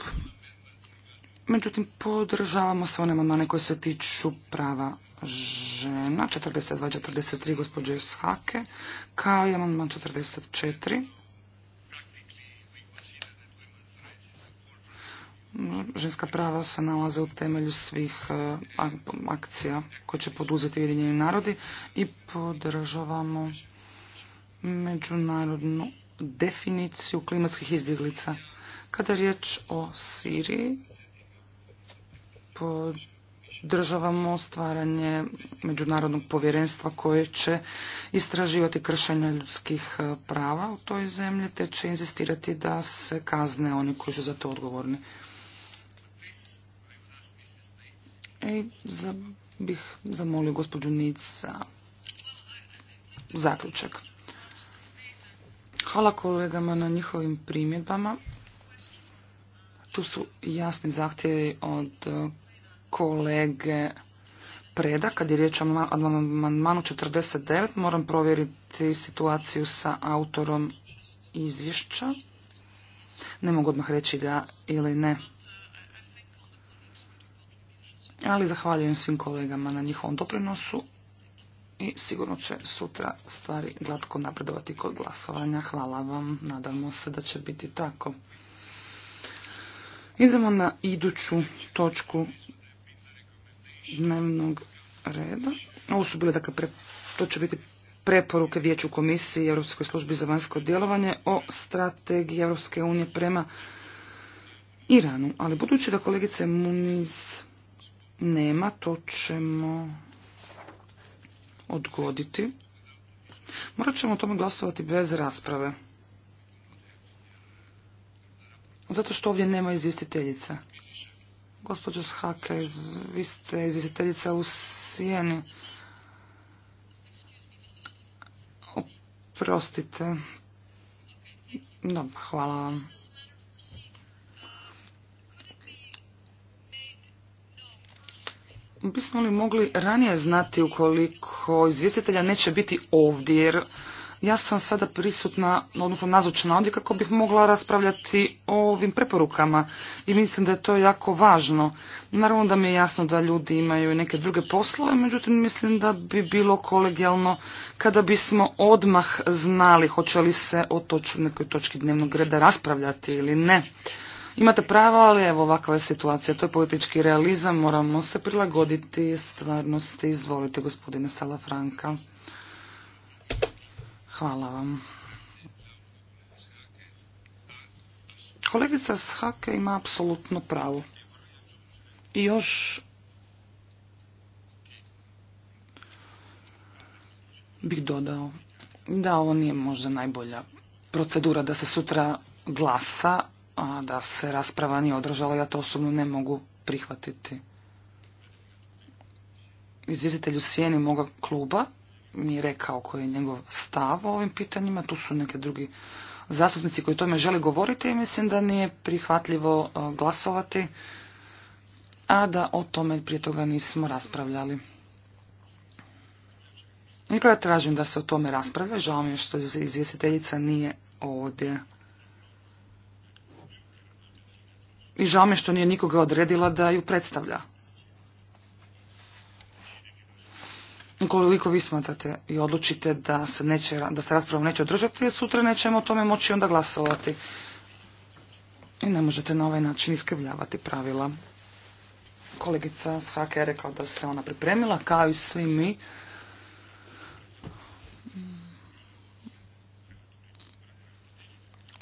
Međutim, podržavamo sve one amandmane koje se tiču prava žena, 42-43 gospođe Shake, kao i amandman 44. Ženska prava se nalaze u temelju svih e, akcija koje će poduzeti Ujedinjeni narodi i podržavamo međunarodnu definiciju klimatskih izbjeglica. Kada je riječ o Siriji, podržavamo stvaranje međunarodnog povjerenstva koje će istraživati kršenja ljudskih e, prava u toj zemlji, te će inzistirati da se kazne oni koji su za to odgovorni. I za, bih zamolio gospođu Nica zaključak. Hvala kolegama na njihovim primjedbama. Tu su jasni zahtjevi od kolege Preda. Kad je riječ o amandmanu 49, moram provjeriti situaciju sa autorom izvješća. Ne mogu odmah reći da ili ne. Ali zahvaljujem svim kolegama na njihovom doprinosu i sigurno će sutra stvari glatko napredovati kod glasovanja. Hvala vam, nadamo se da će biti tako. Idemo na iduću točku dnevnog reda. Ovo su bile, dakle, to će biti preporuke Vijeću komisiji Europskoj službi za vanjsko djelovanje o strategiji Europske unije prema Iranu. Ali budući da kolegice Muniz nema, to ćemo odgoditi. Morat ćemo o tome glasovati bez rasprave. Zato što ovdje nema izvjestiteljice. Gospođo Shake, vi ste izvjestiteljica u Sijeni. Oprostite. hvala vam. bismo li mogli ranije znati ukoliko izvjestitelja neće biti ovdje, jer ja sam sada prisutna, odnosno nazočna ovdje kako bih mogla raspravljati o ovim preporukama i mislim da je to jako važno. Naravno da mi je jasno da ljudi imaju i neke druge poslove, međutim mislim da bi bilo kolegijalno kada bismo odmah znali hoće li se o nekoj točki dnevnog reda raspravljati ili ne. Imate pravo, ali evo ovakva je situacija. To je politički realizam, moramo se prilagoditi stvarnosti. Izvolite, gospodine Salafranka. Hvala vam. Kolegica s Hake ima apsolutno pravo. I još bih dodao da ovo nije možda najbolja procedura da se sutra glasa a da se rasprava nije održala, ja to osobno ne mogu prihvatiti. Izvjestitelj u sjeni moga kluba mi je rekao koji je njegov stav o ovim pitanjima, tu su neki drugi zastupnici koji tome žele govoriti i mislim da nije prihvatljivo e, glasovati, a da o tome prije toga nismo raspravljali. nikada tražim da se o tome rasprave, žao mi je što izvjestiteljica nije ovdje. i žao mi što nije nikoga odredila da ju predstavlja. Ukoliko vi smatrate i odlučite da se, neće, da se rasprava neće održati, sutra nećemo o tome moći onda glasovati. I ne možete na ovaj način iskrivljavati pravila. Kolegica Svake je rekla da se ona pripremila, kao i svi mi,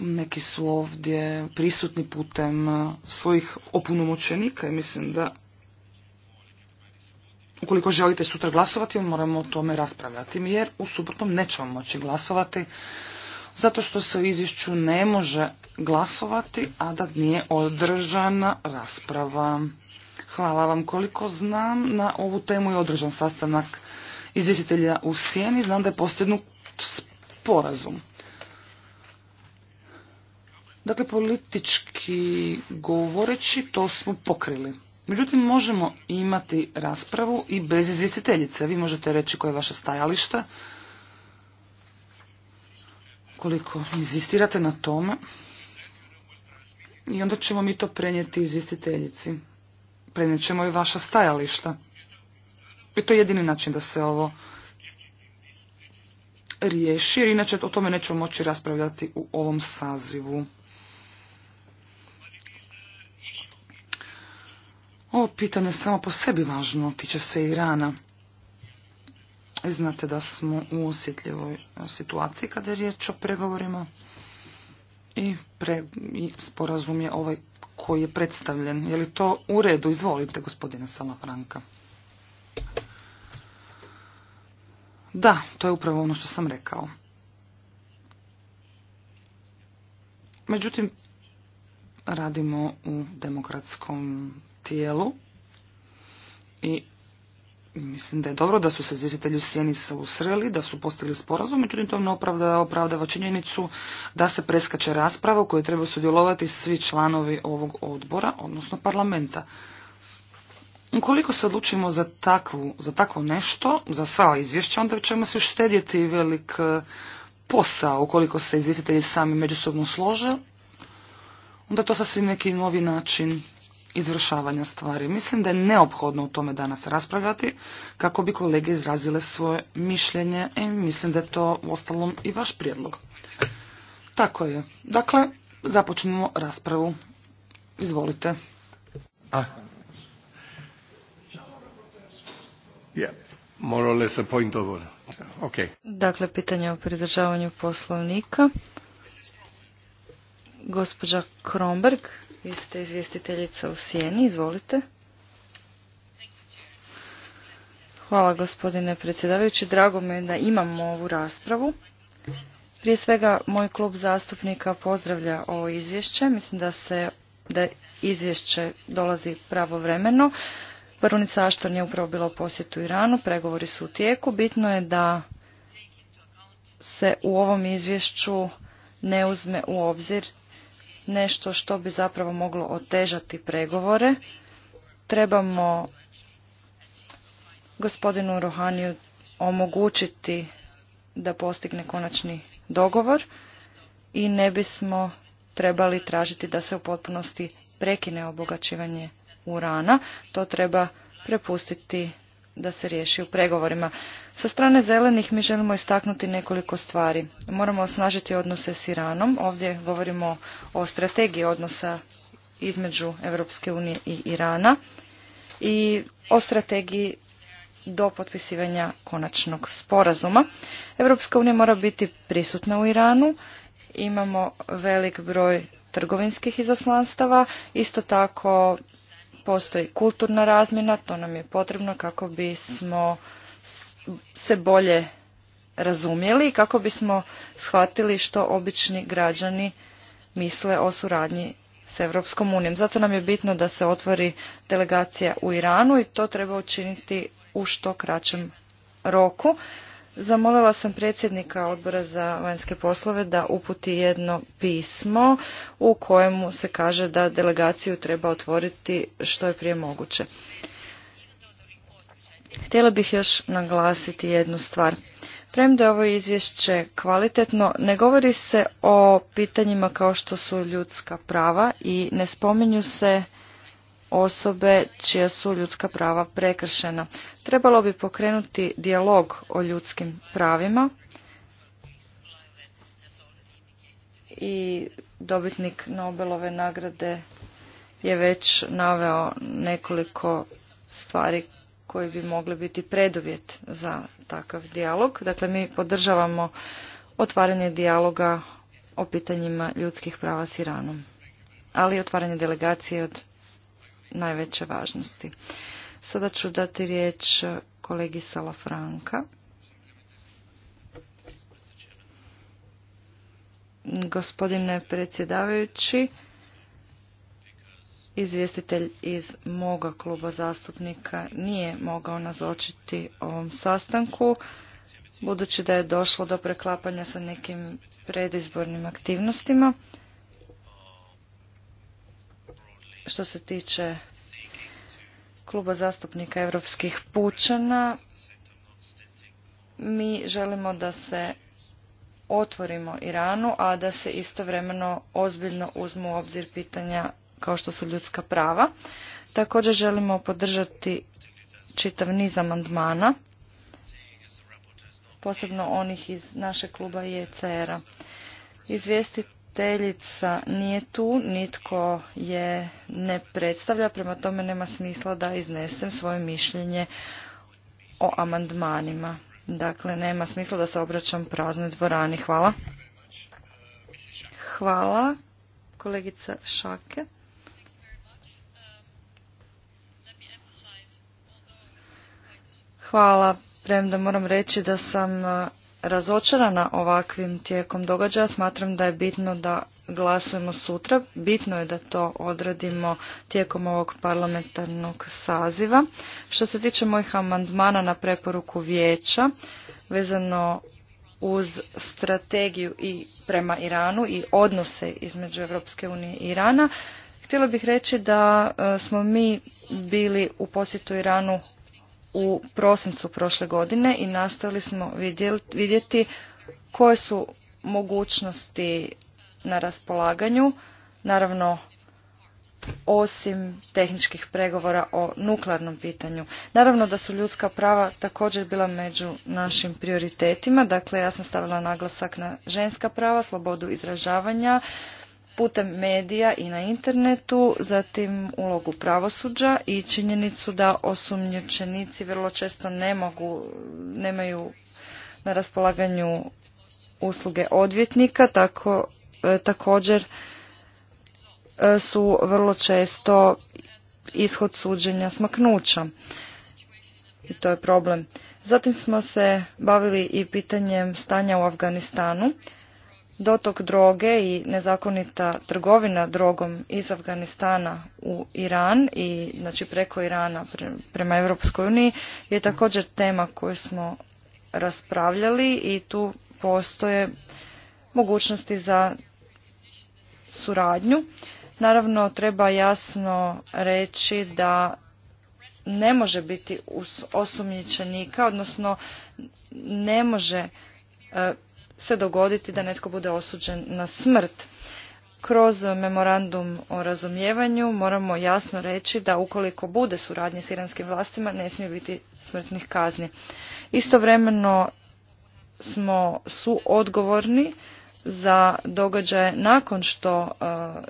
Neki su ovdje prisutni putem e, svojih opunomoćenika i mislim da ukoliko želite sutra glasovati, moramo o tome raspravljati, jer u suprotnom nećemo moći glasovati, zato što se u izvješću ne može glasovati, a da nije održana rasprava. Hvala vam koliko znam. Na ovu temu je održan sastanak izvjestitelja u Sijeni. Znam da je postignut sporazum. Dakle, politički govoreći to smo pokrili. Međutim, možemo imati raspravu i bez izvjestiteljice. Vi možete reći koje je vaše stajalište. Koliko inzistirate na tome. I onda ćemo mi to prenijeti izvjestiteljici. Prenijet ćemo i vaša stajališta. I to je jedini način da se ovo riješi, jer inače o tome nećemo moći raspravljati u ovom sazivu. Ovo pitanje je samo po sebi važno, tiče se Irana. Znate da smo u osjetljivoj situaciji kada je riječ o pregovorima i, i sporazum je ovaj koji je predstavljen. Je li to u redu? Izvolite, gospodine Salafranka. Da, to je upravo ono što sam rekao. Međutim, radimo u demokratskom tijelu i mislim da je dobro da su se izvjestitelji u sjeni usreli, da su postigli sporazum, međutim to ne opravdava činjenicu da se preskače rasprava u kojoj trebaju sudjelovati svi članovi ovog odbora, odnosno parlamenta. Ukoliko se odlučimo za, takvu, za takvo nešto, za sva izvješća, onda ćemo se štedjeti velik e, posao. Ukoliko se izvjestitelji sami međusobno slože, onda to sasvim neki novi način izvršavanja stvari. Mislim da je neophodno o tome danas raspravljati kako bi kolege izrazile svoje mišljenje i mislim da je to uostalom i vaš prijedlog. Tako je. Dakle, započnemo raspravu. Izvolite. Ah. Dakle, pitanje o pridržavanju poslovnika. Gospođa Kromberg. Vi ste izvjestiteljica u Sijeni, izvolite. Hvala gospodine predsjedavajući, drago me da imamo ovu raspravu. Prije svega, moj klub zastupnika pozdravlja ovo izvješće. Mislim da se da izvješće dolazi pravovremeno. Prvunica što je upravo bila u posjetu Iranu, pregovori su u tijeku. Bitno je da se u ovom izvješću ne uzme u obzir nešto što bi zapravo moglo otežati pregovore. Trebamo gospodinu Rohaniju omogućiti da postigne konačni dogovor i ne bismo trebali tražiti da se u potpunosti prekine obogaćivanje urana. To treba prepustiti da se riješi u pregovorima. Sa strane zelenih mi želimo istaknuti nekoliko stvari. Moramo osnažiti odnose s Iranom. Ovdje govorimo o strategiji odnosa između Europske unije i Irana i o strategiji do potpisivanja konačnog sporazuma. Europska unija mora biti prisutna u Iranu. Imamo velik broj trgovinskih izaslanstava. Isto tako Postoji kulturna razmjena, to nam je potrebno kako bismo se bolje razumjeli i kako bismo shvatili što obični građani misle o suradnji s Europskom unijom. Zato nam je bitno da se otvori delegacija u Iranu i to treba učiniti u što kraćem roku. Zamolila sam predsjednika odbora za vanjske poslove da uputi jedno pismo u kojemu se kaže da delegaciju treba otvoriti što je prije moguće. Htjela bih još naglasiti jednu stvar. Premda je ovo izvješće kvalitetno, ne govori se o pitanjima kao što su ljudska prava i ne spominju se osobe čija su ljudska prava prekršena. Trebalo bi pokrenuti dijalog o ljudskim pravima i dobitnik Nobelove nagrade je već naveo nekoliko stvari koje bi mogle biti preduvjet za takav dijalog. Dakle, mi podržavamo otvaranje dijaloga o pitanjima ljudskih prava s Iranom, ali i otvaranje delegacije od najveće važnosti. Sada ću dati riječ kolegi Salafranka. Gospodine predsjedavajući, izvjestitelj iz moga kluba zastupnika nije mogao nazočiti ovom sastanku, budući da je došlo do preklapanja sa nekim predizbornim aktivnostima što se tiče kluba zastupnika europskih pučana, mi želimo da se otvorimo Iranu, a da se istovremeno ozbiljno uzmu u obzir pitanja kao što su ljudska prava. Također želimo podržati čitav niz amandmana, posebno onih iz našeg kluba i e a Izvijestiti nije tu, nitko je ne predstavlja, prema tome nema smisla da iznesem svoje mišljenje o amandmanima. Dakle, nema smisla da se obraćam praznoj dvorani. Hvala. Hvala, kolegica Šake. Hvala, premda moram reći da sam razočarana ovakvim tijekom događaja, smatram da je bitno da glasujemo sutra. Bitno je da to odradimo tijekom ovog parlamentarnog saziva. Što se tiče mojih amandmana na preporuku vijeća, vezano uz strategiju i prema Iranu i odnose između Europske unije i Irana, htjela bih reći da e, smo mi bili u posjetu Iranu u prosincu prošle godine i nastavili smo vidjeti koje su mogućnosti na raspolaganju. Naravno, osim tehničkih pregovora o nuklearnom pitanju. Naravno da su ljudska prava također bila među našim prioritetima, dakle ja sam stavila naglasak na ženska prava, slobodu izražavanja, putem medija i na internetu, zatim ulogu pravosuđa i činjenicu da osumnjičenici vrlo često ne mogu, nemaju na raspolaganju usluge odvjetnika, tako e, također e, su vrlo često ishod suđenja smaknuća. I to je problem. Zatim smo se bavili i pitanjem stanja u Afganistanu dotok droge i nezakonita trgovina drogom iz Afganistana u Iran i znači preko Irana prema Europskoj uniji je također tema koju smo raspravljali i tu postoje mogućnosti za suradnju. Naravno treba jasno reći da ne može biti osumnjičenika, odnosno ne može e, se dogoditi da netko bude osuđen na smrt. Kroz memorandum o razumijevanju moramo jasno reći da ukoliko bude suradnje s iranskim vlastima ne smije biti smrtnih kazni. Istovremeno smo suodgovorni za događaje nakon što, eh,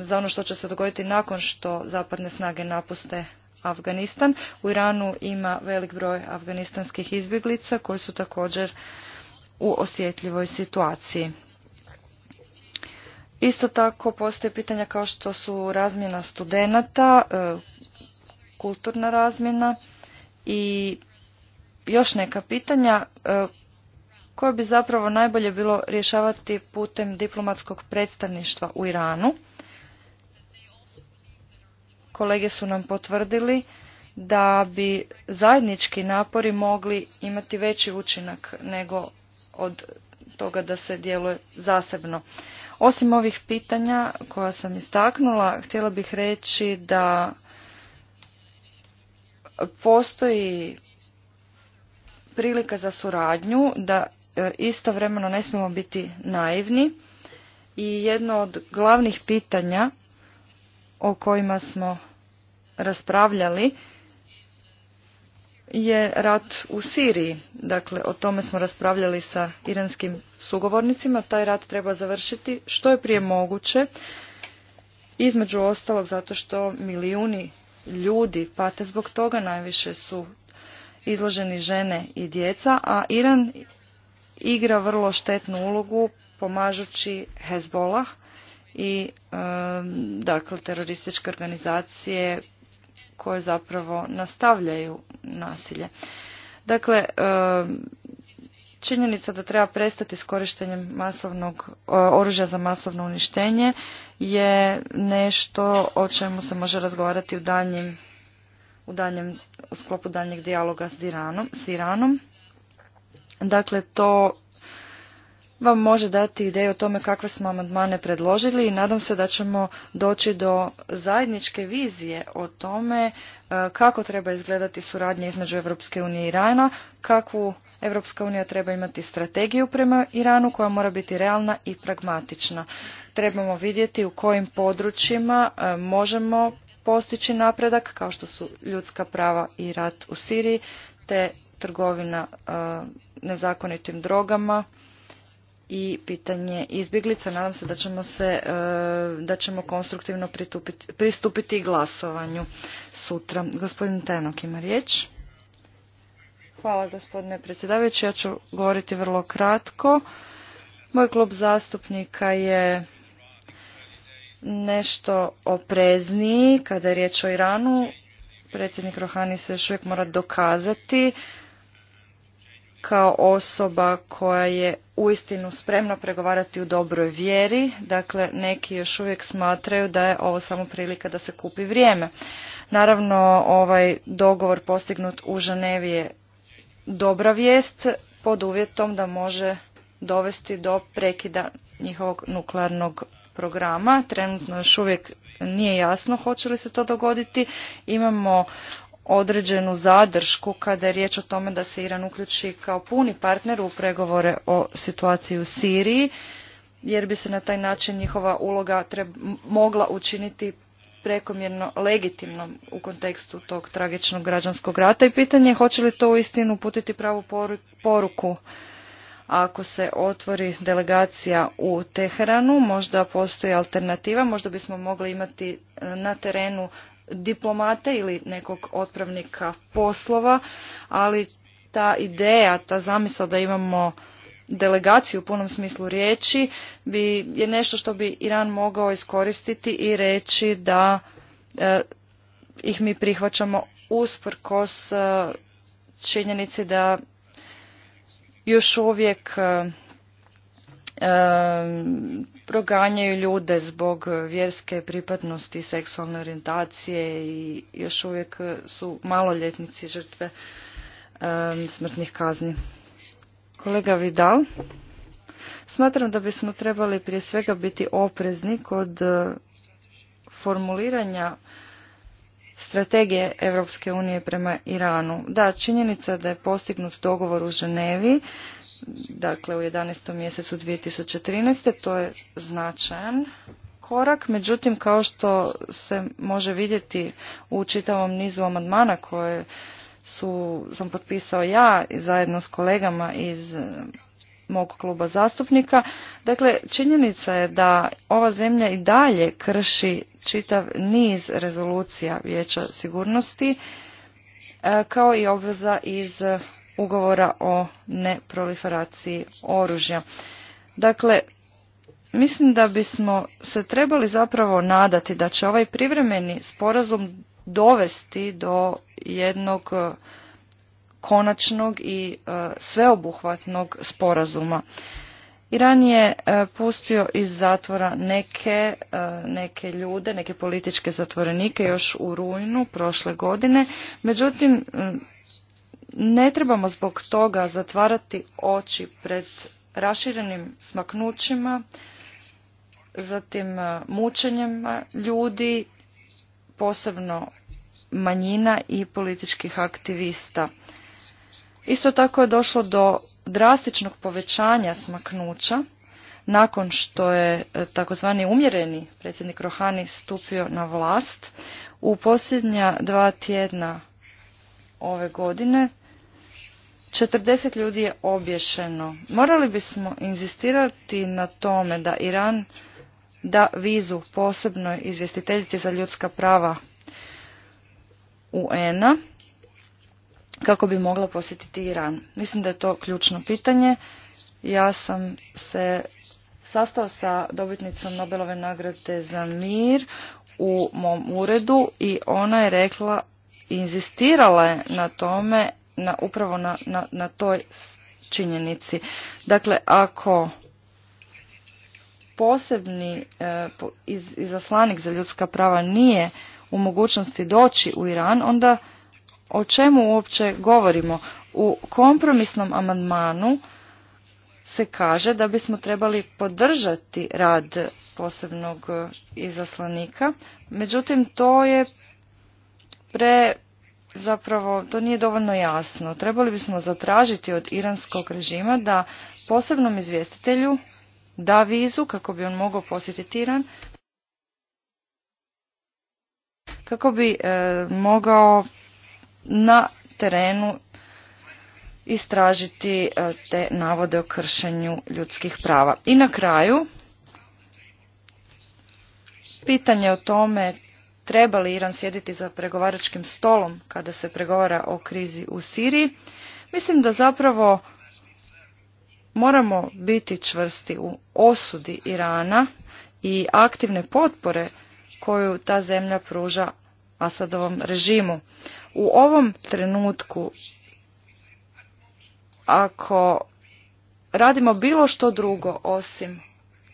za ono što će se dogoditi nakon što zapadne snage napuste Afganistan. U Iranu ima velik broj afganistanskih izbjeglica koji su također u osjetljivoj situaciji. Isto tako postoje pitanja kao što su razmjena studenata, e, kulturna razmjena i još neka pitanja e, koje bi zapravo najbolje bilo rješavati putem diplomatskog predstavništva u Iranu. Kolege su nam potvrdili da bi zajednički napori mogli imati veći učinak nego od toga da se djeluje zasebno. Osim ovih pitanja koja sam istaknula, htjela bih reći da postoji prilika za suradnju, da e, istovremeno ne smijemo biti naivni i jedno od glavnih pitanja o kojima smo raspravljali je rat u Siriji. Dakle, o tome smo raspravljali sa iranskim sugovornicima. Taj rat treba završiti što je prije moguće, između ostalog zato što milijuni ljudi pate zbog toga, najviše su izloženi žene i djeca, a Iran igra vrlo štetnu ulogu pomažući Hezbollah i dakle terorističke organizacije koje zapravo nastavljaju nasilje. Dakle, činjenica da treba prestati s korištenjem masovnog e, oružja za masovno uništenje je nešto o čemu se može razgovarati u daljnjem, u, u sklopu daljnjeg dijaloga s Iranom, s Iranom. Dakle, to vam može dati ideju o tome kakve smo amandmane predložili i nadam se da ćemo doći do zajedničke vizije o tome e, kako treba izgledati suradnja između Europske unije i Irana, kakvu Europska unija treba imati strategiju prema Iranu koja mora biti realna i pragmatična. Trebamo vidjeti u kojim područjima e, možemo postići napredak kao što su ljudska prava i rat u Siriji te trgovina e, nezakonitim drogama i pitanje izbjeglica. Nadam se da ćemo, se, e, da ćemo konstruktivno pristupiti glasovanju sutra. Gospodin Tenok ima riječ. Hvala gospodine predsjedavajući. Ja ću govoriti vrlo kratko. Moj klub zastupnika je nešto oprezniji kada je riječ o Iranu. Predsjednik Rohani se još uvijek mora dokazati kao osoba koja je uistinu spremno pregovarati u dobroj vjeri. Dakle, neki još uvijek smatraju da je ovo samo prilika da se kupi vrijeme. Naravno, ovaj dogovor postignut u Ženevi je dobra vijest pod uvjetom da može dovesti do prekida njihovog nuklearnog programa. Trenutno još uvijek nije jasno hoće li se to dogoditi. Imamo određenu zadršku kada je riječ o tome da se Iran uključi kao puni partner u pregovore o situaciji u Siriji, jer bi se na taj način njihova uloga mogla učiniti prekomjerno legitimnom u kontekstu tog tragičnog građanskog rata i pitanje je hoće li to uistinu uputiti pravu poruku ako se otvori delegacija u Teheranu, možda postoji alternativa, možda bismo mogli imati e, na terenu diplomata ili nekog otpravnika poslova, ali ta ideja, ta zamisla da imamo delegaciju u punom smislu riječi bi, je nešto što bi Iran mogao iskoristiti i reći da e, ih mi prihvaćamo usprkos e, činjenici da još uvijek e, proganjaju ljude zbog vjerske pripadnosti, seksualne orijentacije i još uvijek su maloljetnici žrtve smrtnih kazni. Kolega Vidal, smatram da bismo trebali prije svega biti oprezni kod e, formuliranja strategije Europske unije prema Iranu. Da, činjenica da je postignut dogovor u Ženevi dakle u 11. mjesecu 2013. To je značajan korak, međutim kao što se može vidjeti u čitavom nizu amandmana koje su, sam potpisao ja zajedno s kolegama iz e, mog kluba zastupnika. Dakle, činjenica je da ova zemlja i dalje krši čitav niz rezolucija Vijeća sigurnosti, e, kao i obveza iz ugovora o neproliferaciji oružja. Dakle, mislim da bismo se trebali zapravo nadati da će ovaj privremeni sporazum dovesti do jednog e, konačnog i e, sveobuhvatnog sporazuma. Iran je e, pustio iz zatvora neke, neke ljude, neke političke zatvorenike još u rujnu prošle godine. Međutim, ne trebamo zbog toga zatvarati oči pred raširenim smaknućima, zatim e, mučenjem ljudi, posebno manjina i političkih aktivista. Isto tako je došlo do drastičnog povećanja smaknuća nakon što je e, takozvani umjereni predsjednik Rohani stupio na vlast. U posljednja dva tjedna ove godine 40 ljudi je obješeno. Morali bismo inzistirati na tome da Iran da vizu posebnoj izvjestiteljici za ljudska prava UN-a kako bi mogla posjetiti Iran. Mislim da je to ključno pitanje. Ja sam se sastao sa dobitnicom Nobelove nagrade za mir u mom uredu i ona je rekla, inzistirala je na tome na, upravo na, na, toj činjenici. Dakle, ako posebni e, izaslanik za ljudska prava nije u mogućnosti doći u Iran, onda o čemu uopće govorimo? U kompromisnom amandmanu se kaže da bismo trebali podržati rad posebnog izaslanika, međutim to je pre zapravo to nije dovoljno jasno. Trebali bismo zatražiti od iranskog režima da posebnom izvjestitelju da vizu kako bi on mogao posjetiti Iran, kako bi e, mogao na terenu istražiti e, te navode o kršenju ljudskih prava. I na kraju, pitanje o tome treba li Iran sjediti za pregovaračkim stolom kada se pregovara o krizi u Siriji, mislim da zapravo moramo biti čvrsti u osudi Irana i aktivne potpore koju ta zemlja pruža Asadovom režimu. U ovom trenutku, ako radimo bilo što drugo osim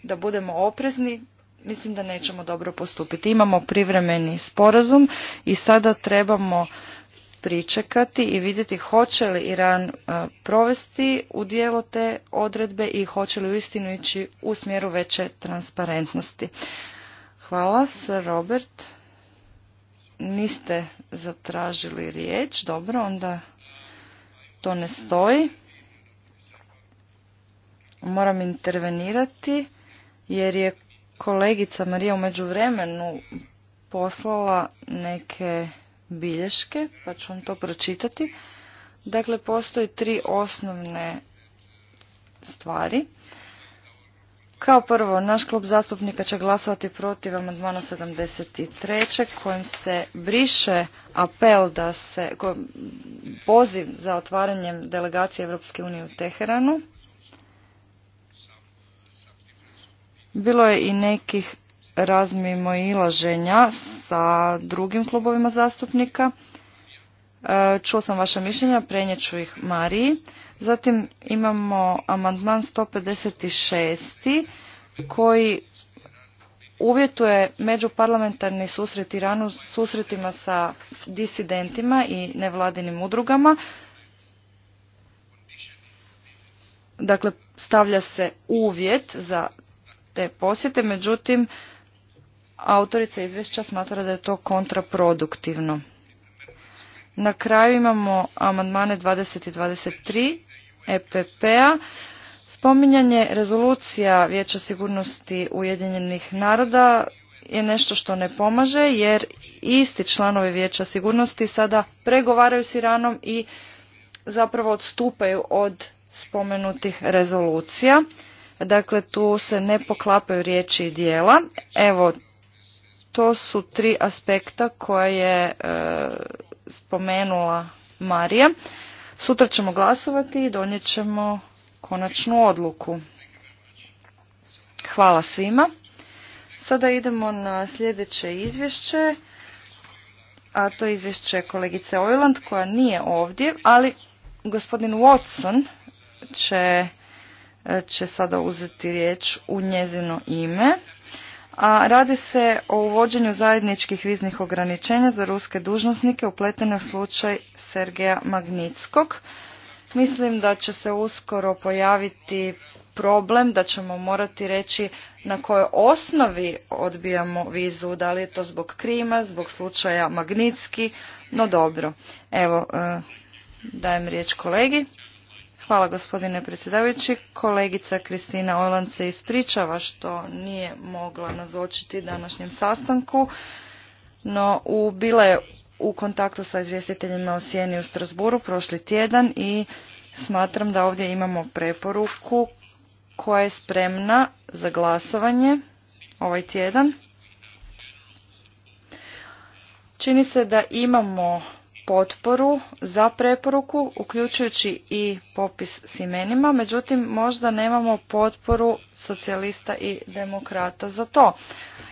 da budemo oprezni, mislim da nećemo dobro postupiti. Imamo privremeni sporazum i sada trebamo pričekati i vidjeti hoće li Iran e, provesti u dijelo te odredbe i hoće li uistinu ići u smjeru veće transparentnosti. Hvala, Sir Robert. Niste zatražili riječ, dobro, onda to ne stoji. Moram intervenirati jer je kolegica Marija u međuvremenu poslala neke bilješke, pa ću vam to pročitati. Dakle, postoje tri osnovne stvari. Kao prvo, naš klub zastupnika će glasovati protiv amandmana 73. kojim se briše apel da se, poziv za otvaranjem delegacije Europske unije u Teheranu. Bilo je i nekih razmimo ilaženja sa drugim klubovima zastupnika. E, čuo sam vaša mišljenja, prenjeću ih Mariji. Zatim imamo amandman 156. koji uvjetuje međuparlamentarni susret Iranu susretima sa disidentima i nevladinim udrugama. Dakle, stavlja se uvjet za te posjete, međutim, autorica izvješća smatra da je to kontraproduktivno. Na kraju imamo amandmane 20 i 23 EPP-a. Spominjanje rezolucija Vijeća sigurnosti Ujedinjenih naroda je nešto što ne pomaže jer isti članovi Vijeća sigurnosti sada pregovaraju s Iranom i zapravo odstupaju od spomenutih rezolucija. Dakle, tu se ne poklapaju riječi i dijela. Evo, to su tri aspekta koje je e, spomenula Marija. Sutra ćemo glasovati i donijet ćemo konačnu odluku. Hvala svima. Sada idemo na sljedeće izvješće, a to je izvješće kolegice Ojland koja nije ovdje, ali gospodin Watson će će sada uzeti riječ u njezino ime. A radi se o uvođenju zajedničkih viznih ograničenja za ruske dužnosnike upletene u slučaj Sergeja Magnitskog. Mislim da će se uskoro pojaviti problem da ćemo morati reći na kojoj osnovi odbijamo vizu, da li je to zbog Krima, zbog slučaja Magnitski, no dobro. Evo, eh, dajem riječ kolegi. Hvala gospodine predsjedavajući. Kolegica Kristina Ojland se ispričava što nije mogla nazočiti današnjem sastanku, no u, bila je u kontaktu sa izvjestiteljima o Sjeni u Strasburu prošli tjedan i smatram da ovdje imamo preporuku koja je spremna za glasovanje ovaj tjedan. Čini se da imamo potporu za preporuku, uključujući i popis s imenima, međutim možda nemamo potporu socijalista i demokrata za to.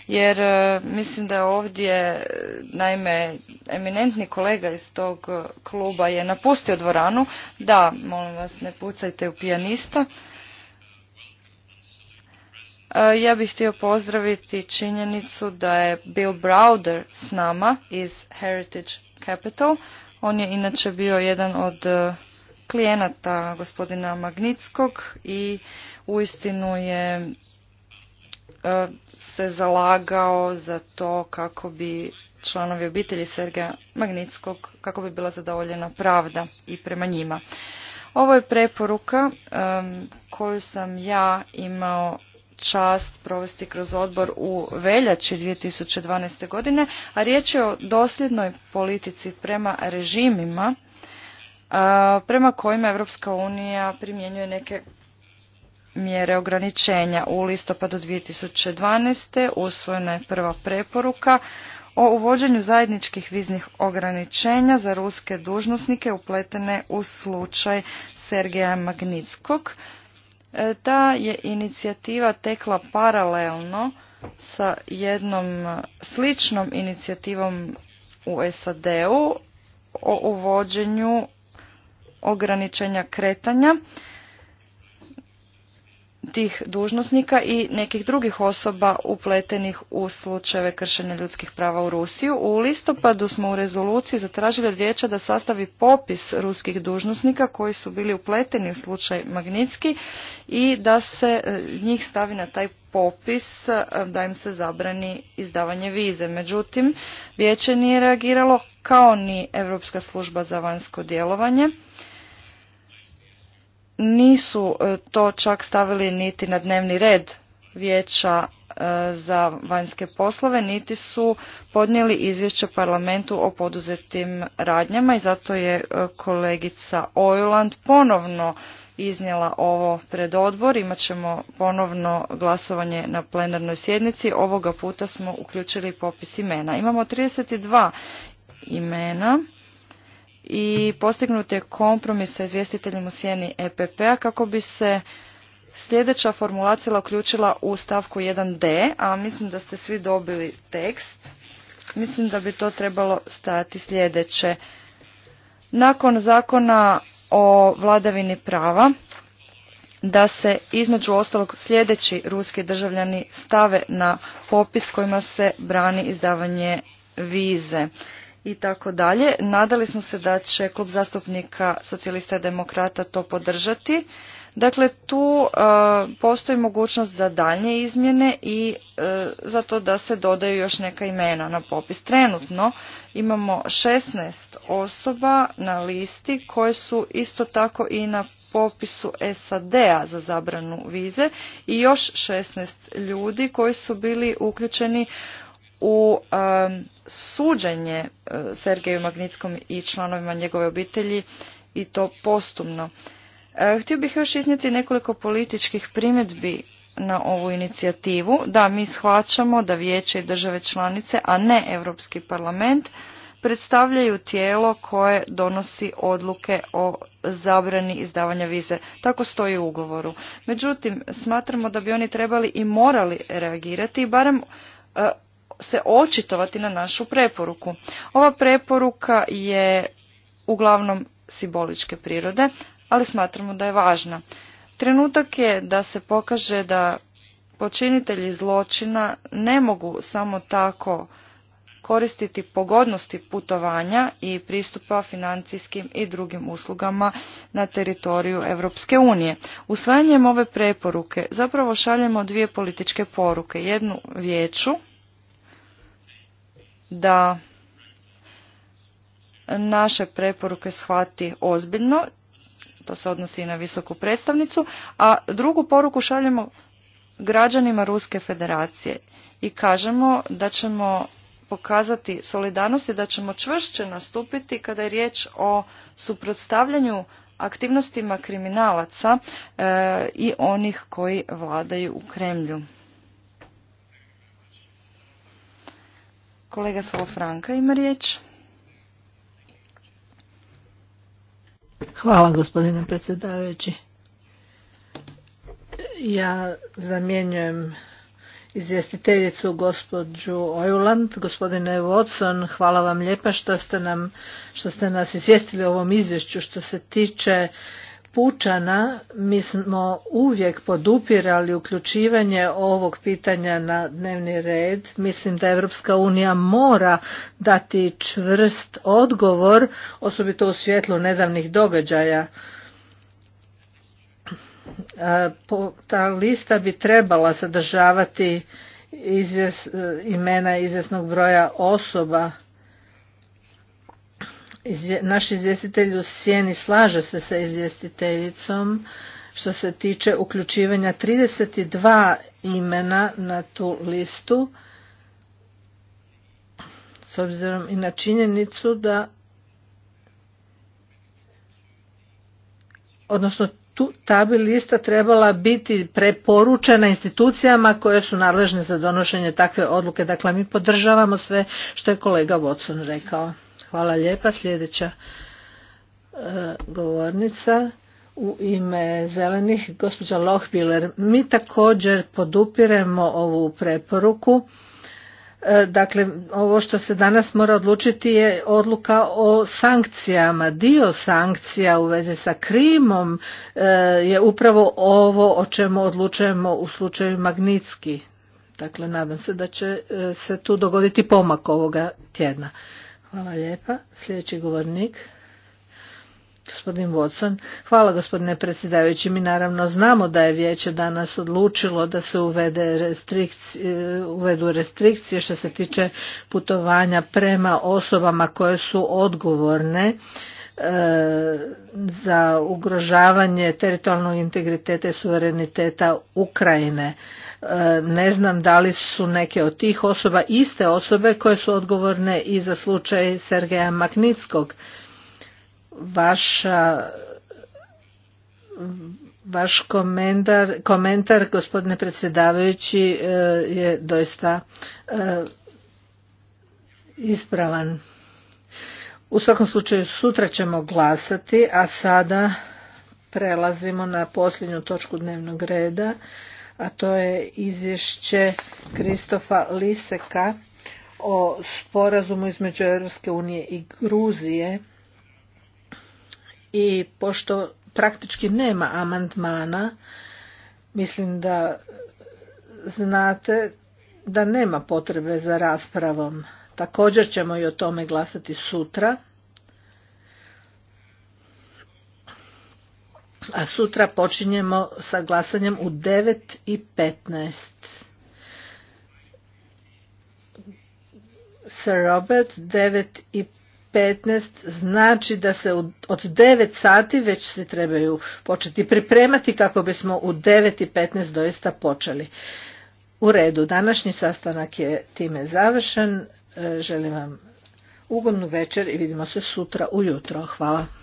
Jer e, mislim da je ovdje, e, naime, eminentni kolega iz tog kluba je napustio dvoranu. Da, molim vas, ne pucajte u pijanista. E, ja bih htio pozdraviti činjenicu da je Bill Browder s nama iz Heritage Capital. On je inače bio jedan od e, klijenata gospodina Magnitskog i uistinu je e, se zalagao za to kako bi članovi obitelji Sergeja Magnitskog, kako bi bila zadovoljena pravda i prema njima. Ovo je preporuka koju sam ja imao čast provesti kroz odbor u veljači 2012. godine, a riječ je o dosljednoj politici prema režimima prema kojima Evropska unija primjenjuje neke mjere ograničenja. U listopadu 2012. usvojena je prva preporuka o uvođenju zajedničkih viznih ograničenja za ruske dužnosnike upletene u slučaj Sergeja Magnitskog E, ta je inicijativa tekla paralelno sa jednom sličnom inicijativom u SAD-u o uvođenju ograničenja kretanja tih dužnosnika i nekih drugih osoba upletenih u slučajeve kršenja ljudskih prava u Rusiju. U listopadu smo u rezoluciji zatražili od vijeća da sastavi popis ruskih dužnosnika koji su bili upleteni u slučaj Magnitski i da se e, njih stavi na taj popis e, da im se zabrani izdavanje vize. Međutim, vijeće nije reagiralo kao ni Europska služba za vanjsko djelovanje nisu e, to čak stavili niti na dnevni red vijeća e, za vanjske poslove, niti su podnijeli izvješće parlamentu o poduzetim radnjama i zato je e, kolegica Ojuland ponovno iznijela ovo pred odbor. Imaćemo ponovno glasovanje na plenarnoj sjednici. Ovoga puta smo uključili popis imena. Imamo 32 imena i postignut je kompromis sa izvjestiteljem u sjeni EPP-a kako bi se sljedeća formulacija uključila u stavku 1d, a mislim da ste svi dobili tekst. Mislim da bi to trebalo stajati sljedeće. Nakon zakona o vladavini prava, da se između ostalog sljedeći ruski državljani stave na popis kojima se brani izdavanje vize i tako dalje. Nadali smo se da će klub zastupnika socijalista i demokrata to podržati. Dakle, tu e, postoji mogućnost za daljnje izmjene i e, za to da se dodaju još neka imena na popis. Trenutno imamo 16 osoba na listi koje su isto tako i na popisu SAD-a za zabranu vize i još 16 ljudi koji su bili uključeni u suđenje eh, Sergeju Magnitskom i članovima njegove obitelji i to postumno. Eh, htio bih još iznijeti nekoliko političkih primjedbi na ovu inicijativu. Da, mi shvaćamo da vijeće i države članice, a ne Europski parlament, predstavljaju tijelo koje donosi odluke o zabrani izdavanja vize. Tako stoji u ugovoru. Međutim, smatramo da bi oni trebali i morali reagirati, barem eh, se očitovati na našu preporuku. Ova preporuka je uglavnom simboličke prirode, ali smatramo da je važna. Trenutak je da se pokaže da počinitelji zločina ne mogu samo tako koristiti pogodnosti putovanja i pristupa financijskim i drugim uslugama na teritoriju Europske unije. Usvajanjem ove preporuke zapravo šaljemo dvije političke poruke, jednu vijeću da naše preporuke shvati ozbiljno, to se odnosi i na visoku predstavnicu, a drugu poruku šaljemo građanima Ruske federacije i kažemo da ćemo pokazati solidarnost i da ćemo čvršće nastupiti kada je riječ o suprotstavljanju aktivnostima kriminalaca e, i onih koji vladaju u Kremlju. Kolega Salofranka ima riječ. Hvala gospodine predsjedavajući. Ja zamjenjujem izvjestiteljicu gospođu Ojuland. Gospodine Watson, hvala vam lijepa što ste, nam, što ste nas izvjestili o ovom izvješću što se tiče pučana mi smo uvijek podupirali uključivanje ovog pitanja na dnevni red. Mislim da Europska unija mora dati čvrst odgovor, osobito u svjetlu nedavnih događaja. Ta lista bi trebala sadržavati imena izvjesnog broja osoba naš izvjestitelj u sjeni slaže se sa izvjestiteljicom što se tiče uključivanja 32 imena na tu listu s obzirom i na činjenicu da odnosno ta bi lista trebala biti preporučena institucijama koje su nadležne za donošenje takve odluke. Dakle, mi podržavamo sve što je kolega Watson rekao. Hvala lijepa. Sljedeća e, govornica u ime zelenih, gospođa Lohbiler. Mi također podupiremo ovu preporuku. E, dakle, ovo što se danas mora odlučiti je odluka o sankcijama. Dio sankcija u vezi sa Krimom e, je upravo ovo o čemu odlučujemo u slučaju Magnitski. Dakle, nadam se da će se tu dogoditi pomak ovoga tjedna. Hvala lijepa. Sljedeći govornik. Gospodin Watson. Hvala gospodine predsjedavajući. Mi naravno znamo da je vijeće danas odlučilo da se uvede e, uvedu restrikcije što se tiče putovanja prema osobama koje su odgovorne e, za ugrožavanje teritorijalnog integriteta i suvereniteta Ukrajine. E, ne znam da li su neke od tih osoba iste osobe koje su odgovorne i za slučaj Sergeja Magnitskog. Vaša vaš komentar, komentar gospodine predsjedavajući e, je doista e, ispravan. U svakom slučaju sutra ćemo glasati, a sada prelazimo na posljednju točku dnevnog reda a to je izvješće Kristofa Liseka o sporazumu između Europske unije i Gruzije. I pošto praktički nema amandmana, mislim da znate da nema potrebe za raspravom. Također ćemo i o tome glasati sutra. a sutra počinjemo sa glasanjem u 9 i 15. Sir Robert, 9 i 15 znači da se od 9 sati već se trebaju početi pripremati kako bismo u 9 i 15 doista počeli. U redu, današnji sastanak je time završen. E, želim vam ugodnu večer i vidimo se sutra ujutro. Hvala.